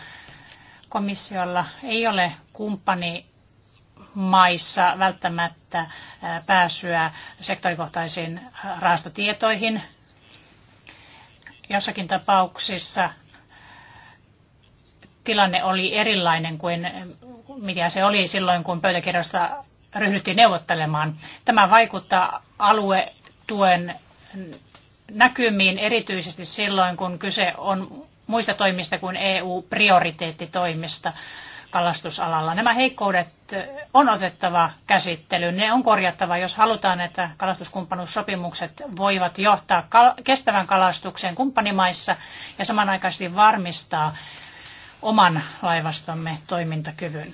Komissiolla ei ole kumppani maissa välttämättä pääsyä sektorikohtaisiin rahastotietoihin. Jossakin tapauksissa tilanne oli erilainen kuin mitä se oli silloin, kun pöytäkirjasta ryhdyttiin neuvottelemaan. Tämä vaikuttaa aluetuen näkymiin erityisesti silloin, kun kyse on muista toimista kuin EU-prioriteettitoimista kalastusalalla. Nämä heikkoudet on otettava käsittelyyn, ne on korjattava, jos halutaan, että kalastuskumppanuussopimukset voivat johtaa kestävän kalastuksen kumppanimaissa ja samanaikaisesti varmistaa, oman laivastomme toimintakyvyn.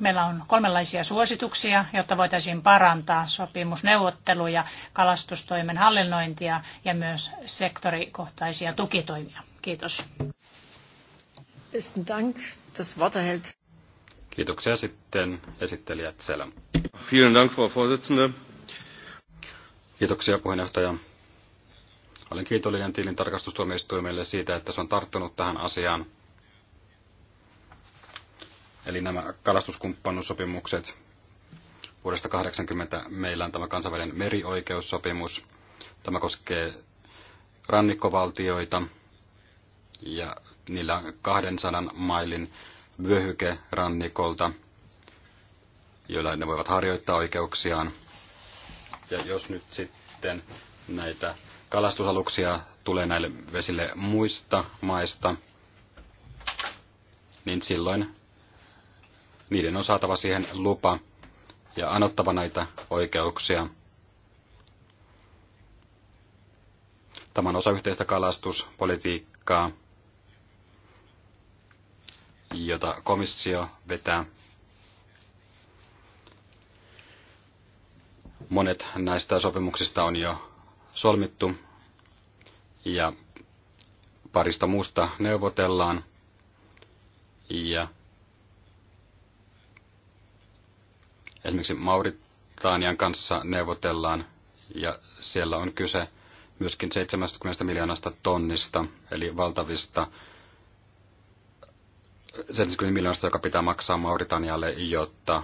Meillä on kolmenlaisia suosituksia, jotta voitaisiin parantaa sopimusneuvotteluja, kalastustoimen hallinnointia ja myös sektorikohtaisia tukitoimia. Kiitos. Dank. Kiitoksia sitten esittelijät Selä. Vielen Dank, Frau Vorsitzende. Kiitoksia puheenjohtaja. Olen kiitollinen tilintarkastustuomioistuimelle siitä, että se on tarttunut tähän asiaan – Eli nämä kalastuskumppanuussopimukset. Vuodesta 80 meillä on tämä kansainvälinen merioikeussopimus. Tämä koskee rannikkovaltioita ja niillä on 200 mailin vyöhyke rannikolta, joilla ne voivat harjoittaa oikeuksiaan. Ja jos nyt sitten näitä kalastusaluksia tulee näille vesille muista maista, niin silloin niiden on saatava siihen lupa ja anottava näitä oikeuksia. Tämä on osa yhteistä kalastuspolitiikkaa, jota komissio vetää. Monet näistä sopimuksista on jo solmittu ja parista muusta neuvotellaan. Ja Esimerkiksi Mauritaanian kanssa neuvotellaan ja siellä on kyse myöskin 70 miljoonasta tonnista, eli valtavista 70 miljoonasta, joka pitää maksaa Mauritanialle, jotta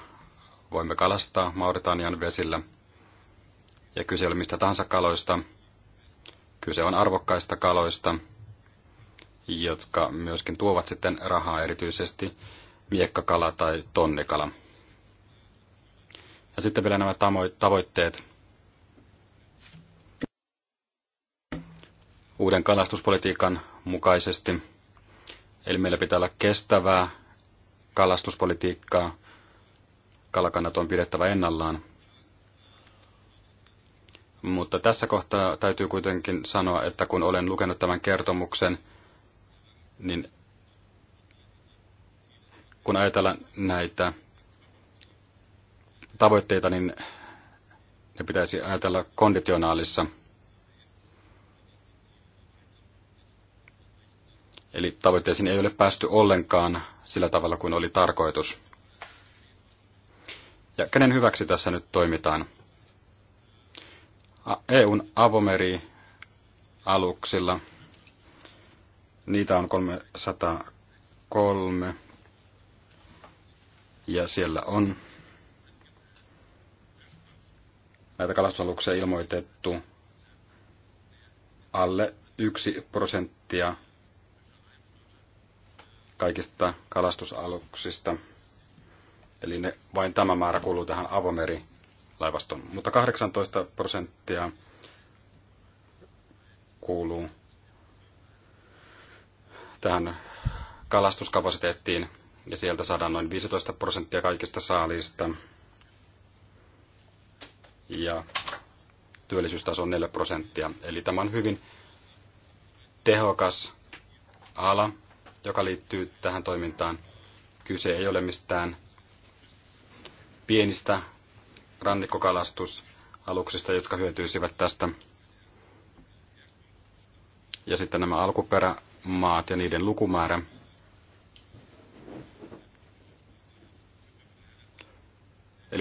voimme kalastaa Mauritanian vesillä. Ja kyse on mistä tahansa kaloista. Kyse on arvokkaista kaloista, jotka myöskin tuovat sitten rahaa erityisesti miekkakala tai tonnikala. Ja sitten vielä nämä tavoitteet. Uuden kalastuspolitiikan mukaisesti. Eli meillä pitää olla kestävää kalastuspolitiikkaa. Kalakannat on pidettävä ennallaan. Mutta tässä kohtaa täytyy kuitenkin sanoa, että kun olen lukenut tämän kertomuksen, niin kun ajatellaan näitä tavoitteita, niin ne pitäisi ajatella konditionaalissa. Eli tavoitteisiin ei ole päästy ollenkaan sillä tavalla kuin oli tarkoitus. Ja kenen hyväksi tässä nyt toimitaan? EUn avomeri aluksilla niitä on 303, ja siellä on näitä kalastusaluksia ilmoitettu alle 1 prosenttia kaikista kalastusaluksista. Eli ne, vain tämä määrä kuuluu tähän avomerilaivaston. Mutta 18 prosenttia kuuluu tähän kalastuskapasiteettiin, ja sieltä saadaan noin 15 prosenttia kaikista saaliista ja työllisyystaso on 4 prosenttia. Eli tämä on hyvin tehokas ala, joka liittyy tähän toimintaan. Kyse ei ole mistään pienistä rannikkokalastusaluksista, jotka hyötyisivät tästä. Ja sitten nämä alkuperämaat ja niiden lukumäärä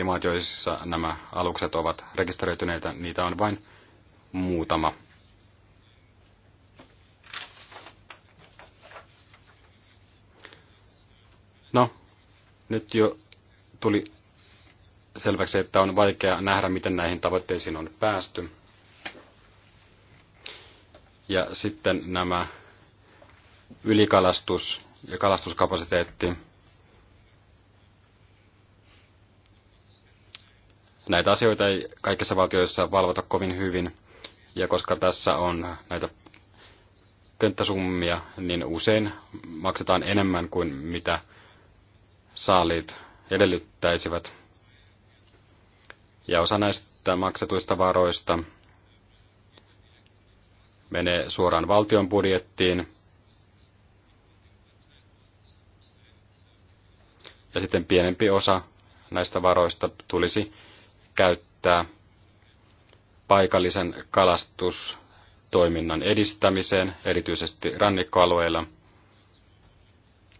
Eli joissa nämä alukset ovat rekisteröityneitä, niitä on vain muutama. No, nyt jo tuli selväksi, että on vaikea nähdä, miten näihin tavoitteisiin on päästy. Ja sitten nämä ylikalastus ja kalastuskapasiteetti Näitä asioita ei kaikissa valtioissa valvota kovin hyvin, ja koska tässä on näitä könttäsummia, niin usein maksetaan enemmän kuin mitä saaliit edellyttäisivät. Ja osa näistä maksetuista varoista menee suoraan valtion budjettiin. Ja sitten pienempi osa näistä varoista tulisi käyttää paikallisen kalastustoiminnan edistämiseen, erityisesti rannikkoalueilla.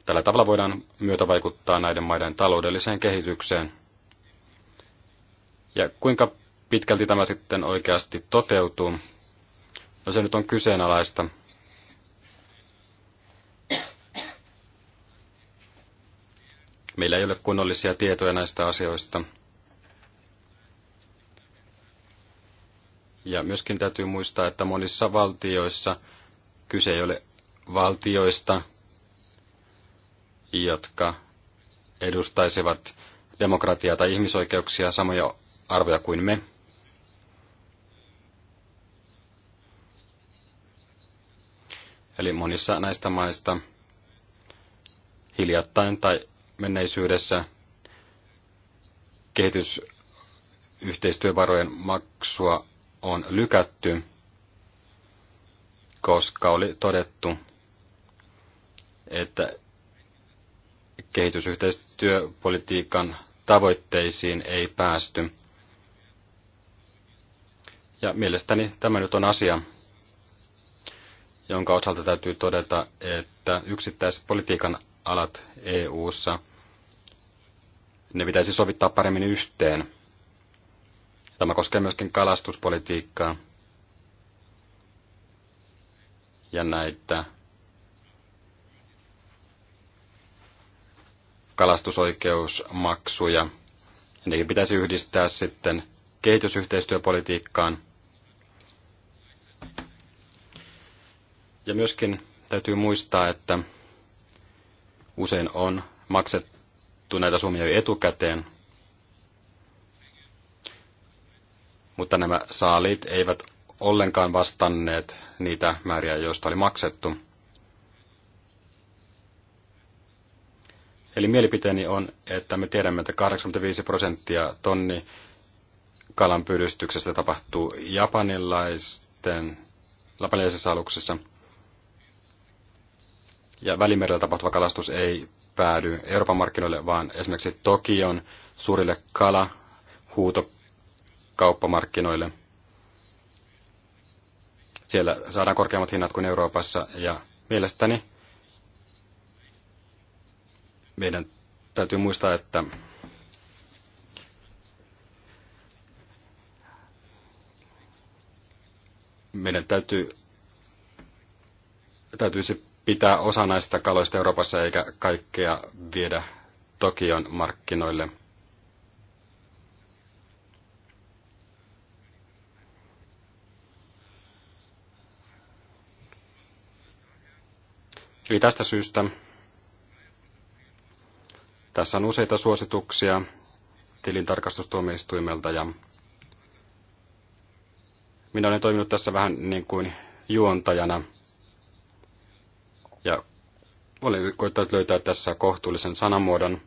Tällä tavalla voidaan vaikuttaa näiden maiden taloudelliseen kehitykseen. Ja kuinka pitkälti tämä sitten oikeasti toteutuu? No se nyt on kyseenalaista. Meillä ei ole kunnollisia tietoja näistä asioista. Ja myöskin täytyy muistaa, että monissa valtioissa kyse ei ole valtioista, jotka edustaisivat demokratiaa tai ihmisoikeuksia samoja arvoja kuin me. Eli monissa näistä maista hiljattain tai menneisyydessä kehitysyhteistyövarojen maksua on lykätty, koska oli todettu, että kehitysyhteistyöpolitiikan tavoitteisiin ei päästy. Ja mielestäni tämä nyt on asia, jonka osalta täytyy todeta, että yksittäiset politiikan alat EU:ssa ne pitäisi sovittaa paremmin yhteen. Tämä koskee myöskin kalastuspolitiikkaa ja näitä kalastusoikeusmaksuja. Niihin pitäisi yhdistää sitten kehitysyhteistyöpolitiikkaan. Ja myöskin täytyy muistaa, että usein on maksettu näitä summia etukäteen, mutta nämä saaliit eivät ollenkaan vastanneet niitä määriä, joista oli maksettu. Eli mielipiteeni on, että me tiedämme, että 85 prosenttia tonni kalanpyydystyksestä tapahtuu japanilaisten, lapanilaisessa aluksessa. Ja välimerellä tapahtuva kalastus ei päädy Euroopan markkinoille, vaan esimerkiksi Tokion suurille kala kauppamarkkinoille. Siellä saadaan korkeammat hinnat kuin Euroopassa ja mielestäni meidän täytyy muistaa, että meidän täytyy, täytyisi pitää osa näistä kaloista Euroopassa eikä kaikkea viedä Tokion markkinoille – Eli tästä syystä tässä on useita suosituksia tilintarkastustuomioistuimelta ja minä olen toiminut tässä vähän niin kuin juontajana ja olen koittanut löytää tässä kohtuullisen sanamuodon.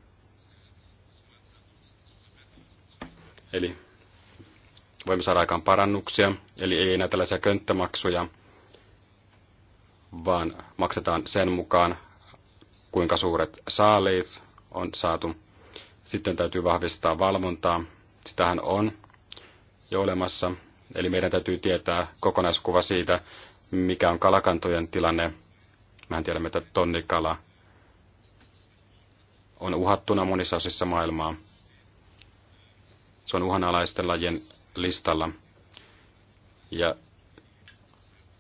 Eli voimme saada aikaan parannuksia, eli ei enää tällaisia könttämaksuja, vaan maksetaan sen mukaan, kuinka suuret saaliit on saatu. Sitten täytyy vahvistaa valvontaa. Sitähän on jo olemassa. Eli meidän täytyy tietää kokonaiskuva siitä, mikä on kalakantojen tilanne. Mehän tiedämme, että tonnikala on uhattuna monissa osissa maailmaa. Se on uhanalaisten lajien listalla. Ja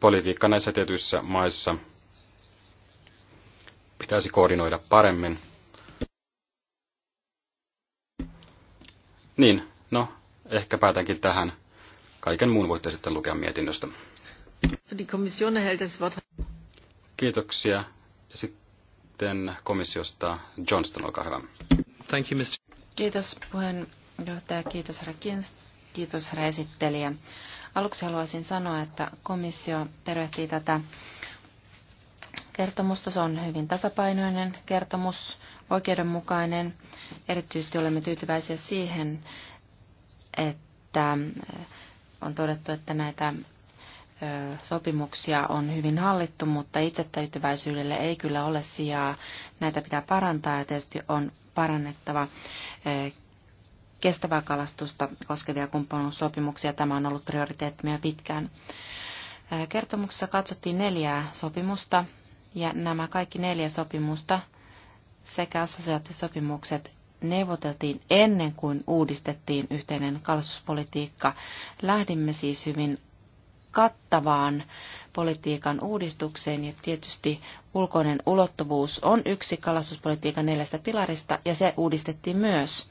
politiikka näissä tietyissä maissa pitäisi koordinoida paremmin. Niin, no, ehkä päätänkin tähän. Kaiken muun voitte sitten lukea mietinnöstä. Kiitoksia. Ja sitten komissiosta Johnston, olkaa hyvä. Thank you, Mr. Kiitos puheenjohtaja, kiitos herra kiitos herra esittelijä. Aluksi haluaisin sanoa, että komissio tervehtii tätä kertomusta. Se on hyvin tasapainoinen kertomus, oikeudenmukainen. Erityisesti olemme tyytyväisiä siihen, että eh, on todettu, että näitä eh, sopimuksia on hyvin hallittu, mutta itsetäytyväisyydelle ei kyllä ole sijaa. Näitä pitää parantaa ja tietysti on parannettava eh, kestävää kalastusta koskevia kumppanuussopimuksia. Tämä on ollut prioriteettimme pitkään. Kertomuksessa katsottiin neljää sopimusta, ja nämä kaikki neljä sopimusta sekä assosiaatiosopimukset neuvoteltiin ennen kuin uudistettiin yhteinen kalastuspolitiikka. Lähdimme siis hyvin kattavaan politiikan uudistukseen ja tietysti ulkoinen ulottuvuus on yksi kalastuspolitiikan neljästä pilarista ja se uudistettiin myös.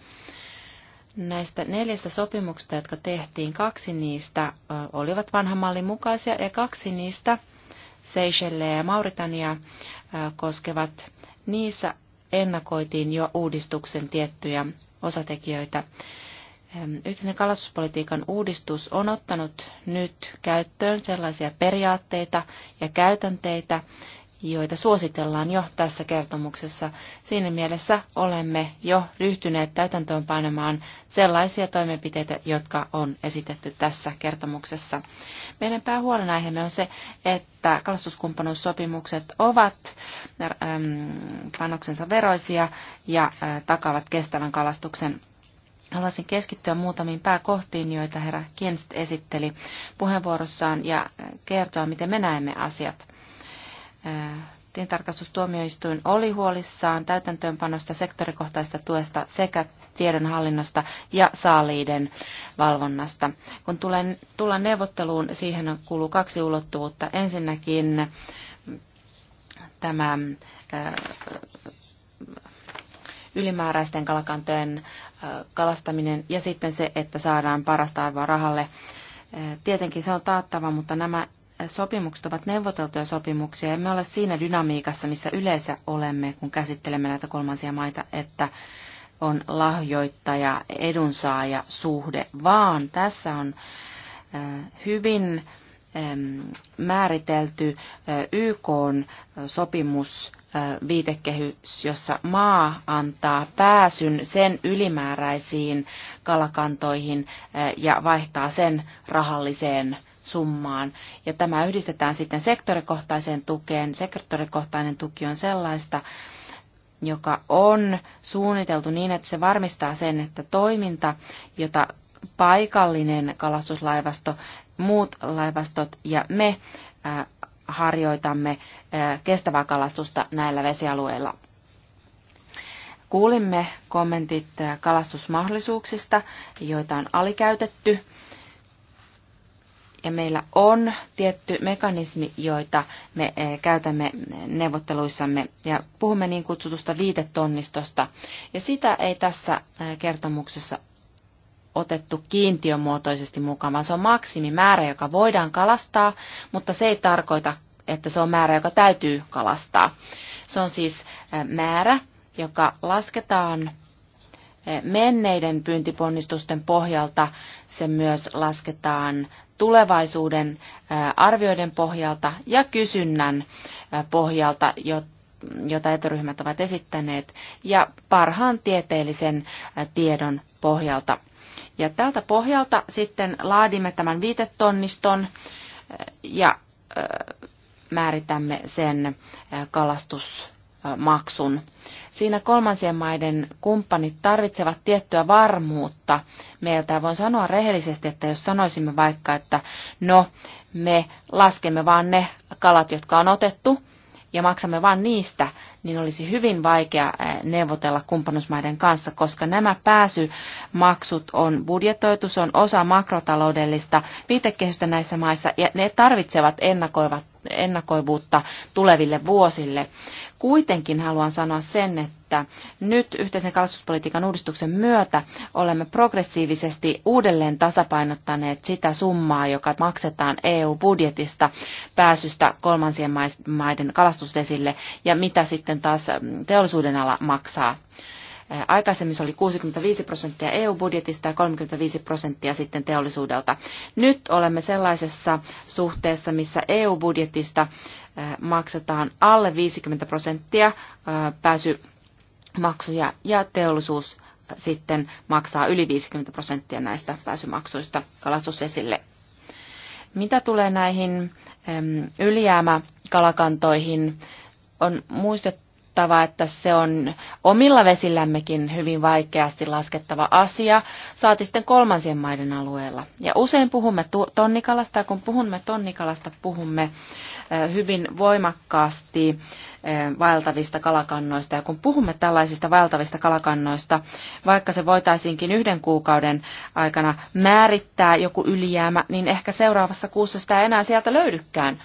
Näistä neljästä sopimuksesta, jotka tehtiin, kaksi niistä olivat vanhan mallin mukaisia ja kaksi niistä Seychelles ja Mauritania koskevat. Niissä ennakoitiin jo uudistuksen tiettyjä osatekijöitä. Yhteisen kalastuspolitiikan uudistus on ottanut nyt käyttöön sellaisia periaatteita ja käytänteitä, joita suositellaan jo tässä kertomuksessa. Siinä mielessä olemme jo ryhtyneet täytäntöön panemaan sellaisia toimenpiteitä, jotka on esitetty tässä kertomuksessa. Meidän päähuolenaiheemme on se, että kalastuskumppanuussopimukset ovat panoksensa veroisia ja takavat kestävän kalastuksen Haluaisin keskittyä muutamiin pääkohtiin, joita herra Kienst esitteli puheenvuorossaan ja kertoa, miten me näemme asiat. Tilintarkastustuomioistuin oli huolissaan täytäntöönpanosta, sektorikohtaista tuesta sekä tiedonhallinnosta ja saaliiden valvonnasta. Kun tulen, tullaan neuvotteluun, siihen kuuluu kaksi ulottuvuutta. Ensinnäkin äh, tämä äh, ylimääräisten kalakantojen äh, kalastaminen ja sitten se, että saadaan parasta arvoa rahalle. Tietenkin se on taattava, mutta nämä sopimukset ovat neuvoteltuja sopimuksia. Emme ole siinä dynamiikassa, missä yleensä olemme, kun käsittelemme näitä kolmansia maita, että on lahjoittaja, edunsaaja, suhde, vaan tässä on hyvin määritelty YK-sopimus viitekehys, jossa maa antaa pääsyn sen ylimääräisiin kalakantoihin ja vaihtaa sen rahalliseen summaan. Ja tämä yhdistetään sitten sektorikohtaiseen tukeen. Sektorikohtainen tuki on sellaista, joka on suunniteltu niin, että se varmistaa sen, että toiminta, jota paikallinen kalastuslaivasto, muut laivastot ja me harjoitamme kestävää kalastusta näillä vesialueilla. Kuulimme kommentit kalastusmahdollisuuksista, joita on alikäytetty ja meillä on tietty mekanismi, joita me eh, käytämme neuvotteluissamme ja puhumme niin kutsutusta viitetonnistosta. Ja sitä ei tässä eh, kertomuksessa otettu kiintiömuotoisesti mukaan, vaan se on maksimimäärä, joka voidaan kalastaa, mutta se ei tarkoita, että se on määrä, joka täytyy kalastaa. Se on siis eh, määrä, joka lasketaan menneiden pyyntiponnistusten pohjalta. Se myös lasketaan tulevaisuuden arvioiden pohjalta ja kysynnän pohjalta, jota eturyhmät ovat esittäneet, ja parhaan tieteellisen tiedon pohjalta. Ja tältä pohjalta sitten laadimme tämän viitetonniston ja määritämme sen kalastus Äh, maksun. Siinä kolmansien maiden kumppanit tarvitsevat tiettyä varmuutta meiltä. Voin sanoa rehellisesti, että jos sanoisimme vaikka, että no, me laskemme vain ne kalat, jotka on otettu, ja maksamme vain niistä, niin olisi hyvin vaikea äh, neuvotella kumppanuusmaiden kanssa, koska nämä pääsymaksut on budjetoitu, se on osa makrotaloudellista viitekehystä näissä maissa, ja ne tarvitsevat ennakoivat, ennakoivuutta tuleville vuosille. Kuitenkin haluan sanoa sen, että nyt yhteisen kalastuspolitiikan uudistuksen myötä olemme progressiivisesti uudelleen tasapainottaneet sitä summaa, joka maksetaan EU-budjetista pääsystä kolmansien maiden kalastusvesille ja mitä sitten taas teollisuuden ala maksaa Aikaisemmin se oli 65 prosenttia EU-budjetista ja 35 prosenttia sitten teollisuudelta. Nyt olemme sellaisessa suhteessa, missä EU-budjetista maksetaan alle 50 prosenttia pääsymaksuja ja teollisuus sitten maksaa yli 50 prosenttia näistä pääsymaksuista kalastusvesille. Mitä tulee näihin ylijäämäkalakantoihin, on muistettu, sanottava, että se on omilla vesillämmekin hyvin vaikeasti laskettava asia, saati sitten kolmansien maiden alueella. Ja usein puhumme tonnikalasta, ja kun puhumme tonnikalasta, puhumme hyvin voimakkaasti vaeltavista kalakannoista. Ja kun puhumme tällaisista vaeltavista kalakannoista, vaikka se voitaisiinkin yhden kuukauden aikana määrittää joku ylijäämä, niin ehkä seuraavassa kuussa sitä ei enää sieltä löydykään.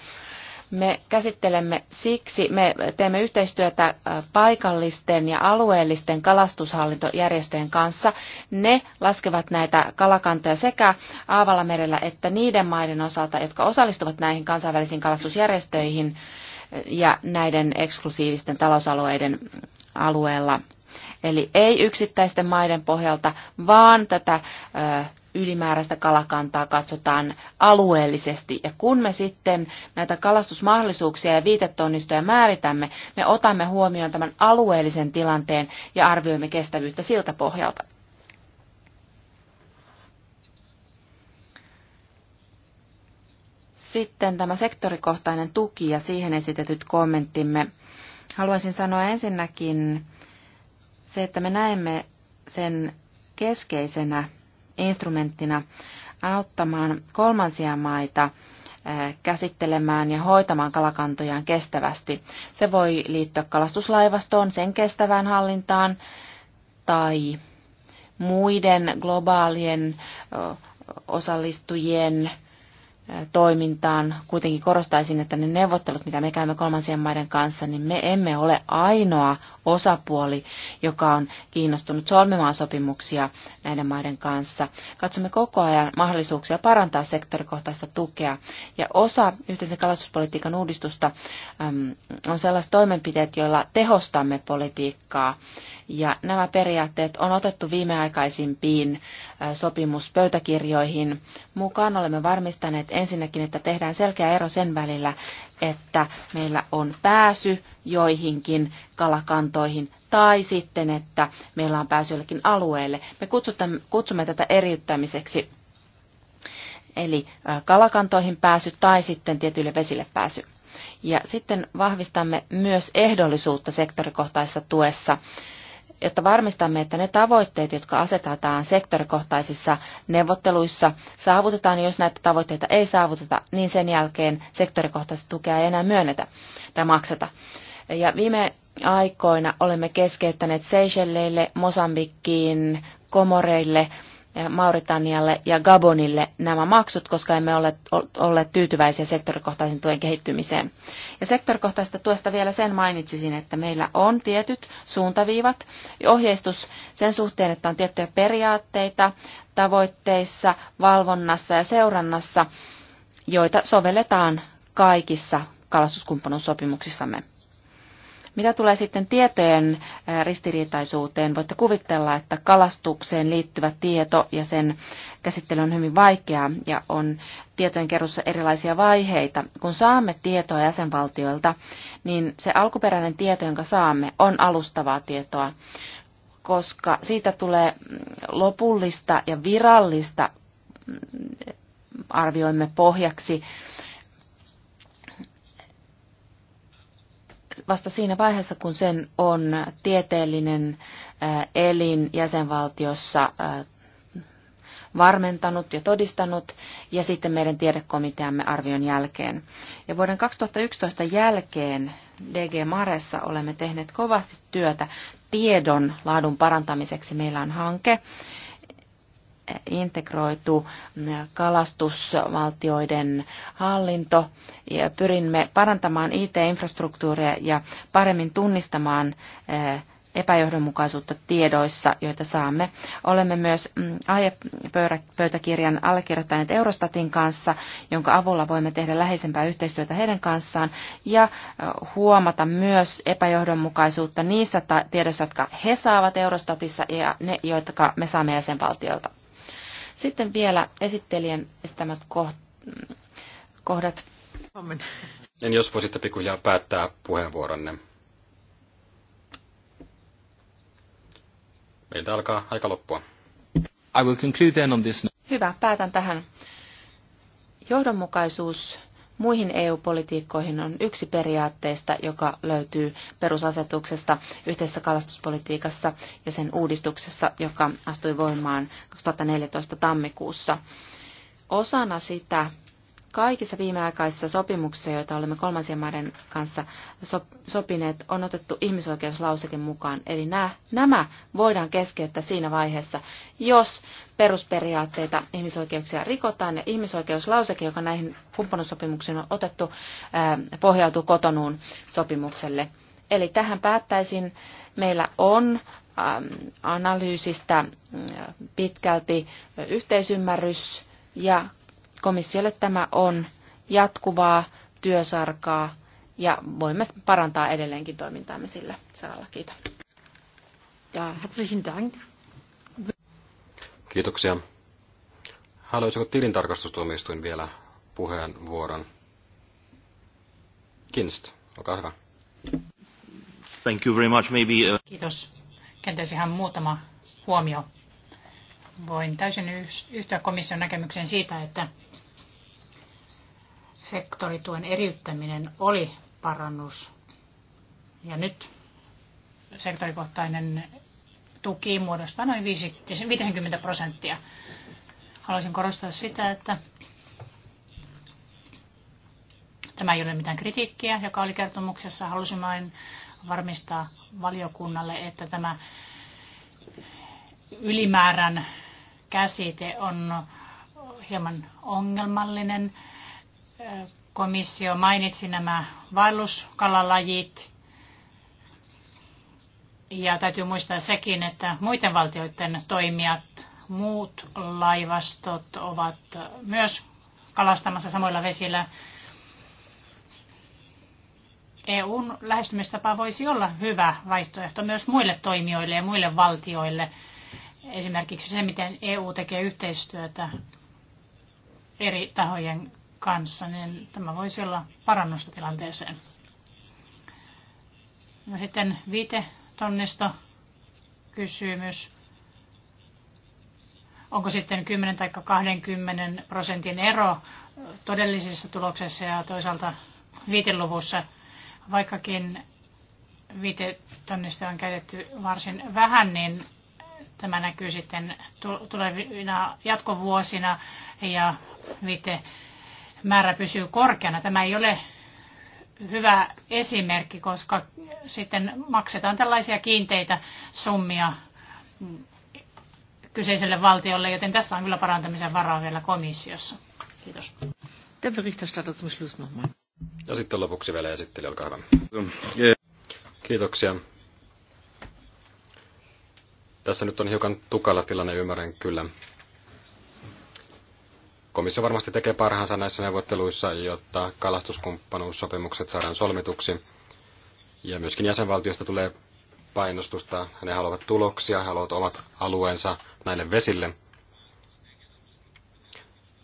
Me käsittelemme siksi, me teemme yhteistyötä äh, paikallisten ja alueellisten kalastushallintojärjestöjen kanssa. Ne laskevat näitä kalakantoja sekä Aavalamerellä että niiden maiden osalta, jotka osallistuvat näihin kansainvälisiin kalastusjärjestöihin ja näiden eksklusiivisten talousalueiden alueella Eli ei yksittäisten maiden pohjalta, vaan tätä äh, ylimääräistä kalakantaa katsotaan alueellisesti. Ja kun me sitten näitä kalastusmahdollisuuksia ja viitetonnistoja määritämme, me otamme huomioon tämän alueellisen tilanteen ja arvioimme kestävyyttä siltä pohjalta. Sitten tämä sektorikohtainen tuki ja siihen esitetyt kommenttimme. Haluaisin sanoa ensinnäkin se, että me näemme sen keskeisenä instrumenttina auttamaan kolmansia maita eh, käsittelemään ja hoitamaan kalakantojaan kestävästi. Se voi liittyä kalastuslaivastoon, sen kestävään hallintaan tai muiden globaalien eh, osallistujien toimintaan. Kuitenkin korostaisin, että ne neuvottelut, mitä me käymme kolmansien maiden kanssa, niin me emme ole ainoa osapuoli, joka on kiinnostunut solmimaan sopimuksia näiden maiden kanssa. Katsomme koko ajan mahdollisuuksia parantaa sektorikohtaista tukea. Ja osa yhteisen kalastuspolitiikan uudistusta äm, on sellaiset toimenpiteet, joilla tehostamme politiikkaa. Ja nämä periaatteet on otettu viimeaikaisimpiin sopimuspöytäkirjoihin mukaan. Olemme varmistaneet ensinnäkin, että tehdään selkeä ero sen välillä, että meillä on pääsy joihinkin kalakantoihin tai sitten, että meillä on pääsy jollekin alueelle. Me kutsutamme kutsumme tätä eriyttämiseksi eli kalakantoihin pääsy tai sitten tietyille vesille pääsy. Ja sitten vahvistamme myös ehdollisuutta sektorikohtaisessa tuessa jotta varmistamme, että ne tavoitteet, jotka asetetaan sektorikohtaisissa neuvotteluissa, saavutetaan. Jos näitä tavoitteita ei saavuteta, niin sen jälkeen sektorikohtaista tukea ei enää myönnetä tai makseta. Ja viime aikoina olemme keskeyttäneet Seychelleille, Mosambikkiin, Komoreille – Eh, Mauritanialle ja Gabonille nämä maksut, koska emme ole olleet tyytyväisiä sektorikohtaisen tuen kehittymiseen. Ja sektorikohtaisesta tuesta vielä sen mainitsisin, että meillä on tietyt suuntaviivat, ja ohjeistus sen suhteen, että on tiettyjä periaatteita tavoitteissa, valvonnassa ja seurannassa, joita sovelletaan kaikissa kalastuskumppanuussopimuksissamme. Mitä tulee sitten tietojen ristiriitaisuuteen, voitte kuvitella, että kalastukseen liittyvä tieto ja sen käsittely on hyvin vaikeaa ja on tietojen kerussa erilaisia vaiheita. Kun saamme tietoa jäsenvaltioilta, niin se alkuperäinen tieto, jonka saamme, on alustavaa tietoa, koska siitä tulee mm, lopullista ja virallista mm, arvioimme pohjaksi vasta siinä vaiheessa, kun sen on tieteellinen elin jäsenvaltiossa varmentanut ja todistanut, ja sitten meidän tiedekomiteamme arvion jälkeen. Ja vuoden 2011 jälkeen DG Maressa olemme tehneet kovasti työtä tiedon laadun parantamiseksi. Meillä on hanke, integroitu kalastusvaltioiden hallinto ja pyrimme parantamaan IT-infrastruktuuria ja paremmin tunnistamaan eh, epäjohdonmukaisuutta tiedoissa, joita saamme. Olemme myös mm, aiepöytäkirjan allekirjoittaneet Eurostatin kanssa, jonka avulla voimme tehdä läheisempää yhteistyötä heidän kanssaan ja eh, huomata myös epäjohdonmukaisuutta niissä tiedoissa, jotka he saavat Eurostatissa ja ne, jotka me saamme jäsenvaltiolta. Sitten vielä esittelijän estämät kohdat. En jos voisitte pikkuhiljaa päättää puheenvuoronne. Meiltä alkaa aika loppua. I will conclude then on this. Hyvä, päätän tähän. Johdonmukaisuus muihin EU-politiikkoihin on yksi periaatteista, joka löytyy perusasetuksesta yhteisessä kalastuspolitiikassa ja sen uudistuksessa, joka astui voimaan 2014 tammikuussa. Osana sitä Kaikissa viimeaikaisissa sopimuksissa, joita olemme kolmansien maiden kanssa sopineet, on otettu ihmisoikeuslauseke mukaan. Eli nämä, nämä voidaan keskeyttää siinä vaiheessa, jos perusperiaatteita ihmisoikeuksia rikotaan. Ja ihmisoikeuslauseke, joka näihin kumppanuussopimuksiin on otettu, pohjautuu kotonuun sopimukselle. Eli tähän päättäisin. Meillä on analyysistä pitkälti yhteisymmärrys ja Komissiolle tämä on jatkuvaa työsarkaa ja voimme parantaa edelleenkin toimintaamme sillä saralla. Kiitos. Ja herzlichen Dank. Kiitoksia. Haluaisiko tilintarkastustuomioistuin vielä puheenvuoron? Kinst, olkaa hyvä. Thank you very much. Maybe, uh... Kiitos. Kenties ihan muutama huomio. Voin täysin yhtyä komission näkemykseen siitä, että sektorituen eriyttäminen oli parannus. Ja nyt sektorikohtainen tuki muodostaa noin 50 prosenttia. Haluaisin korostaa sitä, että tämä ei ole mitään kritiikkiä, joka oli kertomuksessa. Halusin vain varmistaa valiokunnalle, että tämä ylimäärän käsite on hieman ongelmallinen Komissio mainitsi nämä vaelluskalalajit. Ja täytyy muistaa sekin, että muiden valtioiden toimijat, muut laivastot ovat myös kalastamassa samoilla vesillä. EUn lähestymistapa voisi olla hyvä vaihtoehto myös muille toimijoille ja muille valtioille. Esimerkiksi se, miten EU tekee yhteistyötä eri tahojen kanssa, niin tämä voisi olla parannusta tilanteeseen. No sitten viite tonnisto kysymys. Onko sitten 10 tai 20 prosentin ero todellisessa tuloksessa ja toisaalta viiteluvussa, vaikkakin viite tonnista on käytetty varsin vähän, niin tämä näkyy sitten tulevina jatkovuosina ja viite määrä pysyy korkeana. Tämä ei ole hyvä esimerkki, koska sitten maksetaan tällaisia kiinteitä summia kyseiselle valtiolle, joten tässä on kyllä parantamisen varaa vielä komissiossa. Kiitos. Der Berichterstatter zum Schluss nochmal. Ja sitten lopuksi vielä esittely, olkaa hyvä. Kiitoksia. Tässä nyt on hiukan tukala tilanne, ymmärrän kyllä komissio varmasti tekee parhaansa näissä neuvotteluissa, jotta kalastuskumppanuussopimukset saadaan solmituksi. Ja myöskin jäsenvaltiosta tulee painostusta. Ne haluavat tuloksia, haluavat omat alueensa näille vesille.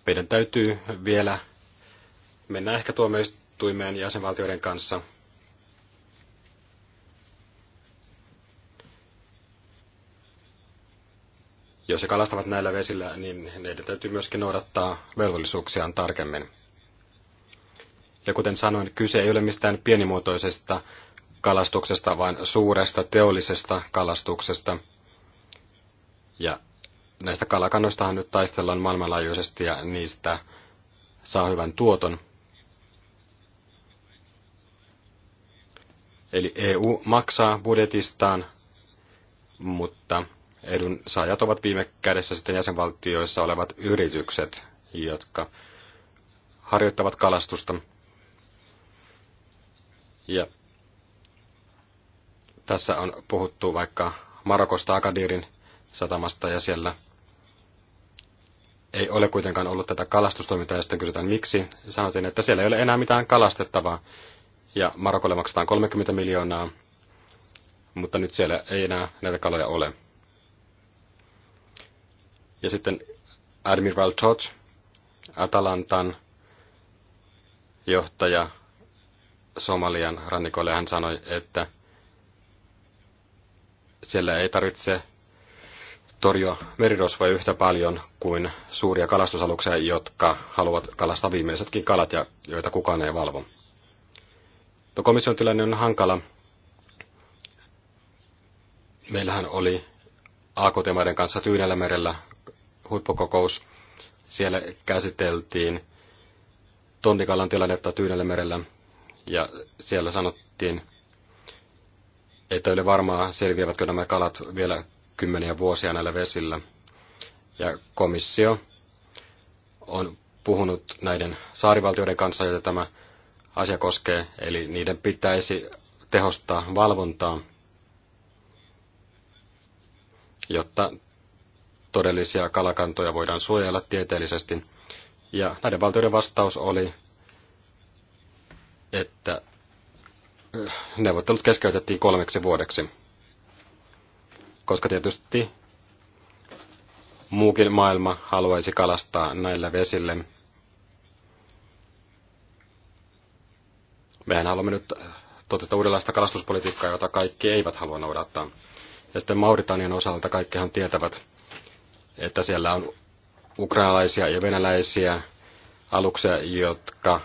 Meidän täytyy vielä mennä ehkä tuomioistuimeen jäsenvaltioiden kanssa – jos he kalastavat näillä vesillä, niin heidän täytyy myöskin noudattaa velvollisuuksiaan tarkemmin. Ja kuten sanoin, kyse ei ole mistään pienimuotoisesta kalastuksesta, vaan suuresta teollisesta kalastuksesta. Ja näistä kalakannoistahan nyt taistellaan maailmanlaajuisesti ja niistä saa hyvän tuoton. Eli EU maksaa budjetistaan, mutta Edun saajat ovat viime kädessä sitten jäsenvaltioissa olevat yritykset, jotka harjoittavat kalastusta. Ja tässä on puhuttu vaikka Marokosta Akadirin satamasta ja siellä ei ole kuitenkaan ollut tätä kalastustoimintaa ja sitten kysytään miksi. Sanotin, että siellä ei ole enää mitään kalastettavaa ja Marokolle maksetaan 30 miljoonaa, mutta nyt siellä ei enää näitä kaloja ole. Ja sitten Admiral Todd, Atalantan johtaja Somalian rannikolle, hän sanoi, että siellä ei tarvitse torjua merirosvoja yhtä paljon kuin suuria kalastusaluksia, jotka haluavat kalastaa viimeisetkin kalat ja joita kukaan ei valvo. Tuo no, komission tilanne on hankala. Meillähän oli AKT-maiden kanssa Tyynellä merellä huippukokous. Siellä käsiteltiin Tondikalan tilannetta Tyynellä merellä ja siellä sanottiin, että oli varmaa selviävätkö nämä kalat vielä kymmeniä vuosia näillä vesillä. Ja komissio on puhunut näiden saarivaltioiden kanssa, joita tämä asia koskee, eli niiden pitäisi tehostaa valvontaa, jotta todellisia kalakantoja voidaan suojella tieteellisesti. Ja näiden valtioiden vastaus oli, että äh, neuvottelut keskeytettiin kolmeksi vuodeksi. Koska tietysti muukin maailma haluaisi kalastaa näillä vesille. Mehän haluamme nyt toteuttaa uudenlaista kalastuspolitiikkaa, jota kaikki eivät halua noudattaa. Ja sitten Mauritanian osalta kaikkihan tietävät, että siellä on ukrainalaisia ja venäläisiä aluksia, jotka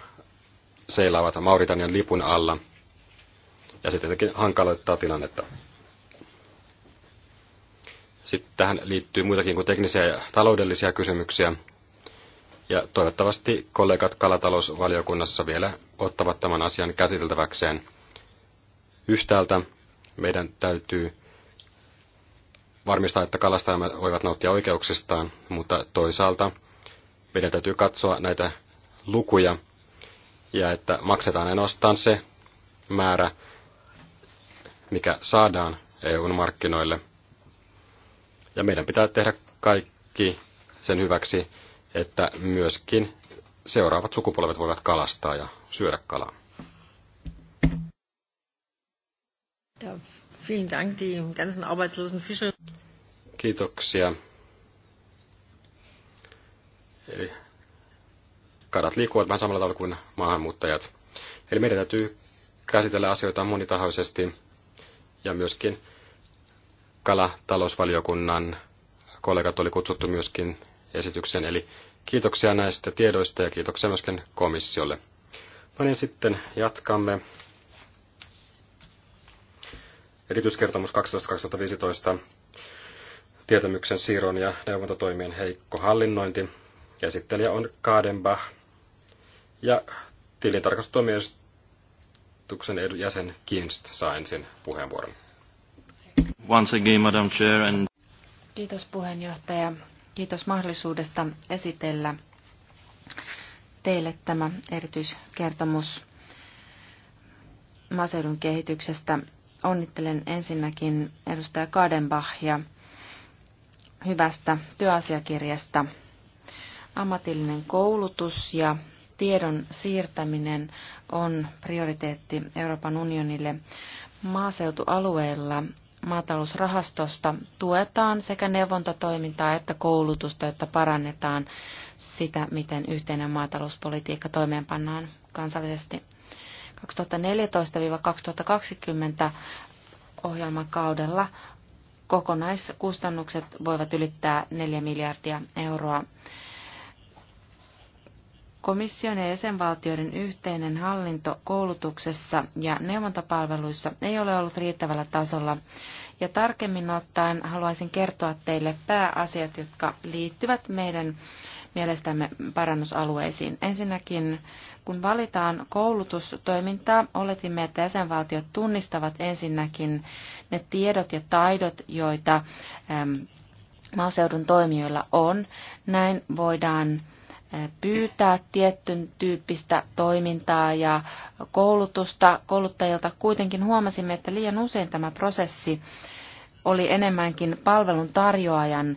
seilaavat Mauritanian lipun alla. Ja se tietenkin hankaloittaa tilannetta. Sitten tähän liittyy muitakin kuin teknisiä ja taloudellisia kysymyksiä. Ja toivottavasti kollegat kalatalousvaliokunnassa vielä ottavat tämän asian käsiteltäväkseen. Yhtäältä meidän täytyy varmistaa, että kalastajamme voivat nauttia oikeuksistaan, mutta toisaalta meidän täytyy katsoa näitä lukuja ja että maksetaan ainoastaan se määrä, mikä saadaan EUn markkinoille. Ja meidän pitää tehdä kaikki sen hyväksi, että myöskin seuraavat sukupolvet voivat kalastaa ja syödä kalaa. Vielen Dank, die ganzen arbeitslosen Fischer. Kiitoksia. Eli kadat liikkuvat vähän samalla tavalla kuin maahanmuuttajat. Eli meidän täytyy käsitellä asioita monitahoisesti ja myöskin kalatalousvaliokunnan kollegat oli kutsuttu myöskin esitykseen. Eli kiitoksia näistä tiedoista ja kiitoksia myöskin komissiolle. No niin, sitten jatkamme erityiskertomus 12.2015, tietämyksen siirron ja neuvontatoimien heikko hallinnointi. Esittelijä on Kadenbach ja tilintarkastustuomioistuksen jäsen Kinst saa ensin puheenvuoron. Once again, Madam Chair, and... Kiitos puheenjohtaja. Kiitos mahdollisuudesta esitellä teille tämä erityiskertomus maaseudun kehityksestä Onnittelen ensinnäkin edustaja Kadenbachia hyvästä työasiakirjasta. Ammatillinen koulutus ja tiedon siirtäminen on prioriteetti Euroopan unionille. Maaseutualueilla maatalousrahastosta tuetaan sekä neuvontatoimintaa että koulutusta, jotta parannetaan sitä, miten yhteinen maatalouspolitiikka toimeenpannaan kansallisesti. 2014-2020 ohjelmakaudella kokonaiskustannukset voivat ylittää 4 miljardia euroa. Komission ja jäsenvaltioiden yhteinen hallinto koulutuksessa ja neuvontapalveluissa ei ole ollut riittävällä tasolla. Ja tarkemmin ottaen haluaisin kertoa teille pääasiat, jotka liittyvät meidän mielestämme parannusalueisiin. Ensinnäkin, kun valitaan koulutustoimintaa, oletimme, että jäsenvaltiot tunnistavat ensinnäkin ne tiedot ja taidot, joita ähm, maaseudun toimijoilla on. Näin voidaan äh, pyytää tietyn tyyppistä toimintaa ja koulutusta kouluttajilta. Kuitenkin huomasimme, että liian usein tämä prosessi oli enemmänkin palvelun tarjoajan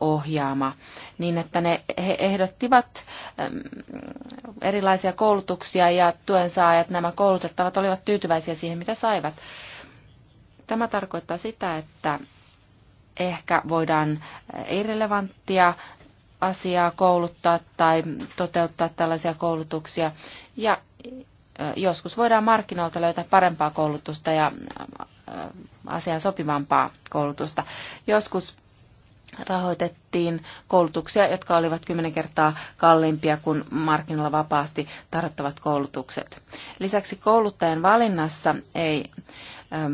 ohjaama, niin että ne, he ehdottivat erilaisia koulutuksia ja tuen saajat, nämä koulutettavat olivat tyytyväisiä siihen, mitä saivat. Tämä tarkoittaa sitä, että ehkä voidaan irrelevanttia asiaa kouluttaa tai toteuttaa tällaisia koulutuksia. Ja joskus voidaan markkinoilta löytää parempaa koulutusta ja asiaan sopivampaa koulutusta. Joskus rahoitettiin koulutuksia, jotka olivat kymmenen kertaa kalliimpia kuin markkinoilla vapaasti tarjottavat koulutukset. Lisäksi kouluttajan valinnassa ei äm,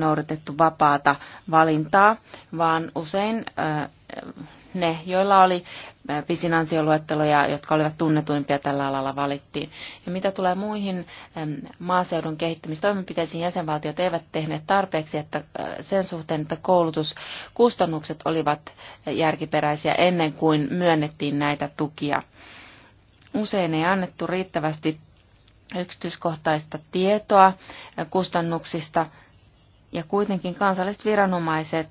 noudatettu vapaata valintaa, vaan usein äh, ne, joilla oli pisin ansioluetteloja, jotka olivat tunnetuimpia tällä alalla valittiin. Ja mitä tulee muihin maaseudun kehittämistoimenpiteisiin, jäsenvaltiot eivät tehneet tarpeeksi että sen suhteen, että koulutuskustannukset olivat järkiperäisiä ennen kuin myönnettiin näitä tukia. Usein ei annettu riittävästi yksityiskohtaista tietoa kustannuksista, ja kuitenkin kansalliset viranomaiset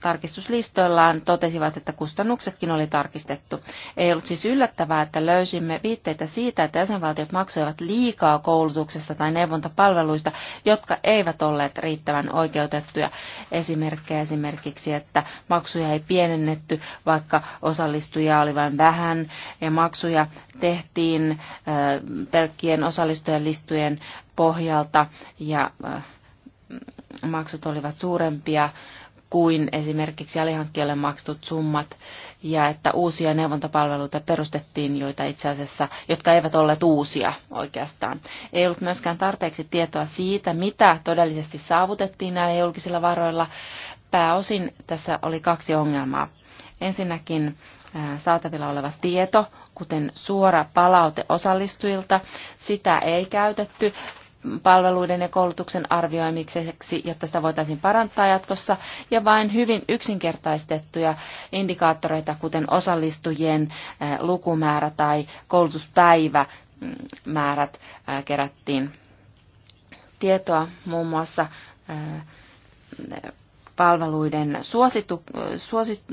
tarkistuslistoillaan totesivat, että kustannuksetkin oli tarkistettu. Ei ollut siis yllättävää, että löysimme viitteitä siitä, että jäsenvaltiot maksoivat liikaa koulutuksesta tai neuvontapalveluista, jotka eivät olleet riittävän oikeutettuja. Esimerkkejä esimerkiksi, että maksuja ei pienennetty, vaikka osallistujia oli vain vähän, ja maksuja tehtiin pelkkien osallistujien listujen pohjalta, ja maksut olivat suurempia kuin esimerkiksi alihankkijalle maksut summat ja että uusia neuvontapalveluita perustettiin, joita itse asiassa, jotka eivät olleet uusia oikeastaan. Ei ollut myöskään tarpeeksi tietoa siitä, mitä todellisesti saavutettiin näillä julkisilla varoilla. Pääosin tässä oli kaksi ongelmaa. Ensinnäkin saatavilla oleva tieto, kuten suora palaute osallistujilta, sitä ei käytetty palveluiden ja koulutuksen arvioimiseksi, jotta sitä voitaisiin parantaa jatkossa, ja vain hyvin yksinkertaistettuja indikaattoreita, kuten osallistujien lukumäärä tai koulutuspäivämäärät kerättiin tietoa muun muassa palveluiden suositu, suosit,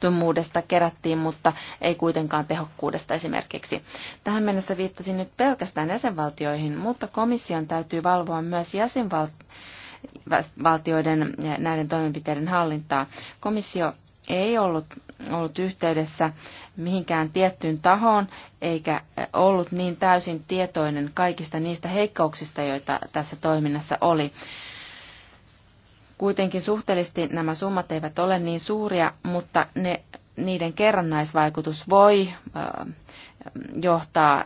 tehottomuudesta kerättiin, mutta ei kuitenkaan tehokkuudesta esimerkiksi. Tähän mennessä viittasin nyt pelkästään jäsenvaltioihin, mutta komission täytyy valvoa myös jäsenvaltioiden näiden toimenpiteiden hallintaa. Komissio ei ollut, ollut yhteydessä mihinkään tiettyyn tahoon, eikä ollut niin täysin tietoinen kaikista niistä heikkouksista, joita tässä toiminnassa oli. Kuitenkin suhteellisesti nämä summat eivät ole niin suuria, mutta ne, niiden kerrannaisvaikutus voi johtaa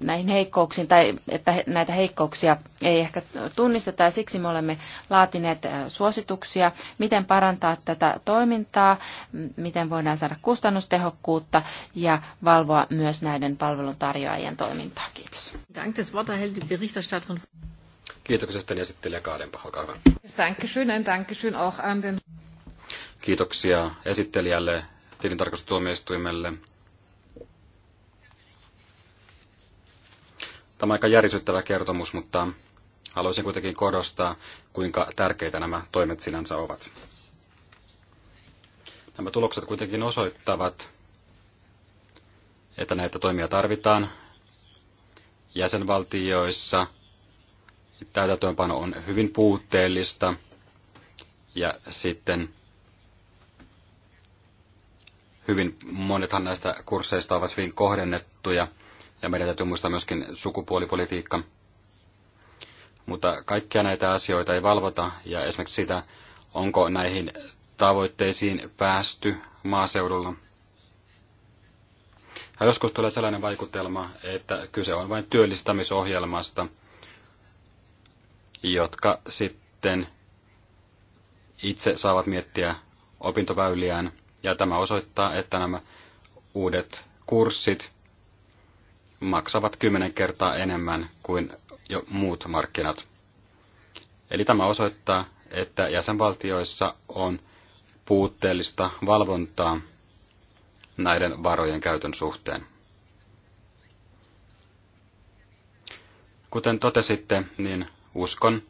näihin heikkouksiin, tai että näitä heikkouksia ei ehkä tunnisteta, ja siksi me olemme laatineet suosituksia, miten parantaa tätä toimintaa, miten voidaan saada kustannustehokkuutta ja valvoa myös näiden palveluntarjoajien toimintaa. Kiitos. Kiitoksia esittelijä Kaadenpa, olkaa hyvä. Dankeschön, dankeschön auch an den... Kiitoksia esittelijälle, tilintarkastustuomioistuimelle. Tämä on aika järisyttävä kertomus, mutta haluaisin kuitenkin korostaa, kuinka tärkeitä nämä toimet sinänsä ovat. Nämä tulokset kuitenkin osoittavat, että näitä toimia tarvitaan jäsenvaltioissa – täytäntöönpano on hyvin puutteellista ja sitten hyvin monethan näistä kursseista ovat hyvin kohdennettuja ja meidän täytyy muistaa myöskin sukupuolipolitiikka. Mutta kaikkia näitä asioita ei valvota ja esimerkiksi sitä, onko näihin tavoitteisiin päästy maaseudulla. Ja joskus tulee sellainen vaikutelma, että kyse on vain työllistämisohjelmasta – jotka sitten itse saavat miettiä opintoväyliään. Ja tämä osoittaa, että nämä uudet kurssit maksavat kymmenen kertaa enemmän kuin jo muut markkinat. Eli tämä osoittaa, että jäsenvaltioissa on puutteellista valvontaa näiden varojen käytön suhteen. Kuten totesitte, niin uskon,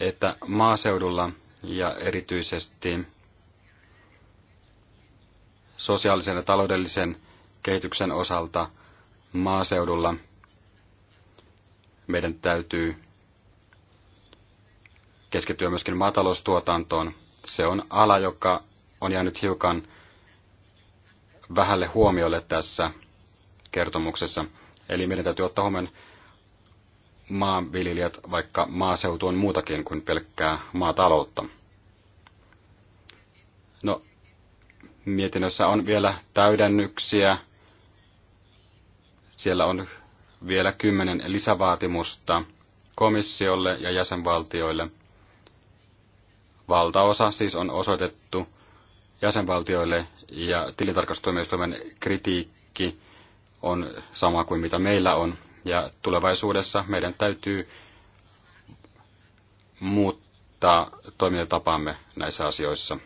että maaseudulla ja erityisesti sosiaalisen ja taloudellisen kehityksen osalta maaseudulla meidän täytyy keskittyä myöskin maataloustuotantoon. Se on ala, joka on jäänyt hiukan vähälle huomiolle tässä kertomuksessa. Eli meidän täytyy ottaa huomioon maanviljelijät, vaikka maaseutu on muutakin kuin pelkkää maataloutta. No, mietinnössä on vielä täydennyksiä. Siellä on vielä kymmenen lisävaatimusta komissiolle ja jäsenvaltioille. Valtaosa siis on osoitettu jäsenvaltioille ja tilintarkastustuomioistuimen kritiikki on sama kuin mitä meillä on, ja tulevaisuudessa meidän täytyy muuttaa toimintatapaamme näissä asioissa.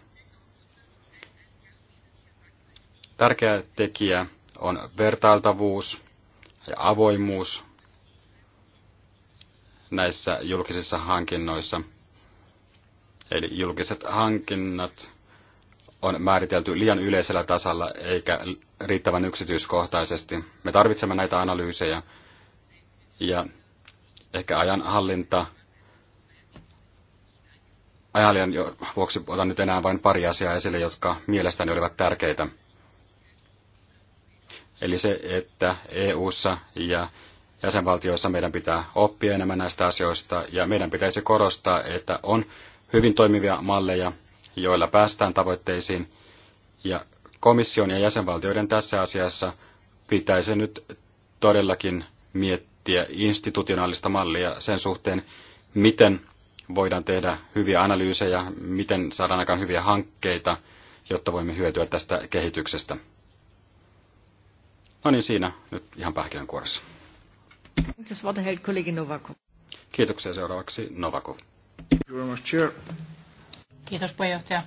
Tärkeä tekijä on vertailtavuus ja avoimuus näissä julkisissa hankinnoissa. Eli julkiset hankinnat on määritelty liian yleisellä tasalla eikä riittävän yksityiskohtaisesti. Me tarvitsemme näitä analyysejä, ja ehkä ajan hallinta. Ajajan vuoksi otan nyt enää vain pari asiaa esille, jotka mielestäni olivat tärkeitä. Eli se, että EU:ssa ja jäsenvaltioissa meidän pitää oppia enemmän näistä asioista ja meidän pitäisi korostaa, että on hyvin toimivia malleja, joilla päästään tavoitteisiin ja komission ja jäsenvaltioiden tässä asiassa pitäisi nyt todellakin miettiä miettiä institutionaalista mallia sen suhteen, miten voidaan tehdä hyviä analyysejä, miten saadaan aikaan hyviä hankkeita, jotta voimme hyötyä tästä kehityksestä. No niin, siinä nyt ihan pähkinänkuoressa. Kiitoksia seuraavaksi Novako. Kiitos puheenjohtaja.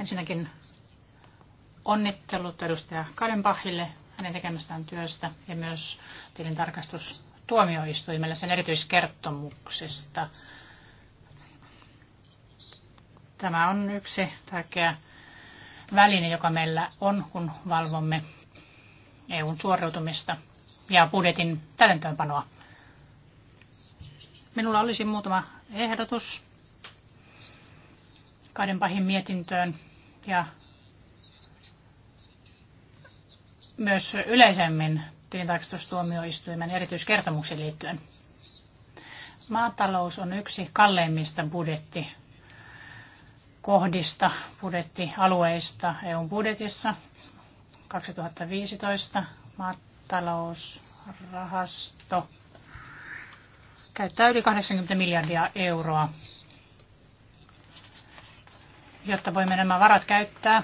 Ensinnäkin onnittelut edustaja Kadenbachille hänen tekemästään työstä ja myös tilintarkastus tuomioistuimelle sen erityiskertomuksesta. Tämä on yksi tärkeä väline, joka meillä on, kun valvomme EUn suoriutumista ja budjetin täytäntöönpanoa. Minulla olisi muutama ehdotus kahden pahin mietintöön ja myös yleisemmin tilintarkastustuomioistuimen erityiskertomuksiin liittyen. Maatalous on yksi kalleimmista budjettikohdista, budjettialueista EUn budjetissa. 2015 maatalousrahasto käyttää yli 80 miljardia euroa, jotta voimme nämä varat käyttää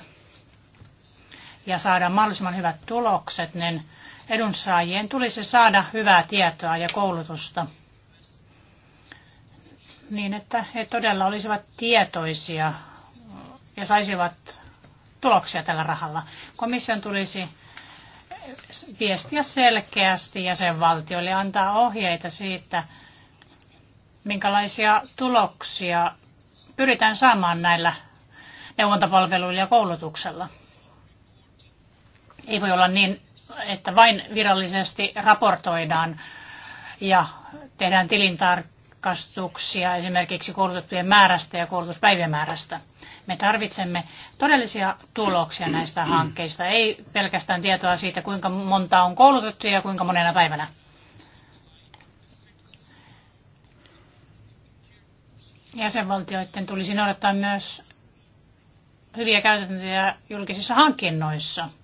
ja saada mahdollisimman hyvät tulokset, niin edunsaajien tulisi saada hyvää tietoa ja koulutusta niin, että he todella olisivat tietoisia ja saisivat tuloksia tällä rahalla. Komission tulisi viestiä selkeästi jäsenvaltioille ja antaa ohjeita siitä, minkälaisia tuloksia pyritään saamaan näillä neuvontapalveluilla ja koulutuksella. Ei voi olla niin, että vain virallisesti raportoidaan ja tehdään tilintarkastuksia esimerkiksi koulutettujen määrästä ja koulutuspäivämäärästä. Me tarvitsemme todellisia tuloksia näistä hankkeista, ei pelkästään tietoa siitä, kuinka monta on koulutettu ja kuinka monena päivänä. jäsenvaltioiden tulisi noudattaa myös hyviä käytäntöjä julkisissa hankinnoissa –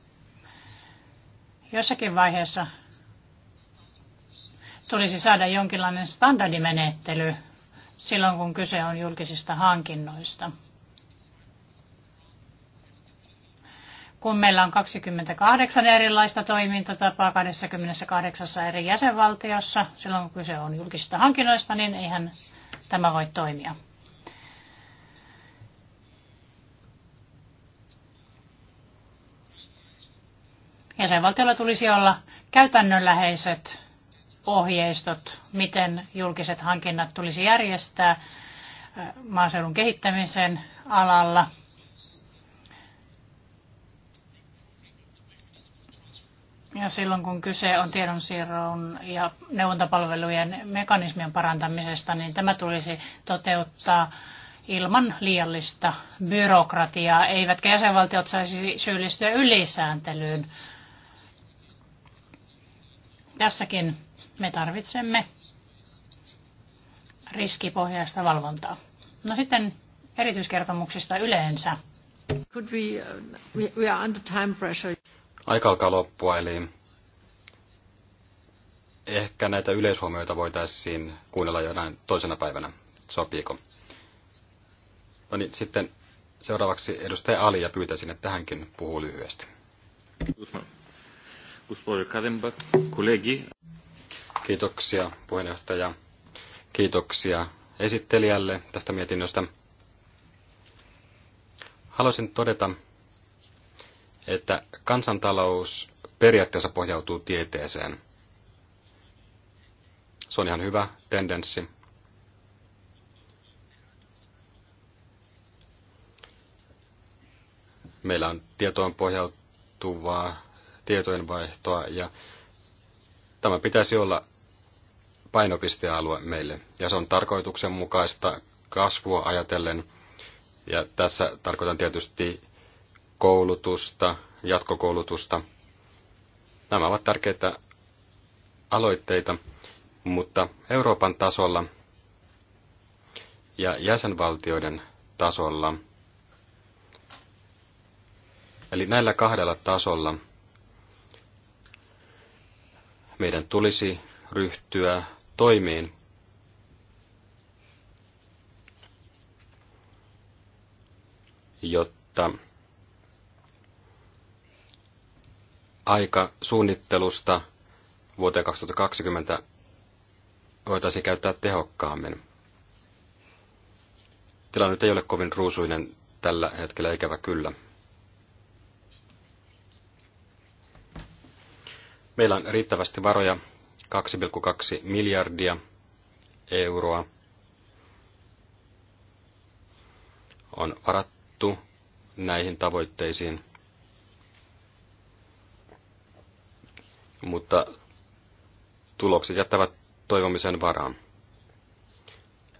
Jossakin vaiheessa tulisi saada jonkinlainen standardimenettely silloin, kun kyse on julkisista hankinnoista. Kun meillä on 28 erilaista toimintatapaa 28 eri jäsenvaltiossa, silloin kun kyse on julkisista hankinnoista, niin eihän tämä voi toimia. Jäsenvaltiolla tulisi olla käytännönläheiset ohjeistot, miten julkiset hankinnat tulisi järjestää maaseudun kehittämisen alalla. Ja silloin kun kyse on tiedonsiirron ja neuvontapalvelujen mekanismien parantamisesta, niin tämä tulisi toteuttaa ilman liiallista byrokratiaa, eivätkä jäsenvaltiot saisi syyllistyä ylisääntelyyn. Tässäkin me tarvitsemme riskipohjaista valvontaa. No sitten erityiskertomuksista yleensä. Could uh, we, we, are under time pressure. Aika alkaa loppua, eli ehkä näitä yleishuomioita voitaisiin kuunnella näin toisena päivänä. Sopiiko? No niin, sitten seuraavaksi edustaja Ali ja pyytäisin, että hänkin puhuu lyhyesti. Usman госпожо Каденбак, колеги. Kiitoksia puheenjohtaja. Kiitoksia esittelijälle tästä mietinnöstä. Haluaisin todeta, että kansantalous periaatteessa pohjautuu tieteeseen. Se on ihan hyvä tendenssi. Meillä on tietoon pohjautuvaa tietojenvaihtoa ja tämä pitäisi olla painopistealue meille ja se on tarkoituksenmukaista kasvua ajatellen ja tässä tarkoitan tietysti koulutusta, jatkokoulutusta. Nämä ovat tärkeitä aloitteita, mutta Euroopan tasolla ja jäsenvaltioiden tasolla, eli näillä kahdella tasolla – meidän tulisi ryhtyä toimiin. jotta aika suunnittelusta vuoteen 2020 voitaisiin käyttää tehokkaammin. Tilanne ei ole kovin ruusuinen tällä hetkellä ikävä kyllä. Meillä on riittävästi varoja, 2,2 miljardia euroa on varattu näihin tavoitteisiin. Mutta tulokset jättävät toivomisen varaan.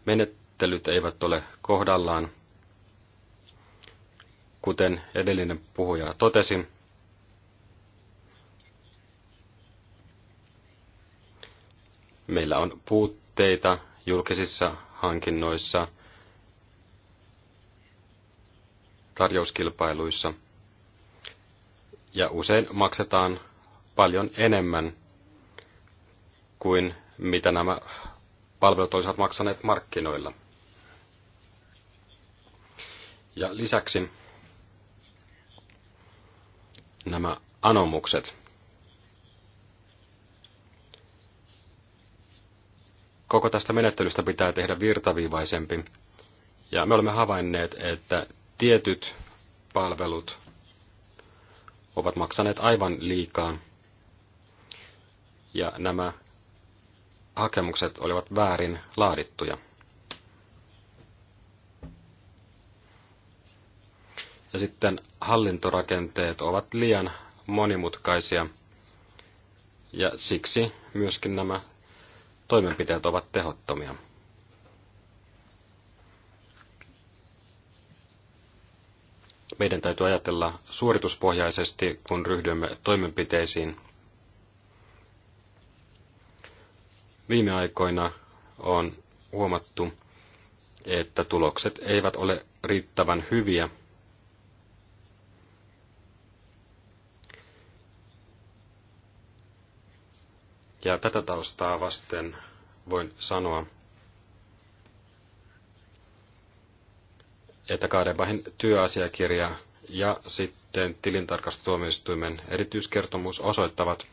Menettelyt eivät ole kohdallaan. Kuten edellinen puhuja totesi, Meillä on puutteita julkisissa hankinnoissa, tarjouskilpailuissa. Ja usein maksetaan paljon enemmän kuin mitä nämä palvelut olisivat maksaneet markkinoilla. Ja lisäksi nämä anomukset. Koko tästä menettelystä pitää tehdä virtaviivaisempi. Ja me olemme havainneet, että tietyt palvelut ovat maksaneet aivan liikaa. Ja nämä hakemukset olivat väärin laadittuja. Ja sitten hallintorakenteet ovat liian monimutkaisia. Ja siksi myöskin nämä toimenpiteet ovat tehottomia. Meidän täytyy ajatella suorituspohjaisesti, kun ryhdymme toimenpiteisiin. Viime aikoina on huomattu, että tulokset eivät ole riittävän hyviä – Ja tätä taustaa vasten voin sanoa, että Kaadebahin työasiakirja ja sitten tilintarkastustuomioistuimen erityiskertomus osoittavat,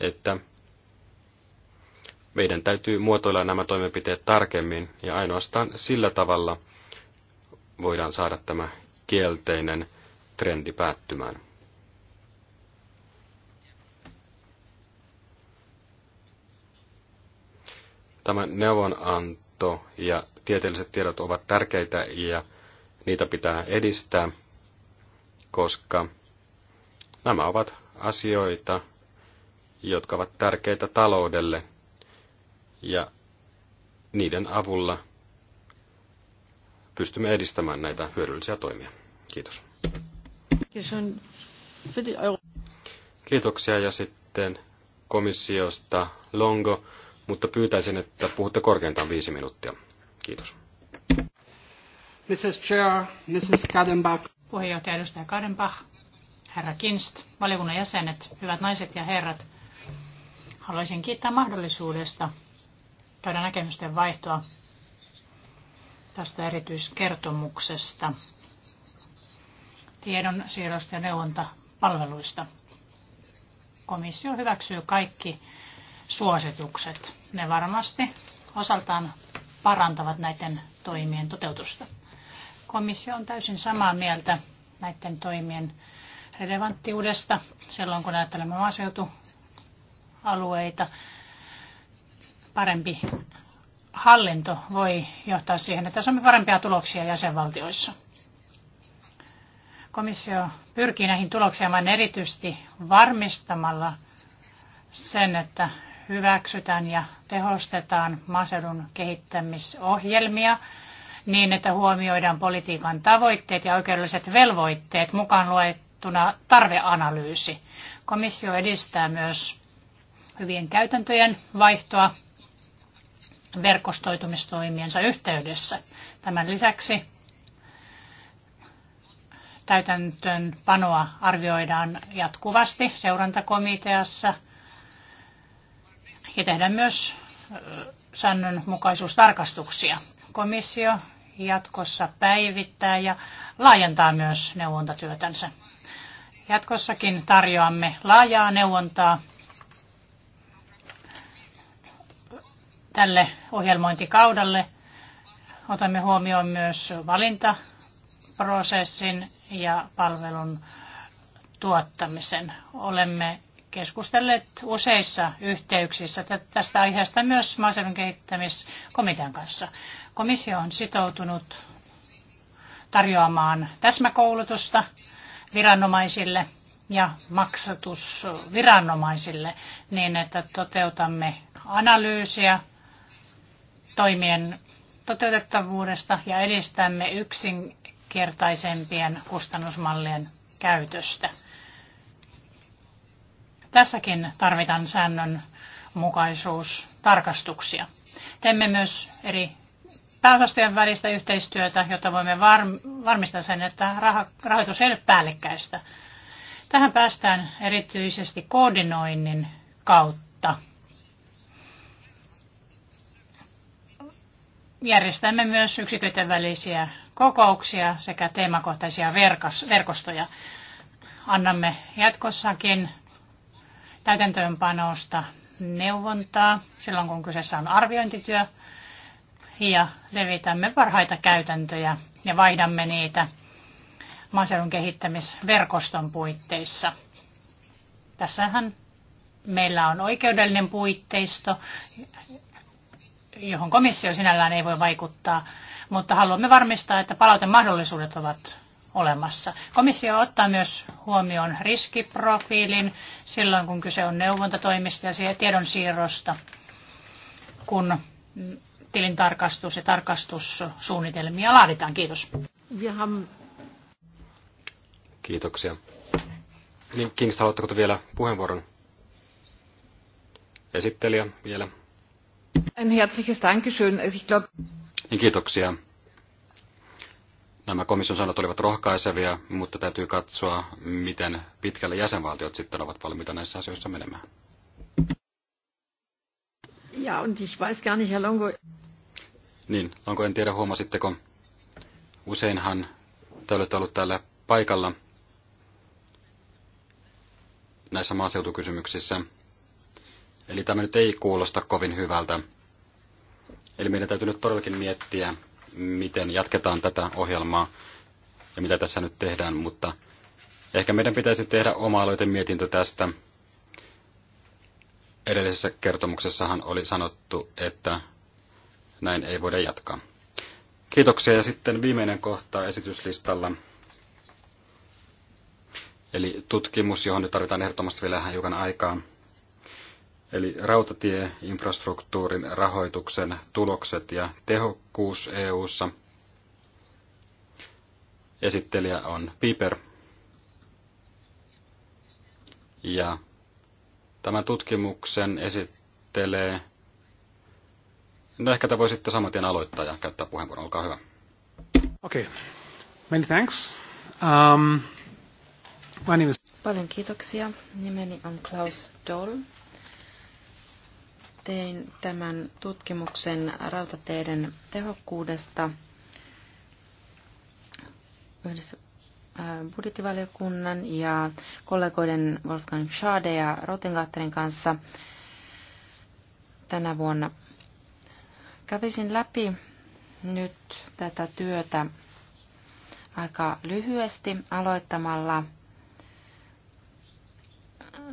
että meidän täytyy muotoilla nämä toimenpiteet tarkemmin ja ainoastaan sillä tavalla voidaan saada tämä kielteinen trendi päättymään. Tämä neuvonanto ja tieteelliset tiedot ovat tärkeitä ja niitä pitää edistää, koska nämä ovat asioita, jotka ovat tärkeitä taloudelle ja niiden avulla pystymme edistämään näitä hyödyllisiä toimia. Kiitos. Kiitoksia ja sitten komissiosta Longo mutta pyytäisin, että puhutte korkeintaan viisi minuuttia. Kiitos. Mrs. Chair, Mrs. Kadenbach. Puheenjohtaja edustaja Kadenbach, herra Kinst, valiokunnan jäsenet, hyvät naiset ja herrat. Haluaisin kiittää mahdollisuudesta käydä näkemysten vaihtoa tästä erityiskertomuksesta tiedon siirrosta ja neuvontapalveluista. Komissio hyväksyy kaikki suositukset. Ne varmasti osaltaan parantavat näiden toimien toteutusta. Komissio on täysin samaa mieltä näiden toimien relevanttiudesta silloin, kun ajattelemme maaseutualueita. Parempi hallinto voi johtaa siihen, että saamme parempia tuloksia jäsenvaltioissa. Komissio pyrkii näihin tuloksiin vain erityisesti varmistamalla sen, että hyväksytään ja tehostetaan maaseudun kehittämisohjelmia niin, että huomioidaan politiikan tavoitteet ja oikeudelliset velvoitteet mukaan luettuna tarveanalyysi. Komissio edistää myös hyvien käytäntöjen vaihtoa verkostoitumistoimiensa yhteydessä. Tämän lisäksi täytäntöönpanoa arvioidaan jatkuvasti seurantakomiteassa – ja tehdä myös säännönmukaisuustarkastuksia. Komissio jatkossa päivittää ja laajentaa myös neuvontatyötänsä. Jatkossakin tarjoamme laajaa neuvontaa tälle ohjelmointikaudelle. Otamme huomioon myös valintaprosessin ja palvelun tuottamisen. Olemme keskustelleet useissa yhteyksissä tästä aiheesta myös maaseudun kehittämiskomitean kanssa. Komissio on sitoutunut tarjoamaan täsmäkoulutusta viranomaisille ja maksatusviranomaisille niin, että toteutamme analyysiä toimien toteutettavuudesta ja edistämme yksinkertaisempien kustannusmallien käytöstä. Tässäkin tarvitaan säännön mukaisuustarkastuksia. Teemme myös eri pääosastojen välistä yhteistyötä, jotta voimme varmistaa sen, että rahoitus ei ole päällekkäistä. Tähän päästään erityisesti koordinoinnin kautta. Järjestämme myös yksiköiden välisiä kokouksia sekä teemakohtaisia verkostoja. Annamme jatkossakin täytäntöönpanosta neuvontaa silloin, kun kyseessä on arviointityö, ja levitämme parhaita käytäntöjä ja vaihdamme niitä maaseudun kehittämisverkoston puitteissa. Tässähän meillä on oikeudellinen puitteisto, johon komissio sinällään ei voi vaikuttaa, mutta haluamme varmistaa, että palautemahdollisuudet ovat olemassa. Komissio ottaa myös huomioon riskiprofiilin silloin, kun kyse on neuvontatoimista ja tiedonsiirrosta, kun tilintarkastus ja tarkastussuunnitelmia laaditaan. Kiitos. Kiitoksia. Niin, Kings, haluatteko vielä puheenvuoron? Esittelijä vielä. Ein herzliches Dankeschön. Niin, kiitoksia. Nämä komission sanat olivat rohkaisevia, mutta täytyy katsoa, miten pitkälle jäsenvaltiot sitten ovat valmiita näissä asioissa menemään. Ja, und ich weiß gar nicht, Herr Longo. Niin, Longo, en tiedä, huomasitteko. Useinhan te olette olleet täällä paikalla näissä maaseutukysymyksissä. Eli tämä nyt ei kuulosta kovin hyvältä. Eli meidän täytyy nyt todellakin miettiä, miten jatketaan tätä ohjelmaa ja mitä tässä nyt tehdään, mutta ehkä meidän pitäisi tehdä oma mietintö tästä. Edellisessä kertomuksessahan oli sanottu, että näin ei voida jatkaa. Kiitoksia ja sitten viimeinen kohta esityslistalla. Eli tutkimus, johon nyt tarvitaan ehdottomasti vielä hiukan aikaa. Eli rautatieinfrastruktuurin rahoituksen tulokset ja tehokkuus EU:ssa. Esittelijä on Piper. Ja tämän tutkimuksen esittelee... No ehkä te voisitte saman tien aloittaa ja käyttää puheenvuoron. Olkaa hyvä. Okei. Okay. Many thanks. Um, my name is... Paljon kiitoksia. Nimeni on Klaus Doll tein tämän tutkimuksen rautateiden tehokkuudesta yhdessä budjettivaliokunnan ja kollegoiden Wolfgang Schade ja Rotengatterin kanssa tänä vuonna. Kävisin läpi nyt tätä työtä aika lyhyesti aloittamalla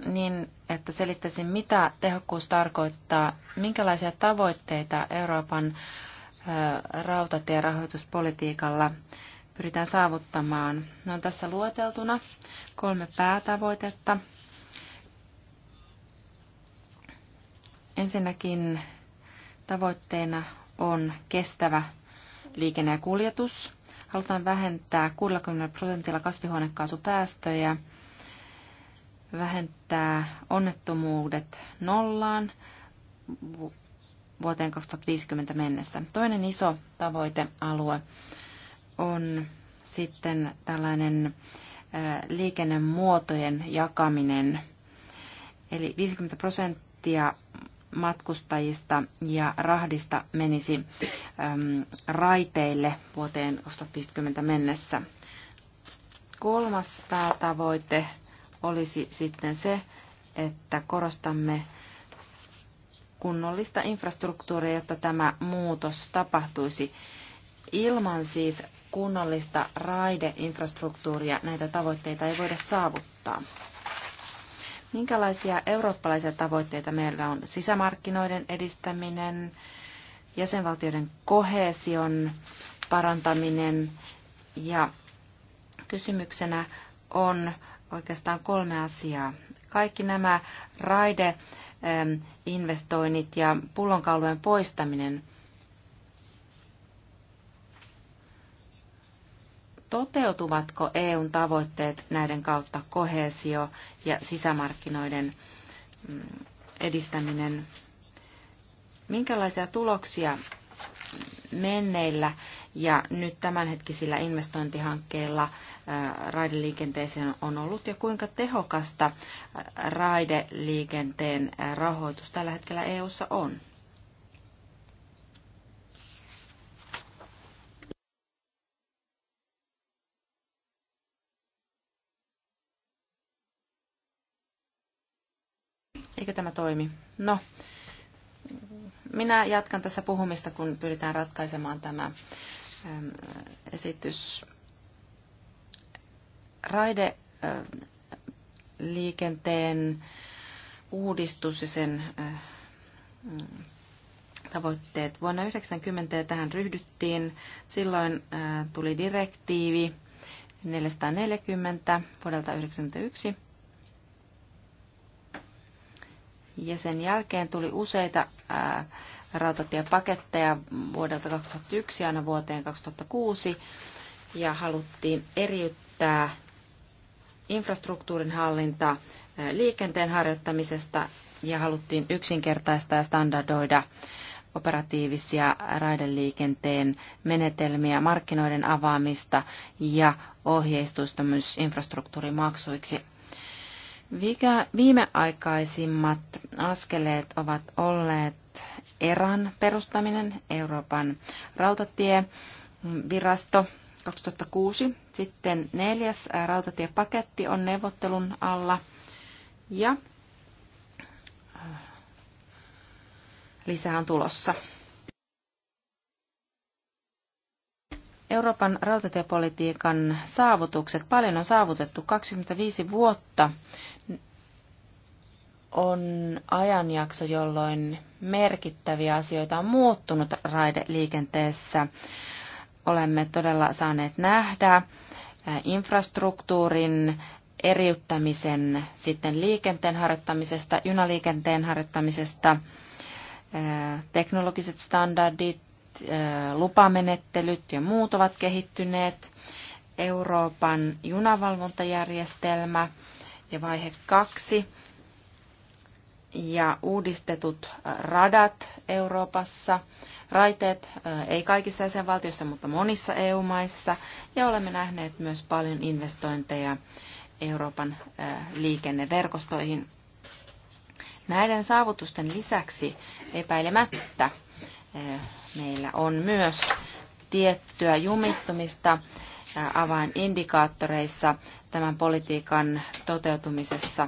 niin että selittäisin, mitä tehokkuus tarkoittaa, minkälaisia tavoitteita Euroopan rautatierahoituspolitiikalla pyritään saavuttamaan. Ne on tässä luoteltuna kolme päätavoitetta. Ensinnäkin tavoitteena on kestävä liikenne ja kuljetus. Halutaan vähentää 60 prosentilla kasvihuonekaasupäästöjä vähentää onnettomuudet nollaan vuoteen 2050 mennessä. Toinen iso tavoitealue on sitten tällainen liikennemuotojen jakaminen. Eli 50 prosenttia matkustajista ja rahdista menisi äm, raiteille vuoteen 2050 mennessä. Kolmas päätavoite olisi sitten se, että korostamme kunnollista infrastruktuuria, jotta tämä muutos tapahtuisi. Ilman siis kunnollista raideinfrastruktuuria näitä tavoitteita ei voida saavuttaa. Minkälaisia eurooppalaisia tavoitteita meillä on? Sisämarkkinoiden edistäminen, jäsenvaltioiden kohesion parantaminen ja kysymyksenä on oikeastaan kolme asiaa. Kaikki nämä raideinvestoinnit ähm, ja pullonkaulujen poistaminen toteutuvatko EUn tavoitteet näiden kautta kohesio ja sisämarkkinoiden mm, edistäminen? Minkälaisia tuloksia menneillä ja nyt tämänhetkisillä investointihankkeilla äh, raideliikenteeseen on ollut ja kuinka tehokasta äh, raideliikenteen äh, rahoitus tällä hetkellä EU:ssa on? Eikö tämä toimi? No, minä jatkan tässä puhumista, kun pyritään ratkaisemaan tämä ähm, esitys. Raide äh, liikenteen uudistus ja sen äh, tavoitteet. Vuonna 1990 tähän ryhdyttiin. Silloin äh, tuli direktiivi 440 vuodelta 1991 Ja sen jälkeen tuli useita ää, rautatiepaketteja vuodelta 2001 aina vuoteen 2006 ja haluttiin eriyttää infrastruktuurin hallinta liikenteen harjoittamisesta ja haluttiin yksinkertaistaa ja standardoida operatiivisia raideliikenteen menetelmiä, markkinoiden avaamista ja ohjeistusta myös infrastruktuurimaksuiksi. Viimeaikaisimmat askeleet ovat olleet ERAN perustaminen, Euroopan rautatievirasto 2006. Sitten neljäs rautatiepaketti on neuvottelun alla. Ja äh, lisää on tulossa. Euroopan rautatiepolitiikan saavutukset. Paljon on saavutettu. 25 vuotta on ajanjakso, jolloin merkittäviä asioita on muuttunut raideliikenteessä. Olemme todella saaneet nähdä infrastruktuurin eriyttämisen sitten liikenteen harjoittamisesta, junaliikenteen harjoittamisesta, teknologiset standardit, Äh, lupamenettelyt ja muut ovat kehittyneet. Euroopan junavalvontajärjestelmä ja vaihe kaksi ja uudistetut äh, radat Euroopassa, raiteet äh, ei kaikissa jäsenvaltioissa, mutta monissa EU-maissa, ja olemme nähneet myös paljon investointeja Euroopan liikenneverkostoihin. Näiden saavutusten lisäksi epäilemättä meillä on myös tiettyä jumittumista avainindikaattoreissa tämän politiikan toteutumisessa.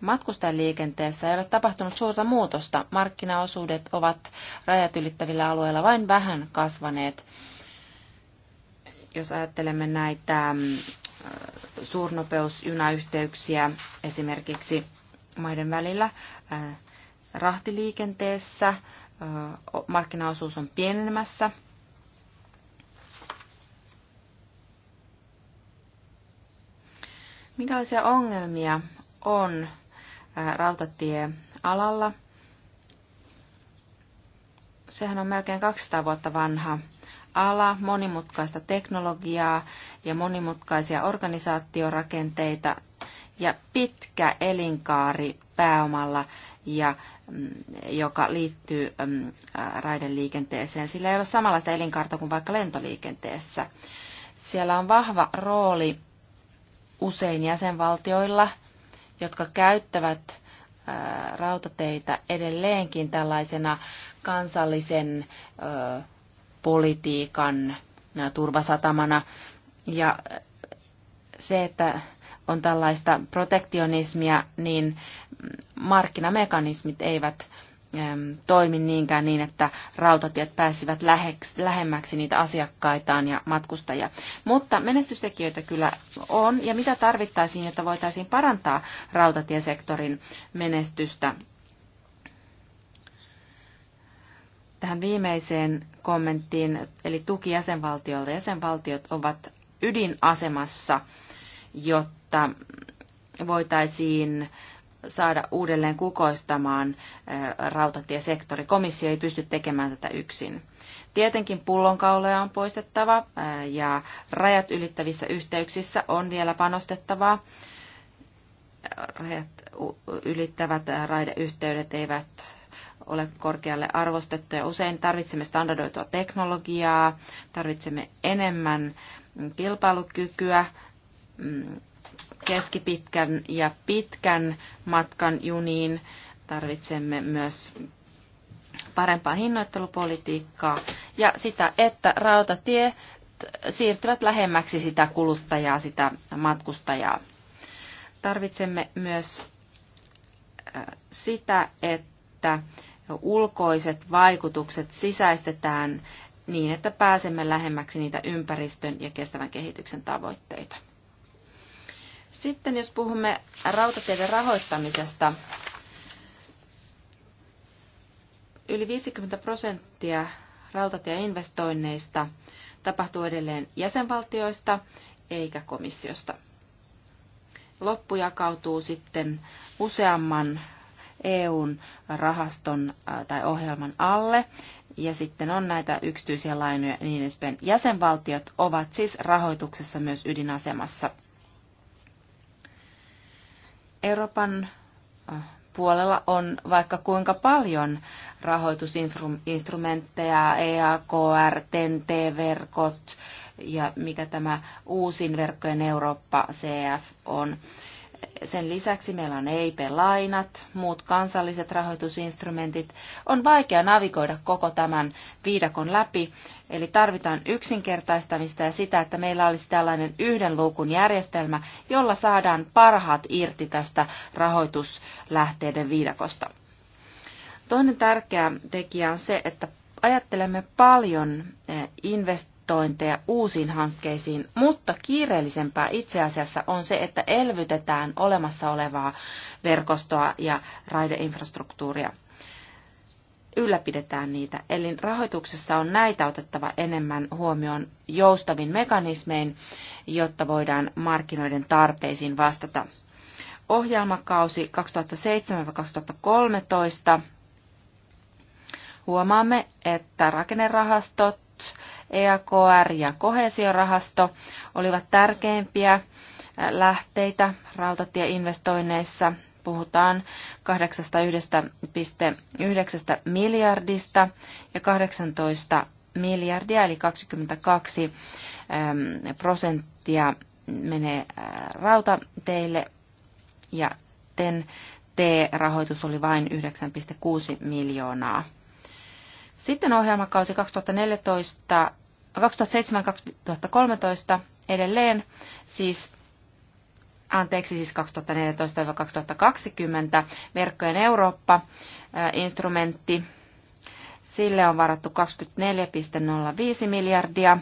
Matkustajaliikenteessä ei ole tapahtunut suurta muutosta. Markkinaosuudet ovat rajat ylittävillä alueilla vain vähän kasvaneet. Jos ajattelemme näitä mm, suurnopeusjunayhteyksiä esimerkiksi maiden välillä rahtiliikenteessä markkinaosuus on pienenemässä. Minkälaisia ongelmia on rautatiealalla? Sehän on melkein 200 vuotta vanha ala, monimutkaista teknologiaa ja monimutkaisia organisaatiorakenteita ja pitkä elinkaari pääomalla, ja, mm, joka liittyy äm, mm, äh, raideliikenteeseen. Sillä ei ole samanlaista elinkaarta kuin vaikka lentoliikenteessä. Siellä on vahva rooli usein jäsenvaltioilla, jotka käyttävät ää, äh, rautateitä edelleenkin tällaisena kansallisen ää, äh, politiikan turvasatamana. Ja se, että on tällaista protektionismia, niin markkinamekanismit eivät ähm, toimi niinkään niin, että rautatiet pääsivät lähemmäksi niitä asiakkaitaan ja matkustajia. Mutta menestystekijöitä kyllä on, ja mitä tarvittaisiin, että voitaisiin parantaa rautatiesektorin menestystä? Tähän viimeiseen kommenttiin, eli tuki jäsenvaltiolta. Jäsenvaltiot ovat ydinasemassa, jotta jotta voitaisiin saada uudelleen kukoistamaan rautatiesektori. Komissio ei pysty tekemään tätä yksin. Tietenkin pullonkauloja on poistettava ja rajat ylittävissä yhteyksissä on vielä panostettavaa. Rajat ylittävät raideyhteydet eivät ole korkealle arvostettuja. Usein tarvitsemme standardoitua teknologiaa, tarvitsemme enemmän kilpailukykyä mm, keskipitkän ja pitkän matkan juniin. Tarvitsemme myös parempaa hinnoittelupolitiikkaa ja sitä, että rautatie siirtyvät lähemmäksi sitä kuluttajaa, sitä matkustajaa. Tarvitsemme myös sitä, että ulkoiset vaikutukset sisäistetään niin, että pääsemme lähemmäksi niitä ympäristön ja kestävän kehityksen tavoitteita. Sitten jos puhumme rautateiden rahoittamisesta, yli 50 prosenttia rautatieinvestoinneista tapahtuu edelleen jäsenvaltioista eikä komissiosta. Loppu jakautuu sitten useamman EUn rahaston tai ohjelman alle. Ja sitten on näitä yksityisiä lainoja niin edespäin. Jäsenvaltiot ovat siis rahoituksessa myös ydinasemassa. Euroopan puolella on vaikka kuinka paljon rahoitusinstrumentteja, EAKR, TNT-verkot ja mikä tämä uusin verkkojen Eurooppa CF on. Sen lisäksi meillä on EIP-lainat, muut kansalliset rahoitusinstrumentit. On vaikea navigoida koko tämän viidakon läpi, eli tarvitaan yksinkertaistamista ja sitä, että meillä olisi tällainen yhden luukun järjestelmä, jolla saadaan parhaat irti tästä rahoituslähteiden viidakosta. Toinen tärkeä tekijä on se, että ajattelemme paljon eh, investointeja uusiin hankkeisiin, mutta kiireellisempää itse asiassa on se, että elvytetään olemassa olevaa verkostoa ja raideinfrastruktuuria. Ylläpidetään niitä. Eli rahoituksessa on näitä otettava enemmän huomioon joustavin mekanismein, jotta voidaan markkinoiden tarpeisiin vastata. Ohjelmakausi 2007-2013 huomaamme, että rakennerahastot, EAKR ja kohesiorahasto olivat tärkeimpiä äh, lähteitä rautatieinvestoinneissa. Puhutaan 81,9 miljardista ja 18 miljardia eli 22 ähm, prosenttia menee äh, rautateille ja TEN T-rahoitus oli vain 9,6 miljoonaa sitten ohjelmakausi 2014, 2007-2013 edelleen, siis anteeksi siis 2014-2020 verkkojen Eurooppa-instrumentti. Sille on varattu 24,05 miljardia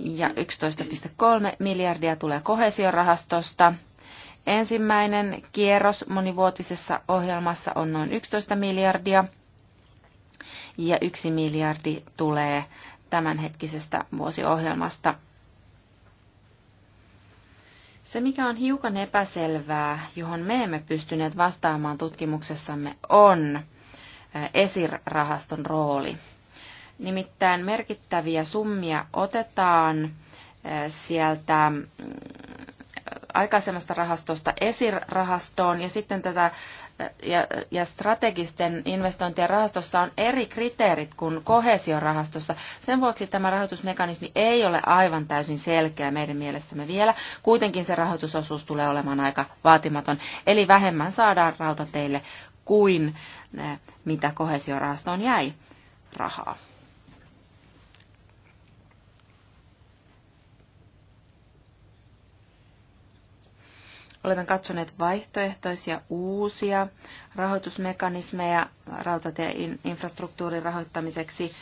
ja 11,3 miljardia tulee kohesiorahastosta. Ensimmäinen kierros monivuotisessa ohjelmassa on noin 11 miljardia ja yksi miljardi tulee tämänhetkisestä vuosiohjelmasta. Se, mikä on hiukan epäselvää, johon me emme pystyneet vastaamaan tutkimuksessamme, on eh, esirahaston rooli. Nimittäin merkittäviä summia otetaan eh, sieltä mm, aikaisemmasta rahastosta esirahastoon ja sitten tätä ja, ja strategisten investointien rahastossa on eri kriteerit kuin kohesiorahastossa. Sen vuoksi tämä rahoitusmekanismi ei ole aivan täysin selkeä meidän mielessämme vielä. Kuitenkin se rahoitusosuus tulee olemaan aika vaatimaton, eli vähemmän saadaan rautateille kuin eh, mitä kohesiorahastoon jäi rahaa. Olemme katsoneet vaihtoehtoisia uusia rahoitusmekanismeja rautatieinfrastruktuurin infrastruktuurin rahoittamiseksi.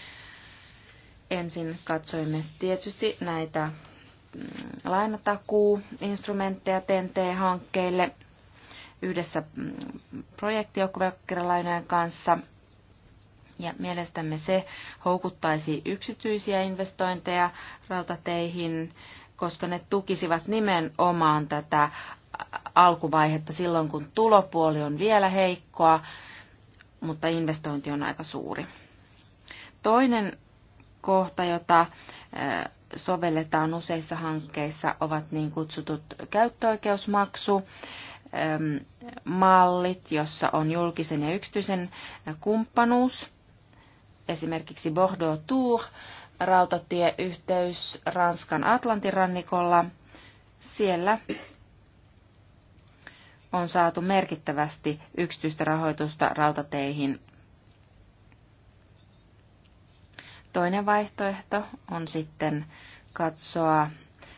Ensin katsoimme tietysti näitä mm, lainatakuu-instrumentteja TNT-hankkeille yhdessä mm, projektijoukkovelkkakirjalainojen kanssa. Ja mielestämme se houkuttaisi yksityisiä investointeja rautateihin, koska ne tukisivat nimenomaan tätä alkuvaihetta silloin, kun tulopuoli on vielä heikkoa, mutta investointi on aika suuri. Toinen kohta, jota sovelletaan useissa hankkeissa, ovat niin kutsutut käyttöoikeusmaksu mallit, jossa on julkisen ja yksityisen kumppanuus. Esimerkiksi Bordeaux Tour, rautatieyhteys Ranskan Atlantin rannikolla. Siellä on saatu merkittävästi yksityistä rahoitusta rautateihin. Toinen vaihtoehto on sitten katsoa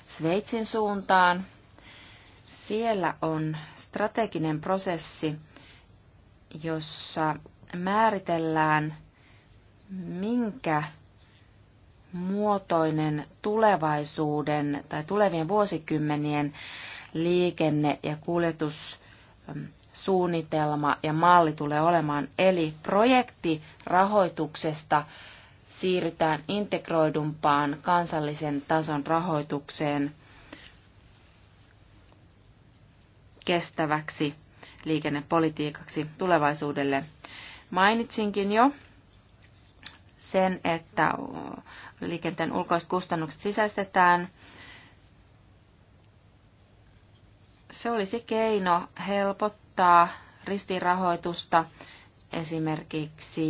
Sveitsin suuntaan. Siellä on strateginen prosessi, jossa määritellään, minkä muotoinen tulevaisuuden tai tulevien vuosikymmenien liikenne- ja kuljetus suunnitelma ja malli tulee olemaan. Eli projektirahoituksesta siirrytään integroidumpaan kansallisen tason rahoitukseen kestäväksi liikennepolitiikaksi tulevaisuudelle. Mainitsinkin jo sen, että liikenteen ulkoiset kustannukset sisäistetään Se olisi keino helpottaa ristirahoitusta esimerkiksi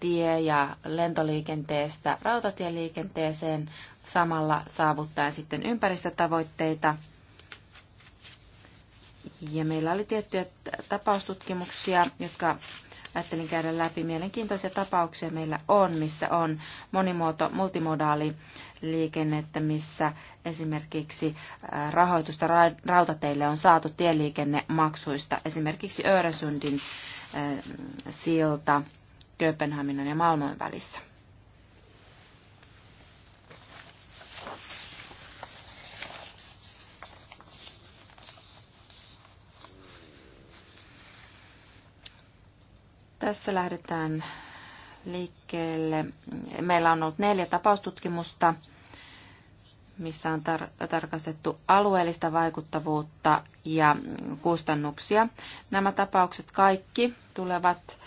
tie- ja lentoliikenteestä rautatieliikenteeseen samalla saavuttaen sitten ympäristötavoitteita. Ja meillä oli tiettyjä tapaustutkimuksia, jotka ajattelin käydä läpi. Mielenkiintoisia tapauksia meillä on, missä on monimuoto, multimodaali liikennettä, missä esimerkiksi rahoitusta rautateille on saatu tieliikennemaksuista. Esimerkiksi Öresundin silta Kööpenhaminan ja Malmön välissä. Tässä lähdetään liikkeelle. Meillä on ollut neljä tapaustutkimusta, missä on tar- tarkastettu alueellista vaikuttavuutta ja kustannuksia. Nämä tapaukset kaikki tulevat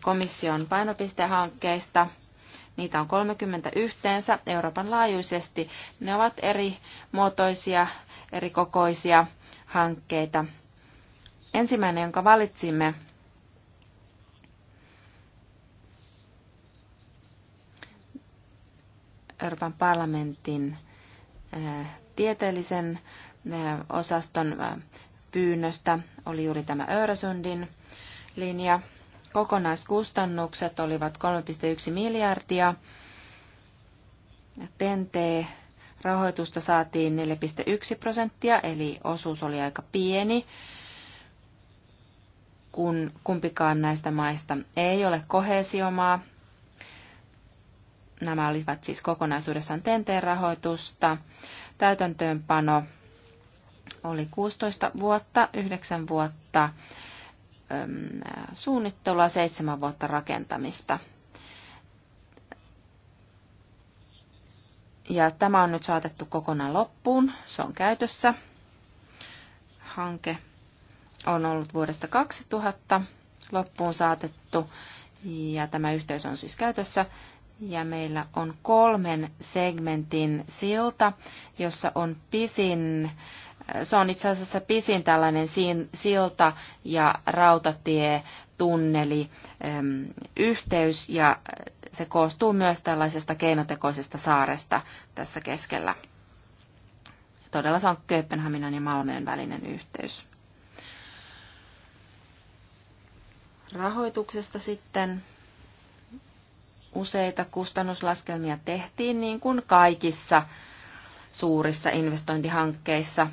komission painopistehankkeista. Niitä on 30 yhteensä Euroopan laajuisesti. Ne ovat eri muotoisia, eri kokoisia hankkeita. Ensimmäinen, jonka valitsimme, Euroopan parlamentin eh, tieteellisen eh, osaston eh, pyynnöstä oli juuri tämä Öresundin linja. Kokonaiskustannukset olivat 3,1 miljardia. TNT-rahoitusta saatiin 4,1 prosenttia, eli osuus oli aika pieni, kun kumpikaan näistä maista ei ole kohesiomaa, Nämä olivat siis kokonaisuudessaan tenteen rahoitusta Täytäntöönpano oli 16 vuotta, 9 vuotta suunnittelua, 7 vuotta rakentamista. Ja tämä on nyt saatettu kokonaan loppuun. Se on käytössä. Hanke on ollut vuodesta 2000 loppuun saatettu ja tämä yhteys on siis käytössä ja meillä on kolmen segmentin silta, jossa on pisin, se on itse asiassa pisin tällainen silta ja rautatie tunneli yhteys ja se koostuu myös tällaisesta keinotekoisesta saaresta tässä keskellä. Todella se on Kööpenhaminan ja Malmöön välinen yhteys. Rahoituksesta sitten useita kustannuslaskelmia tehtiin niin kuin kaikissa suurissa investointihankkeissa.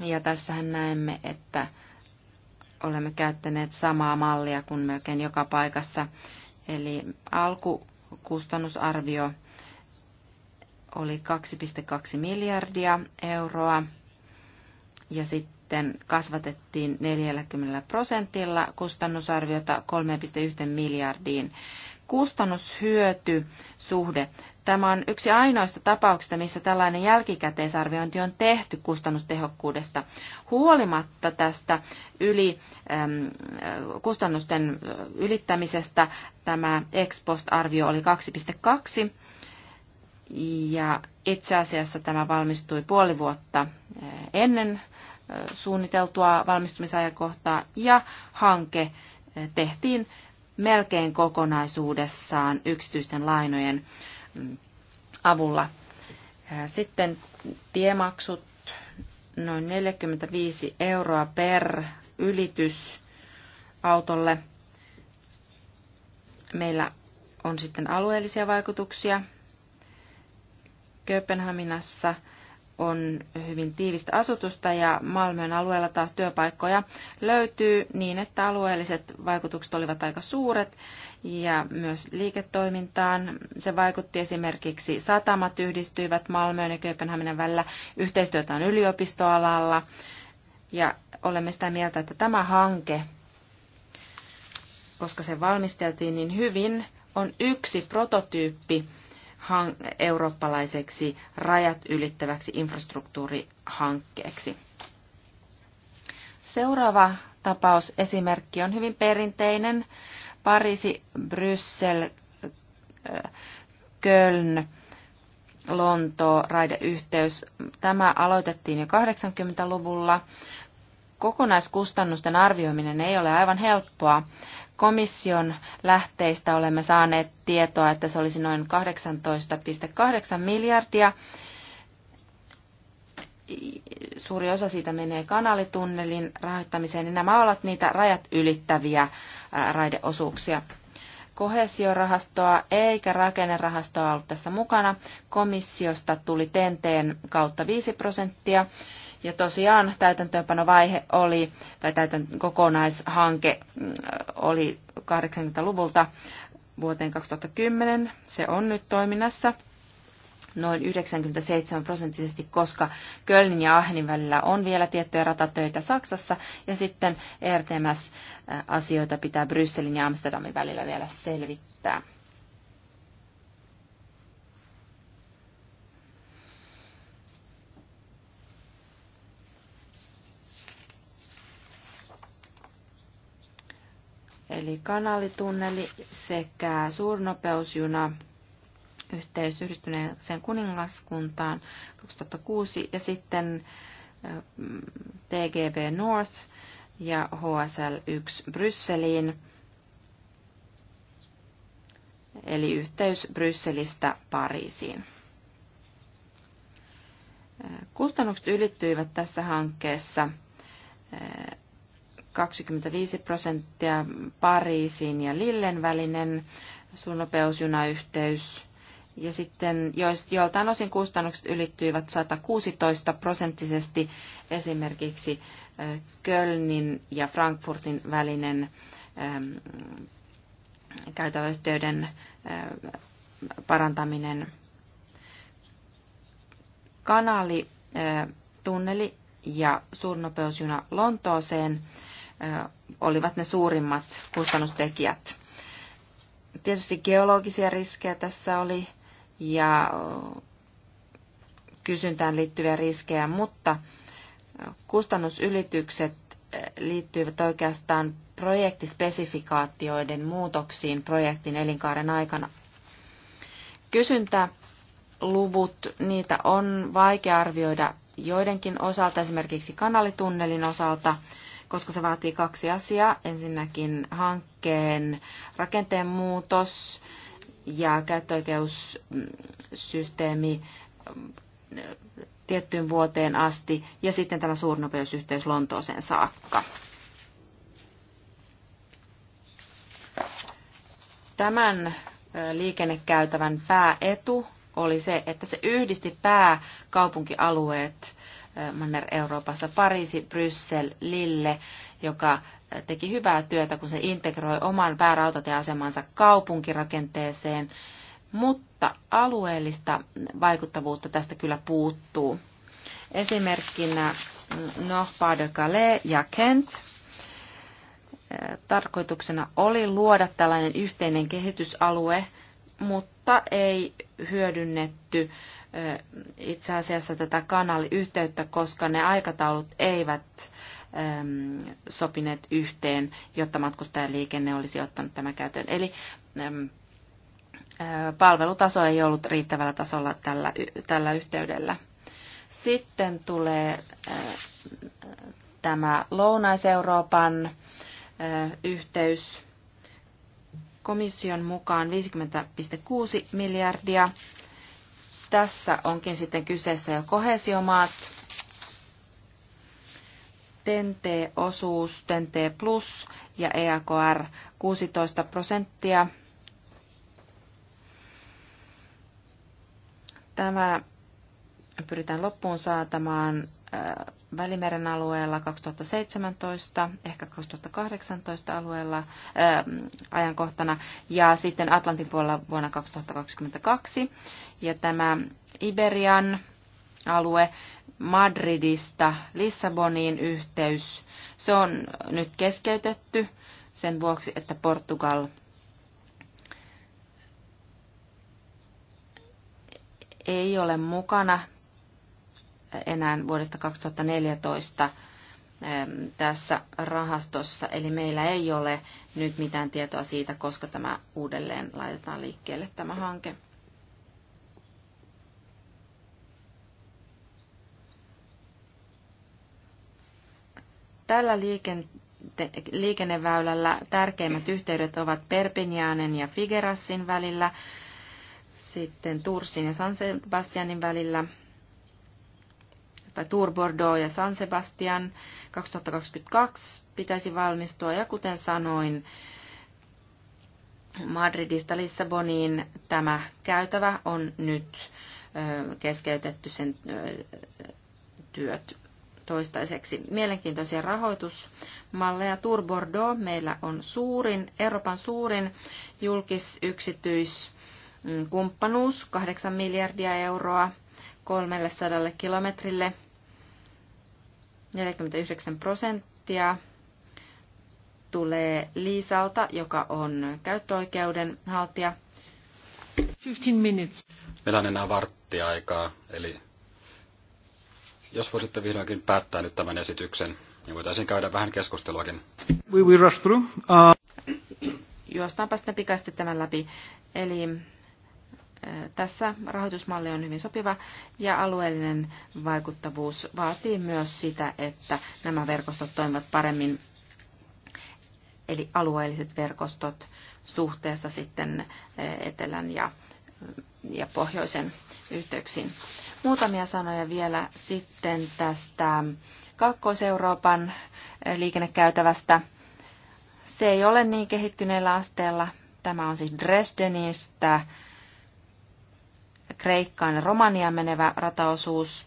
Ja tässähän näemme, että olemme käyttäneet samaa mallia kuin melkein joka paikassa. Eli alkukustannusarvio oli 2,2 miljardia euroa ja sitten kasvatettiin 40 prosentilla kustannusarviota 3,1 miljardiin kustannushyötysuhde. Tämä on yksi ainoista tapauksista, missä tällainen jälkikäteisarviointi on tehty kustannustehokkuudesta. Huolimatta tästä yli, äm, kustannusten ylittämisestä tämä ex post-arvio oli 2,2 ja itse asiassa tämä valmistui puoli vuotta äh, ennen äh, suunniteltua valmistumisajankohtaa ja hanke äh, tehtiin melkein kokonaisuudessaan yksityisten lainojen mm, avulla. Sitten tiemaksut noin 45 euroa per ylitys autolle. Meillä on sitten alueellisia vaikutuksia. Kööpenhaminassa on hyvin tiivistä asutusta ja Malmön alueella taas työpaikkoja löytyy niin, että alueelliset vaikutukset olivat aika suuret ja myös liiketoimintaan. Se vaikutti esimerkiksi satamat yhdistyivät Malmöön ja Kööpenhaminan välillä. Yhteistyötä on yliopistoalalla ja olemme sitä mieltä, että tämä hanke, koska se valmisteltiin niin hyvin, on yksi prototyyppi eurooppalaiseksi rajat ylittäväksi infrastruktuurihankkeeksi. Seuraava tapausesimerkki on hyvin perinteinen. Pariisi, Bryssel, Köln, Lonto, raideyhteys. Tämä aloitettiin jo 80-luvulla. Kokonaiskustannusten arvioiminen ei ole aivan helppoa, komission lähteistä olemme saaneet tietoa, että se olisi noin 18,8 miljardia. Suuri osa siitä menee kanalitunnelin rahoittamiseen, niin nämä ovat niitä rajat ylittäviä raideosuuksia. Kohesiorahastoa eikä rakennerahastoa ollut tässä mukana. Komissiosta tuli tenteen kautta 5 prosenttia ja tosiaan täytäntöönpanovaihe oli, tai täytän, kokonaishanke mm, oli 80-luvulta vuoteen 2010. Se on nyt toiminnassa noin 97 prosenttisesti, koska Kölnin ja Ahnin välillä on vielä tiettyjä ratatöitä Saksassa, ja sitten RTMS-asioita pitää Brysselin ja Amsterdamin välillä vielä selvittää. eli kanalitunneli sekä suurnopeusjuna yhteys yhdistyneeseen kuningaskuntaan 2006 ja sitten mm, TGV North ja HSL1 Brysseliin, eli yhteys Brysselistä Pariisiin. Kustannukset ylittyivät tässä hankkeessa 25 prosenttia Pariisin ja Lillen välinen suunnopeusjunayhteys. Ja sitten joiltain osin kustannukset ylittyivät 116 prosenttisesti esimerkiksi Kölnin ja Frankfurtin välinen käytäväyhteyden parantaminen. Kanali, tunneli ja suurnopeusjuna Lontooseen olivat ne suurimmat kustannustekijät. Tietysti geologisia riskejä tässä oli ja kysyntään liittyviä riskejä, mutta kustannusylitykset liittyivät oikeastaan projektispesifikaatioiden muutoksiin projektin elinkaaren aikana. Kysyntäluvut, niitä on vaikea arvioida joidenkin osalta, esimerkiksi kanalitunnelin osalta – koska se vaatii kaksi asiaa. Ensinnäkin hankkeen rakenteen muutos ja käyttöoikeussysteemi mm, tiettyyn vuoteen asti ja sitten tämä suurnopeusyhteys Lontooseen saakka. Tämän liikennekäytävän pääetu oli se, että se yhdisti pääkaupunkialueet Manner-Euroopassa, Pariisi, Bryssel, Lille, joka teki hyvää työtä, kun se integroi oman päärautatieasemansa kaupunkirakenteeseen, mutta alueellista vaikuttavuutta tästä kyllä puuttuu. Esimerkkinä mm, Nord de Calais ja Kent. Tarkoituksena oli luoda tällainen yhteinen kehitysalue, mutta ei hyödynnetty itse asiassa tätä kanaliyhteyttä, koska ne aikataulut eivät sopineet yhteen, jotta matkustajaliikenne olisi ottanut tämä käytön. Eli palvelutaso ei ollut riittävällä tasolla tällä, tällä yhteydellä. Sitten tulee tämä Lounais-Euroopan yhteys komission mukaan 50,6 miljardia tässä onkin sitten kyseessä jo kohesiomaat, TNT-osuus, TNT Plus ja EAKR 16 prosenttia. Tämä pyritään loppuun saatamaan äh, Välimeren alueella 2017, ehkä 2018 alueella ää, ajankohtana ja sitten Atlantin puolella vuonna 2022. Ja tämä Iberian alue Madridista Lissaboniin yhteys, se on nyt keskeytetty sen vuoksi, että Portugal ei ole mukana enää vuodesta 2014 ähm, tässä rahastossa. Eli meillä ei ole nyt mitään tietoa siitä, koska tämä uudelleen laitetaan liikkeelle tämä hanke. Tällä liikenneväylällä tärkeimmät yhteydet ovat Perpignanen ja Figerassin välillä, sitten Tursin ja San Sebastianin välillä tai Tour Bordeaux ja San Sebastian 2022 pitäisi valmistua. Ja kuten sanoin, Madridista Lissaboniin tämä käytävä on nyt keskeytetty sen työt toistaiseksi. Mielenkiintoisia rahoitusmalleja. Tour Bordeaux meillä on suurin, Euroopan suurin julkisyksityiskumppanuus, 8 miljardia euroa 300 kilometrille 49 prosenttia tulee Liisalta, joka on käyttöoikeuden haltija. 15 minutes. Meillä on enää varttiaikaa, eli jos voisitte vihdoinkin päättää nyt tämän esityksen, niin voitaisiin käydä vähän keskusteluakin. We will rush through. Uh... Juostaanpa sitten pikaisesti tämän läpi. Eli tässä rahoitusmalli on hyvin sopiva ja alueellinen vaikuttavuus vaatii myös sitä, että nämä verkostot toimivat paremmin, eli alueelliset verkostot suhteessa sitten etelän ja, ja pohjoisen yhteyksiin. Muutamia sanoja vielä sitten tästä Kaakkois-Euroopan liikennekäytävästä. Se ei ole niin kehittyneellä asteella. Tämä on siis Dresdenistä Kreikkaan ja Romaniaan menevä rataosuus.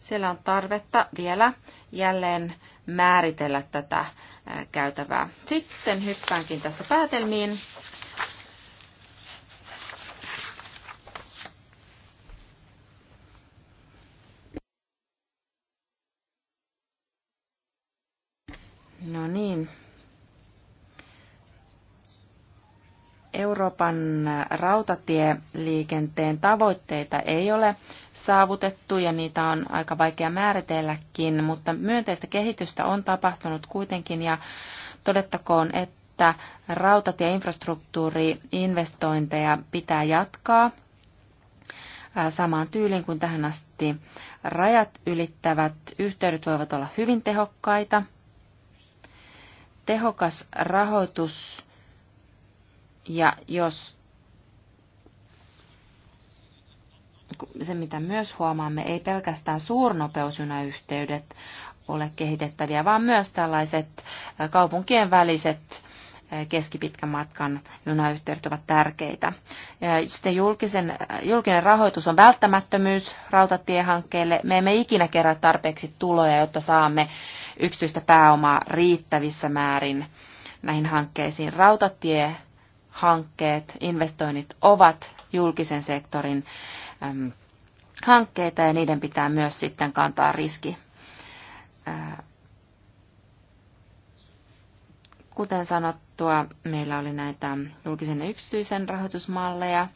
Siellä on tarvetta vielä jälleen määritellä tätä käytävää. Sitten hyppäänkin tässä päätelmiin. Euroopan rautatieliikenteen tavoitteita ei ole saavutettu ja niitä on aika vaikea määritelläkin, mutta myönteistä kehitystä on tapahtunut kuitenkin ja todettakoon, että rautatieinfrastruktuuriinvestointeja pitää jatkaa samaan tyyliin kuin tähän asti. Rajat ylittävät yhteydet voivat olla hyvin tehokkaita. Tehokas rahoitus ja jos se, mitä myös huomaamme, ei pelkästään suurnopeusjunayhteydet ole kehitettäviä, vaan myös tällaiset kaupunkien väliset keskipitkän matkan junayhteydet ovat tärkeitä. Sitten julkisen, julkinen rahoitus on välttämättömyys rautatiehankkeelle. Me emme ikinä kerää tarpeeksi tuloja, jotta saamme yksityistä pääomaa riittävissä määrin näihin hankkeisiin. Rautatie hankkeet, investoinnit ovat julkisen sektorin äm, hankkeita ja niiden pitää myös sitten kantaa riski. Ää, kuten sanottua, meillä oli näitä julkisen ja yksityisen rahoitusmalleja,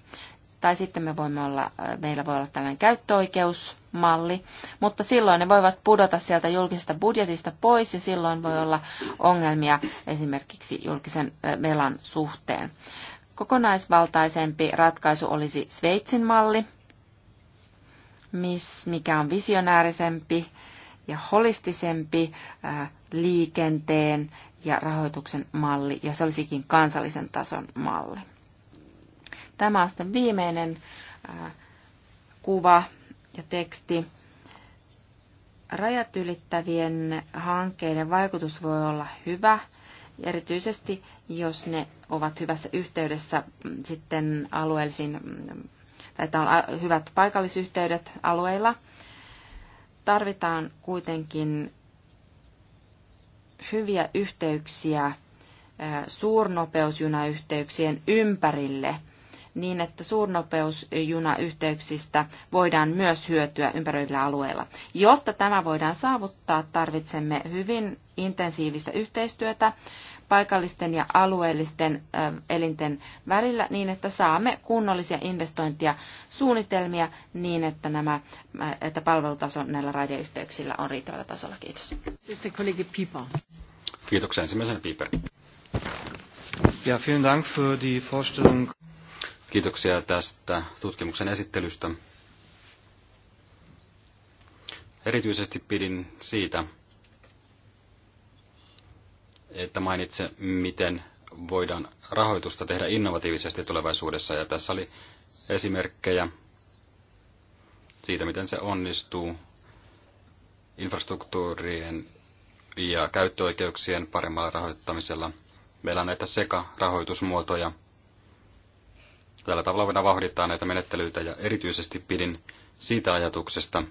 tai sitten me voimme olla, äh, meillä voi olla tällainen käyttöoikeusmalli, mutta silloin ne voivat pudota sieltä julkisesta budjetista pois ja silloin voi olla ongelmia esimerkiksi julkisen äh, velan suhteen. Kokonaisvaltaisempi ratkaisu olisi Sveitsin malli, miss, mikä on visionäärisempi ja holistisempi äh, liikenteen ja rahoituksen malli, ja se olisikin kansallisen tason malli. Tämä on sitten viimeinen kuva ja teksti. Rajat ylittävien hankkeiden vaikutus voi olla hyvä, erityisesti jos ne ovat hyvässä yhteydessä mm, sitten alueellisiin, mm, tai on hyvät paikallisyhteydet alueilla. Tarvitaan kuitenkin hyviä yhteyksiä suurnopeusjunayhteyksien ympärille – niin että suurnopeusjunayhteyksistä voidaan myös hyötyä ympäröivillä alueilla. Jotta tämä voidaan saavuttaa, tarvitsemme hyvin intensiivistä yhteistyötä paikallisten ja alueellisten elinten välillä niin, että saamme kunnollisia investointia suunnitelmia niin, että, nämä, että palvelutaso näillä raideyhteyksillä on riittävällä tasolla. Kiitos. Kiitoksia ensimmäisenä Piper. Ja, vielen Dank für die Vorstellung. Kiitoksia tästä tutkimuksen esittelystä. Erityisesti pidin siitä, että mainitse, miten voidaan rahoitusta tehdä innovatiivisesti tulevaisuudessa. Ja tässä oli esimerkkejä siitä, miten se onnistuu infrastruktuurien ja käyttöoikeuksien paremmalla rahoittamisella. Meillä on näitä sekarahoitusmuotoja, rahoitusmuotoja Tällä tavalla voidaan vauhdittaa näitä menettelyitä ja erityisesti pidin siitä ajatuksesta,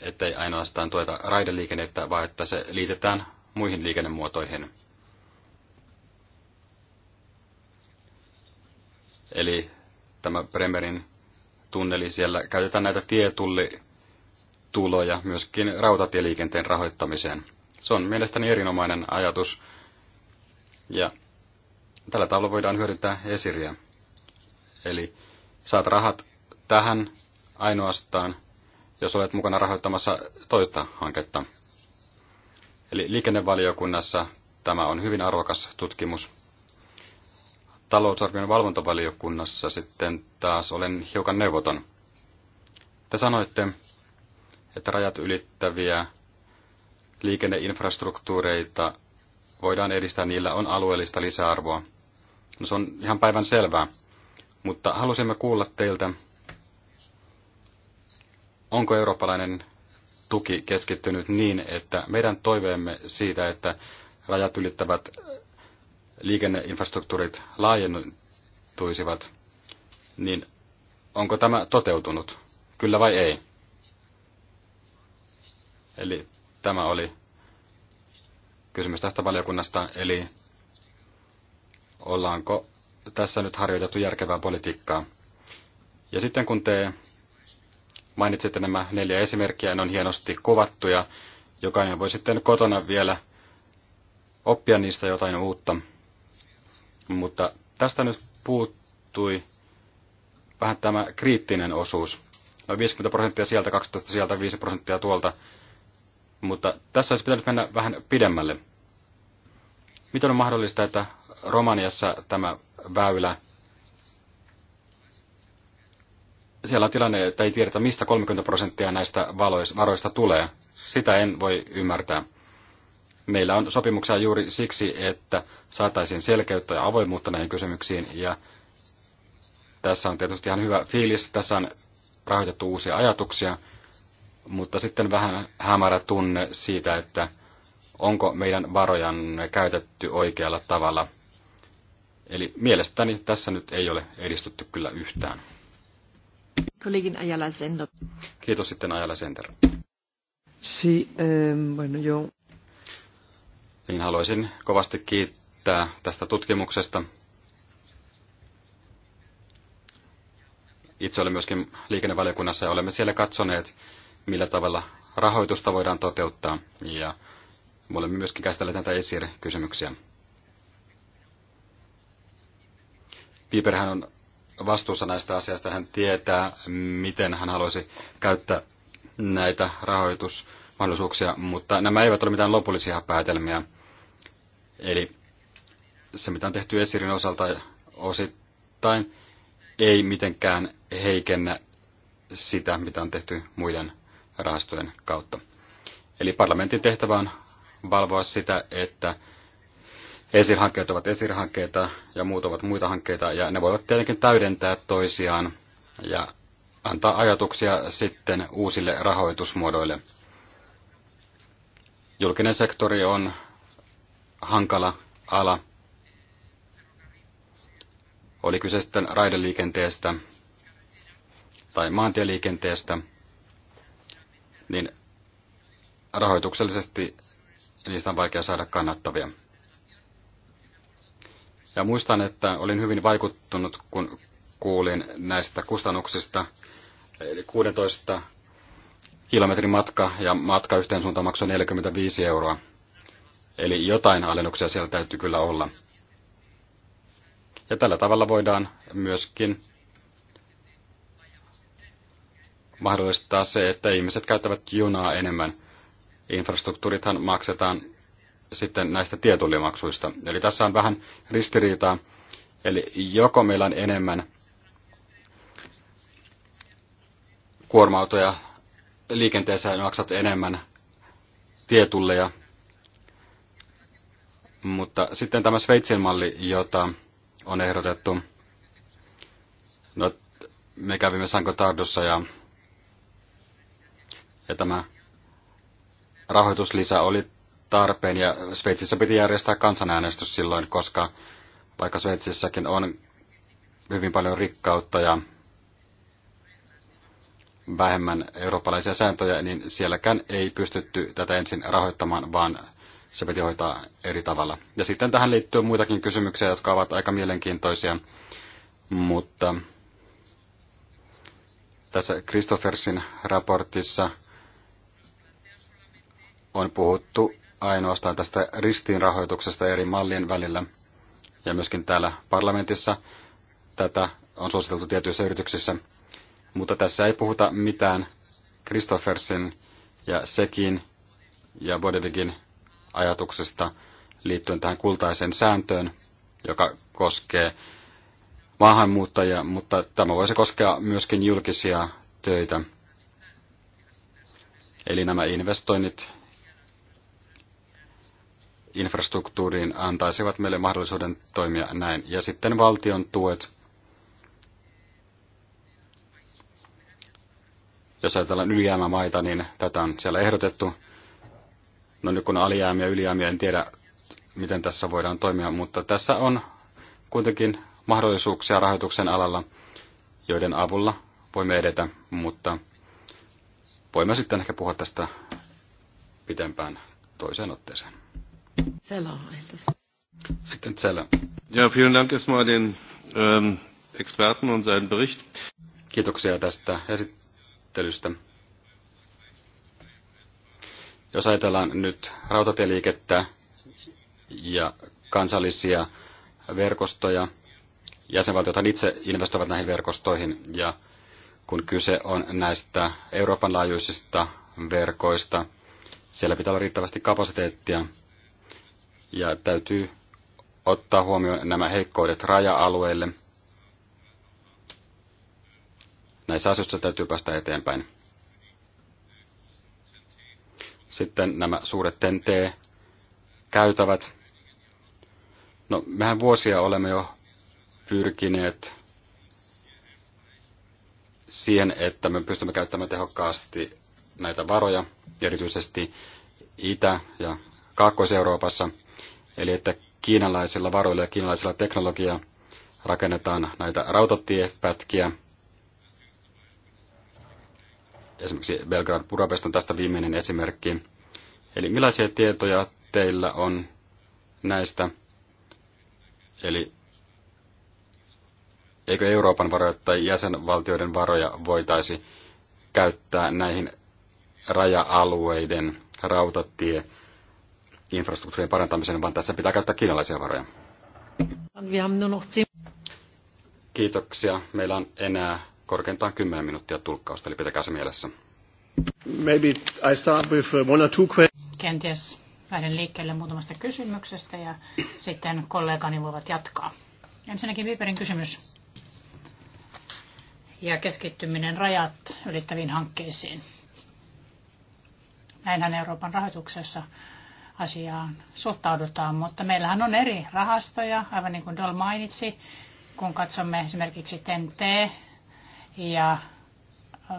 ettei ainoastaan tueta raideliikennettä, vaan että se liitetään muihin liikennemuotoihin. Eli tämä Bremerin tunneli, siellä käytetään näitä tietullituloja myöskin rautatieliikenteen rahoittamiseen. Se on mielestäni erinomainen ajatus. Ja tällä tavalla voidaan hyödyntää esiriä. Eli saat rahat tähän ainoastaan, jos olet mukana rahoittamassa toista hanketta. Eli liikennevaliokunnassa tämä on hyvin arvokas tutkimus. Talousarvion valvontavaliokunnassa sitten taas olen hiukan neuvoton. Te sanoitte, että rajat ylittäviä liikenneinfrastruktuureita voidaan edistää, niillä on alueellista lisäarvoa. No se on ihan päivän selvää. Mutta halusimme kuulla teiltä, onko eurooppalainen tuki keskittynyt niin, että meidän toiveemme siitä, että rajat ylittävät liikenneinfrastruktuurit laajentuisivat, niin onko tämä toteutunut? Kyllä vai ei? Eli tämä oli kysymys tästä valiokunnasta, eli ollaanko tässä nyt harjoitettu järkevää politiikkaa. Ja sitten kun te mainitsitte nämä neljä esimerkkiä, ne on hienosti kuvattuja. Jokainen voi sitten kotona vielä oppia niistä jotain uutta. Mutta tästä nyt puuttui vähän tämä kriittinen osuus. Noin 50 prosenttia sieltä, 12 sieltä, 5 prosenttia tuolta. Mutta tässä olisi pitänyt mennä vähän pidemmälle. Miten on mahdollista, että Romaniassa tämä väylä, siellä on tilanne, että ei tiedetä, mistä 30 prosenttia näistä varoista tulee. Sitä en voi ymmärtää. Meillä on sopimuksia juuri siksi, että saataisiin selkeyttä ja avoimuutta näihin kysymyksiin. Ja tässä on tietysti ihan hyvä fiilis, tässä on rahoitettu uusia ajatuksia, mutta sitten vähän hämärä tunne siitä, että onko meidän varojan käytetty oikealla tavalla – Eli mielestäni tässä nyt ei ole edistytty kyllä yhtään. Kollegin Ajala Sender. Kiitos sitten Ajala Sender. Si, ähm, bueno, jo. Niin haluaisin kovasti kiittää tästä tutkimuksesta. Itse olen myöskin liikennevaliokunnassa ja olemme siellä katsoneet, millä tavalla rahoitusta voidaan toteuttaa ja olemme myöskin käsitelleet näitä esir-kysymyksiä. Piiperhän on vastuussa näistä asiasta. Hän tietää, miten hän haluaisi käyttää näitä rahoitusmahdollisuuksia, mutta nämä eivät ole mitään lopullisia päätelmiä. Eli se, mitä on tehty Esirin osalta osittain, ei mitenkään heikennä sitä, mitä on tehty muiden rahastojen kautta. Eli parlamentin tehtävä on valvoa sitä, että Esirhankkeet ovat esirhankkeita ja muut ovat muita hankkeita ja ne voivat tietenkin täydentää toisiaan ja antaa ajatuksia sitten uusille rahoitusmuodoille. Julkinen sektori on hankala ala. Oli kyse sitten raideliikenteestä tai maantieliikenteestä, niin rahoituksellisesti niistä on vaikea saada kannattavia. Ja muistan, että olin hyvin vaikuttunut, kun kuulin näistä kustannuksista, eli 16 kilometrin matka ja matka yhteen suuntaan maksoi 45 euroa. Eli jotain alennuksia siellä täytyy kyllä olla. Ja tällä tavalla voidaan myöskin mahdollistaa se, että ihmiset käyttävät junaa enemmän. Infrastruktuurithan maksetaan sitten näistä tietullimaksuista. Eli tässä on vähän ristiriitaa. Eli joko meillä on enemmän kuorma-autoja liikenteessä ja maksat enemmän tietulleja, mutta sitten tämä Sveitsin malli, jota on ehdotettu, no, me kävimme Sanko Tardossa ja, ja tämä rahoituslisä oli tarpeen ja Sveitsissä piti järjestää kansanäänestys silloin, koska vaikka Sveitsissäkin on hyvin paljon rikkautta ja vähemmän eurooppalaisia sääntöjä, niin sielläkään ei pystytty tätä ensin rahoittamaan, vaan se piti hoitaa eri tavalla. Ja sitten tähän liittyy muitakin kysymyksiä, jotka ovat aika mielenkiintoisia, mutta tässä Christophersin raportissa on puhuttu ainoastaan tästä ristiinrahoituksesta eri mallien välillä. Ja myöskin täällä parlamentissa tätä on suositeltu tietyissä yrityksissä. Mutta tässä ei puhuta mitään Kristoffersin ja Sekin ja Bodevikin ajatuksesta liittyen tähän kultaiseen sääntöön, joka koskee maahanmuuttajia, mutta tämä voisi koskea myöskin julkisia töitä. Eli nämä investoinnit infrastruktuuriin antaisivat meille mahdollisuuden toimia näin. Ja sitten valtion tuet. Jos ajatellaan ylijäämämaita, niin tätä on siellä ehdotettu. No nyt kun alijäämiä ja ylijäämiä, en tiedä miten tässä voidaan toimia, mutta tässä on kuitenkin mahdollisuuksia rahoituksen alalla, joiden avulla voimme edetä, mutta voimme sitten ehkä puhua tästä pitempään toiseen otteeseen. Sela. Sitten Sela. Ja, vielen Dank erstmal den ähm, Experten und seinen Bericht. Kiitoksia tästä esittelystä. Jos ajatellaan nyt rautatieliikettä ja kansallisia verkostoja, jäsenvaltiot itse investoivat näihin verkostoihin ja kun kyse on näistä Euroopan laajuisista verkoista, siellä pitää olla riittävästi kapasiteettia ja täytyy ottaa huomioon nämä heikkoudet raja-alueille. Näissä asioissa täytyy päästä eteenpäin. Sitten nämä suuret TNT-käytävät. No, mehän vuosia olemme jo pyrkineet siihen, että me pystymme käyttämään tehokkaasti näitä varoja, erityisesti Itä- ja Kaakkois-Euroopassa – Eli että kiinalaisilla varoilla ja kiinalaisilla teknologiaa rakennetaan näitä rautatiepätkiä. Esimerkiksi Belgrad Budapest on tästä viimeinen esimerkki. Eli millaisia tietoja teillä on näistä? Eli eikö Euroopan varoja tai jäsenvaltioiden varoja voitaisi käyttää näihin raja-alueiden rautatie- infrastruktuurien parantamiseen, vaan tässä pitää käyttää kiinalaisia varoja. Kiitoksia. Meillä on enää korkeintaan 10 minuuttia tulkkausta, eli pitäkää se mielessä. Maybe I start with uh, one or two questions. Kenties lähden liikkeelle muutamasta kysymyksestä ja sitten kollegani voivat jatkaa. Ensinnäkin Viperin kysymys ja keskittyminen rajat ylittäviin hankkeisiin. Näinhän Euroopan rahoituksessa asiaan suhtaudutaan, mutta meillähän on eri rahastoja, aivan niin kuin Dol mainitsi, kun katsomme esimerkiksi TNT ja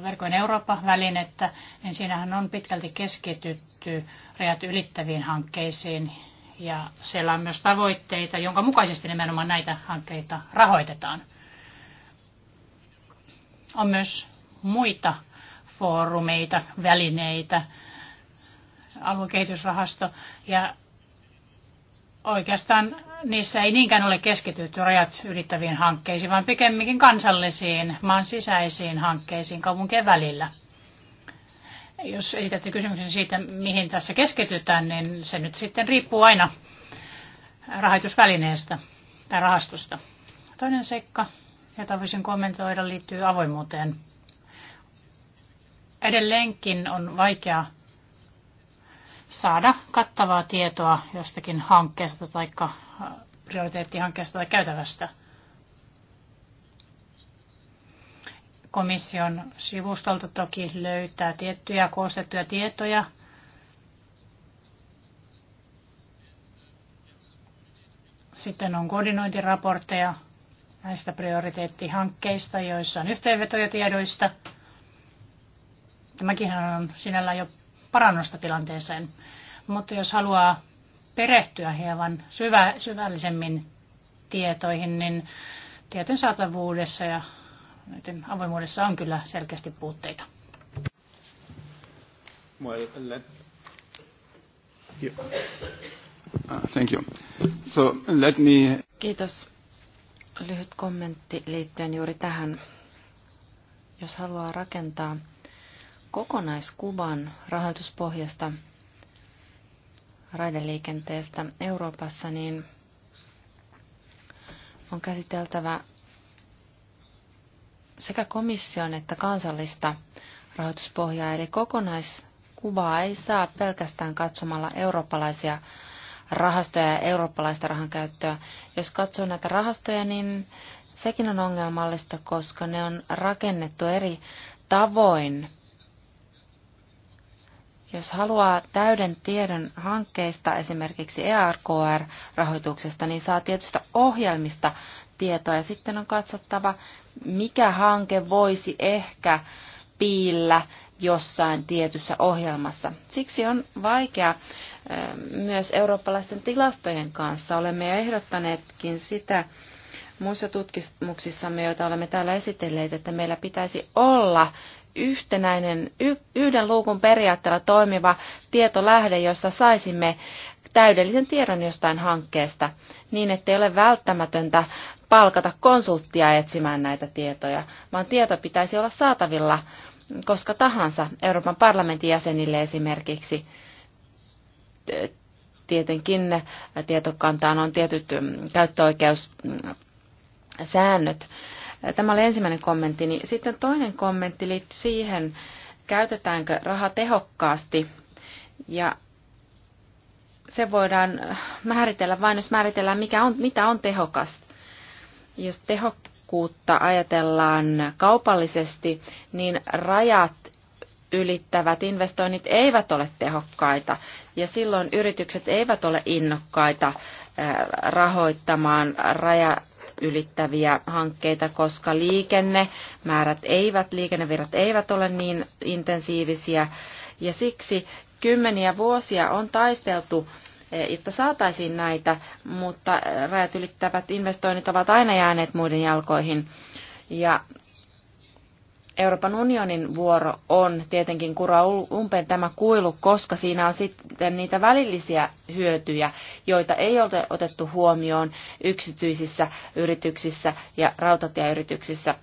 Verkoin Eurooppa-välinettä, niin siinähän on pitkälti keskitytty rajat ylittäviin hankkeisiin ja siellä on myös tavoitteita, jonka mukaisesti nimenomaan näitä hankkeita rahoitetaan. On myös muita foorumeita, välineitä, aluekehitysrahasto, ja oikeastaan niissä ei niinkään ole keskitytty rajat ylittäviin hankkeisiin, vaan pikemminkin kansallisiin, maan sisäisiin hankkeisiin kaupunkien välillä. Jos esitätte kysymyksen siitä, mihin tässä keskitytään, niin se nyt sitten riippuu aina rahoitusvälineestä tai rahastosta. Toinen seikka, jota voisin kommentoida, liittyy avoimuuteen. Edelleenkin on vaikea saada kattavaa tietoa jostakin hankkeesta tai äh, prioriteettihankkeesta tai käytävästä. Komission sivustolta toki löytää tiettyjä koostettuja tietoja, Sitten on koordinointiraportteja näistä prioriteettihankkeista, joissa on yhteenvetoja tiedoista. Tämäkin on sinällään jo parannusta tilanteeseen. Mutta jos haluaa perehtyä hieman syvä, syvällisemmin tietoihin, niin tietyn saatavuudessa ja näiden avoimuudessa on kyllä selkeästi puutteita. Well, uh, thank you. So, let me... Kiitos. Lyhyt kommentti liittyen juuri tähän. Jos haluaa rakentaa kokonaiskuvan rahoituspohjasta raideliikenteestä Euroopassa, niin on käsiteltävä sekä komission että kansallista rahoituspohjaa, eli kokonaiskuvaa ei saa pelkästään katsomalla eurooppalaisia rahastoja ja eurooppalaista rahankäyttöä. Jos katsoo näitä rahastoja, niin sekin on ongelmallista, koska ne on rakennettu eri tavoin jos haluaa täyden tiedon hankkeista, esimerkiksi ERKR-rahoituksesta, niin saa tietystä ohjelmista tietoa ja sitten on katsottava, mikä hanke voisi ehkä piillä jossain tietyssä ohjelmassa. Siksi on vaikea myös eurooppalaisten tilastojen kanssa. Olemme jo ehdottaneetkin sitä muissa tutkimuksissamme, joita olemme täällä esitelleet, että meillä pitäisi olla yhtenäinen, y, yhden luukun periaatteella toimiva tietolähde, jossa saisimme täydellisen tiedon jostain hankkeesta, niin ettei ole välttämätöntä palkata konsulttia etsimään näitä tietoja, vaan tieto pitäisi olla saatavilla koska tahansa Euroopan parlamentin jäsenille esimerkiksi. Tietenkin tietokantaan on tietyt mm, käyttöoikeussäännöt, Tämä oli ensimmäinen kommentti. Niin sitten toinen kommentti liittyy siihen, käytetäänkö raha tehokkaasti. Ja se voidaan määritellä vain, jos määritellään, mikä on, mitä on tehokas. Jos tehokkuutta ajatellaan kaupallisesti, niin rajat ylittävät investoinnit eivät ole tehokkaita ja silloin yritykset eivät ole innokkaita rahoittamaan raja, ylittäviä hankkeita, koska liikennemäärät eivät, liikennevirrat eivät ole niin intensiivisiä. Ja siksi kymmeniä vuosia on taisteltu eh, että saataisiin näitä, mutta eh, rajat ylittävät investoinnit ovat aina jääneet muiden jalkoihin. Ja Euroopan unionin vuoro on tietenkin kura umpeen tämä kuilu, koska siinä on sitten niitä välillisiä hyötyjä, joita ei ole otettu huomioon yksityisissä yrityksissä ja rautatieyrityksissä.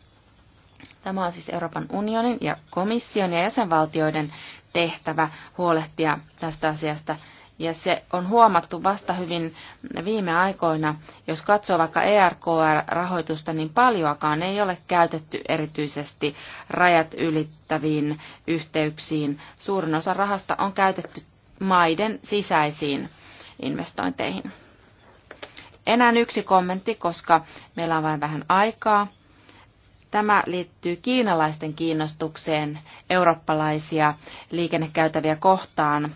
Tämä on siis Euroopan unionin ja komission ja jäsenvaltioiden tehtävä huolehtia tästä asiasta ja se on huomattu vasta hyvin viime aikoina. Jos katsoo vaikka ERKR-rahoitusta, niin paljoakaan ei ole käytetty erityisesti rajat ylittäviin yhteyksiin. Suurin osa rahasta on käytetty maiden sisäisiin investointeihin. Enää yksi kommentti, koska meillä on vain vähän aikaa. Tämä liittyy kiinalaisten kiinnostukseen eurooppalaisia liikennekäytäviä kohtaan.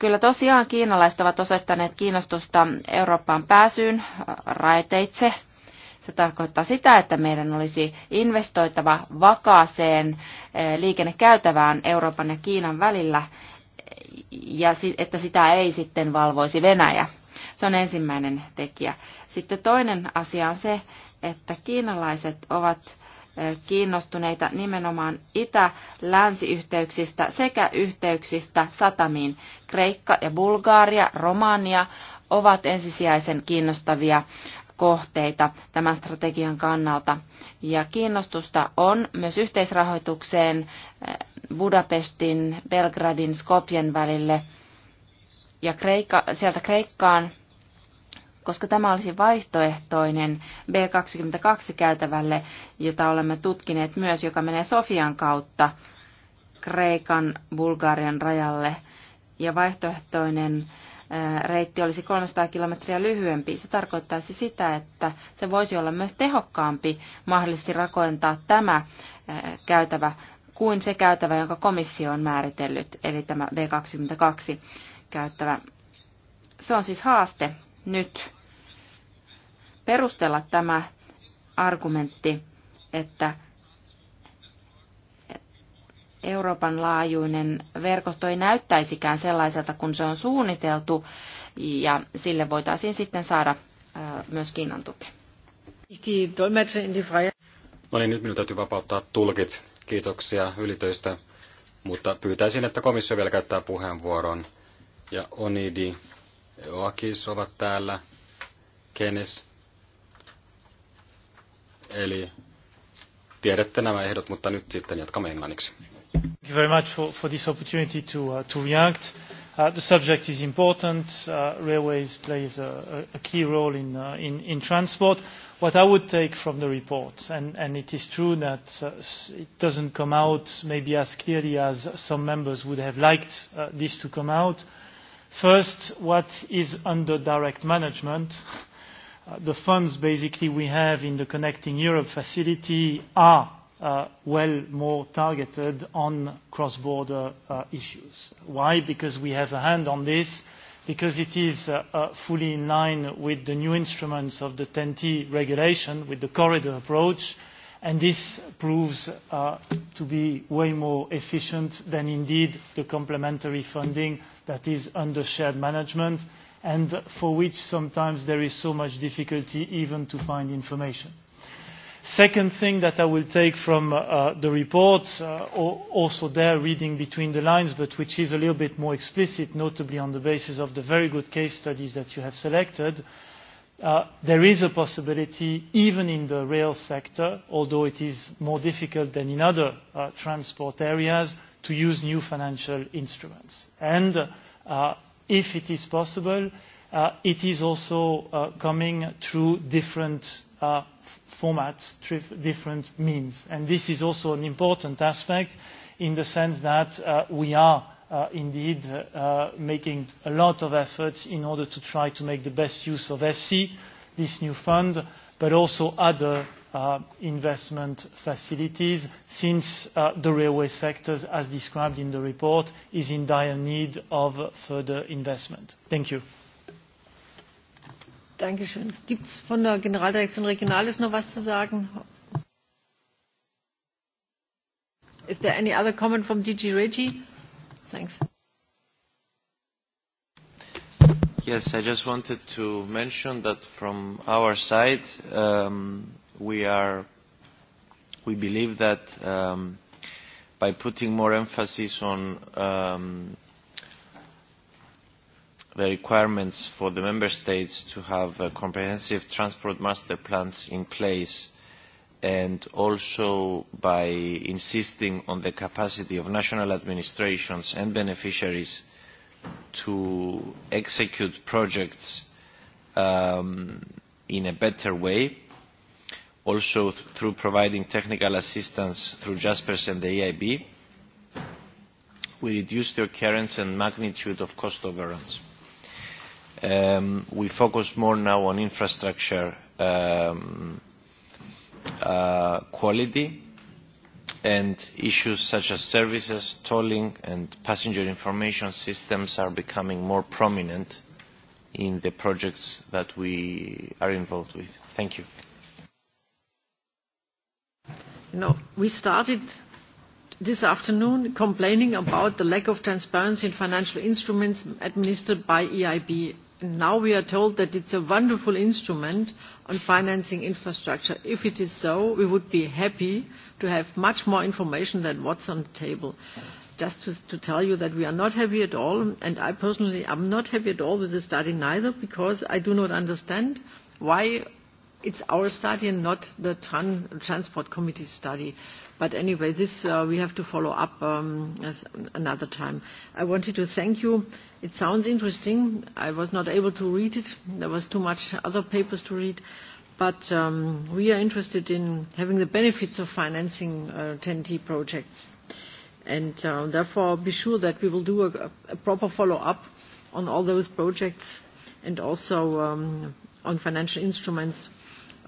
Kyllä tosiaan kiinalaiset ovat osoittaneet kiinnostusta Eurooppaan pääsyyn raiteitse. Se tarkoittaa sitä, että meidän olisi investoitava vakaaseen liikennekäytävään Euroopan ja Kiinan välillä, ja että sitä ei sitten valvoisi Venäjä. Se on ensimmäinen tekijä. Sitten toinen asia on se, että kiinalaiset ovat kiinnostuneita nimenomaan itä-länsiyhteyksistä sekä yhteyksistä satamiin. Kreikka ja Bulgaaria, Romania ovat ensisijaisen kiinnostavia kohteita tämän strategian kannalta. Ja kiinnostusta on myös yhteisrahoitukseen eh, Budapestin, Belgradin, Skopjen välille ja Kreikka, sieltä Kreikkaan koska tämä olisi vaihtoehtoinen B22-käytävälle, jota olemme tutkineet myös, joka menee Sofian kautta Kreikan Bulgarian rajalle. Ja vaihtoehtoinen äh, reitti olisi 300 kilometriä lyhyempi. Se tarkoittaisi sitä, että se voisi olla myös tehokkaampi mahdollisesti rakentaa tämä äh, käytävä kuin se käytävä, jonka komissio on määritellyt, eli tämä B22 käyttävä. Se on siis haaste nyt perustella tämä argumentti, että Euroopan laajuinen verkosto ei näyttäisikään sellaiselta kuin se on suunniteltu, ja sille voitaisiin sitten saada myös Kiinan tukea. No niin, nyt minun täytyy vapauttaa tulkit. Kiitoksia ylitöistä, mutta pyytäisin, että komissio vielä käyttää puheenvuoron. Ja Onidi, Oakis ovat täällä, Kenes Eli tiedätte nämä ehdot, mutta nyt sitten jatkamme englanniksi. Thank you very much for, for this opportunity to, uh, to react. Uh, the subject is important. Uh, railways plays a, a key role in, uh, in, in transport. What I would take from the report, and, and it is true that uh, it doesn't come out maybe as clearly as some members would have liked uh, this to come out. First, what is under direct management Uh, the funds basically we have in the Connecting Europe facility are uh, well more targeted on cross-border uh, issues. Why? Because we have a hand on this, because it is uh, uh, fully in line with the new instruments of the 10T regulation, with the corridor approach, and this proves uh, to be way more efficient than indeed the complementary funding that is under shared management and for which sometimes there is so much difficulty even to find information. Second thing that I will take from uh, the report, uh, also there reading between the lines, but which is a little bit more explicit, notably on the basis of the very good case studies that you have selected, uh, there is a possibility, even in the rail sector, although it is more difficult than in other uh, transport areas, to use new financial instruments. And uh, if it is possible, uh, it is also uh, coming through different uh, formats, different means. And this is also an important aspect in the sense that uh, we are uh, indeed uh, uh making a lot of efforts in order to try to make the best use of FC, this new fund, but also other Uh, investment facilities since uh, the railway sector, as described in the report, is in dire need of further investment. Thank you. Dankeschön. Gibt es von der Generaldirektion Regionales noch was zu sagen? Is there any other comment from DG Regi? Thanks. Yes, I just wanted to mention that from our side, um, we are we believe that um, by putting more emphasis on um, the requirements for the member states to have uh, comprehensive transport master plans in place and also by insisting on the capacity of national administrations and beneficiaries to execute projects um, in a better way also through providing technical assistance through JASPERS and the EIB, we reduce the occurrence and magnitude of cost overruns. Um, we focus more now on infrastructure um, uh, quality and issues such as services, tolling and passenger information systems are becoming more prominent in the projects that we are involved with. Thank you we started this afternoon complaining about the lack of transparency in financial instruments administered by EIB. And now we are told that it's a wonderful instrument on financing infrastructure. If it is so, we would be happy to have much more information than what's on the table. Just to, to tell you that we are not happy at all, and I personally am not happy at all with the study neither, because I do not understand why It's our study and not the tran Transport Committee study. But anyway, this uh, we have to follow up um, as another time. I wanted to thank you. It sounds interesting. I was not able to read it. There was too much other papers to read. But um, we are interested in having the benefits of financing uh, 10T projects. And uh, therefore, be sure that we will do a, a proper follow-up on all those projects and also um, on financial instruments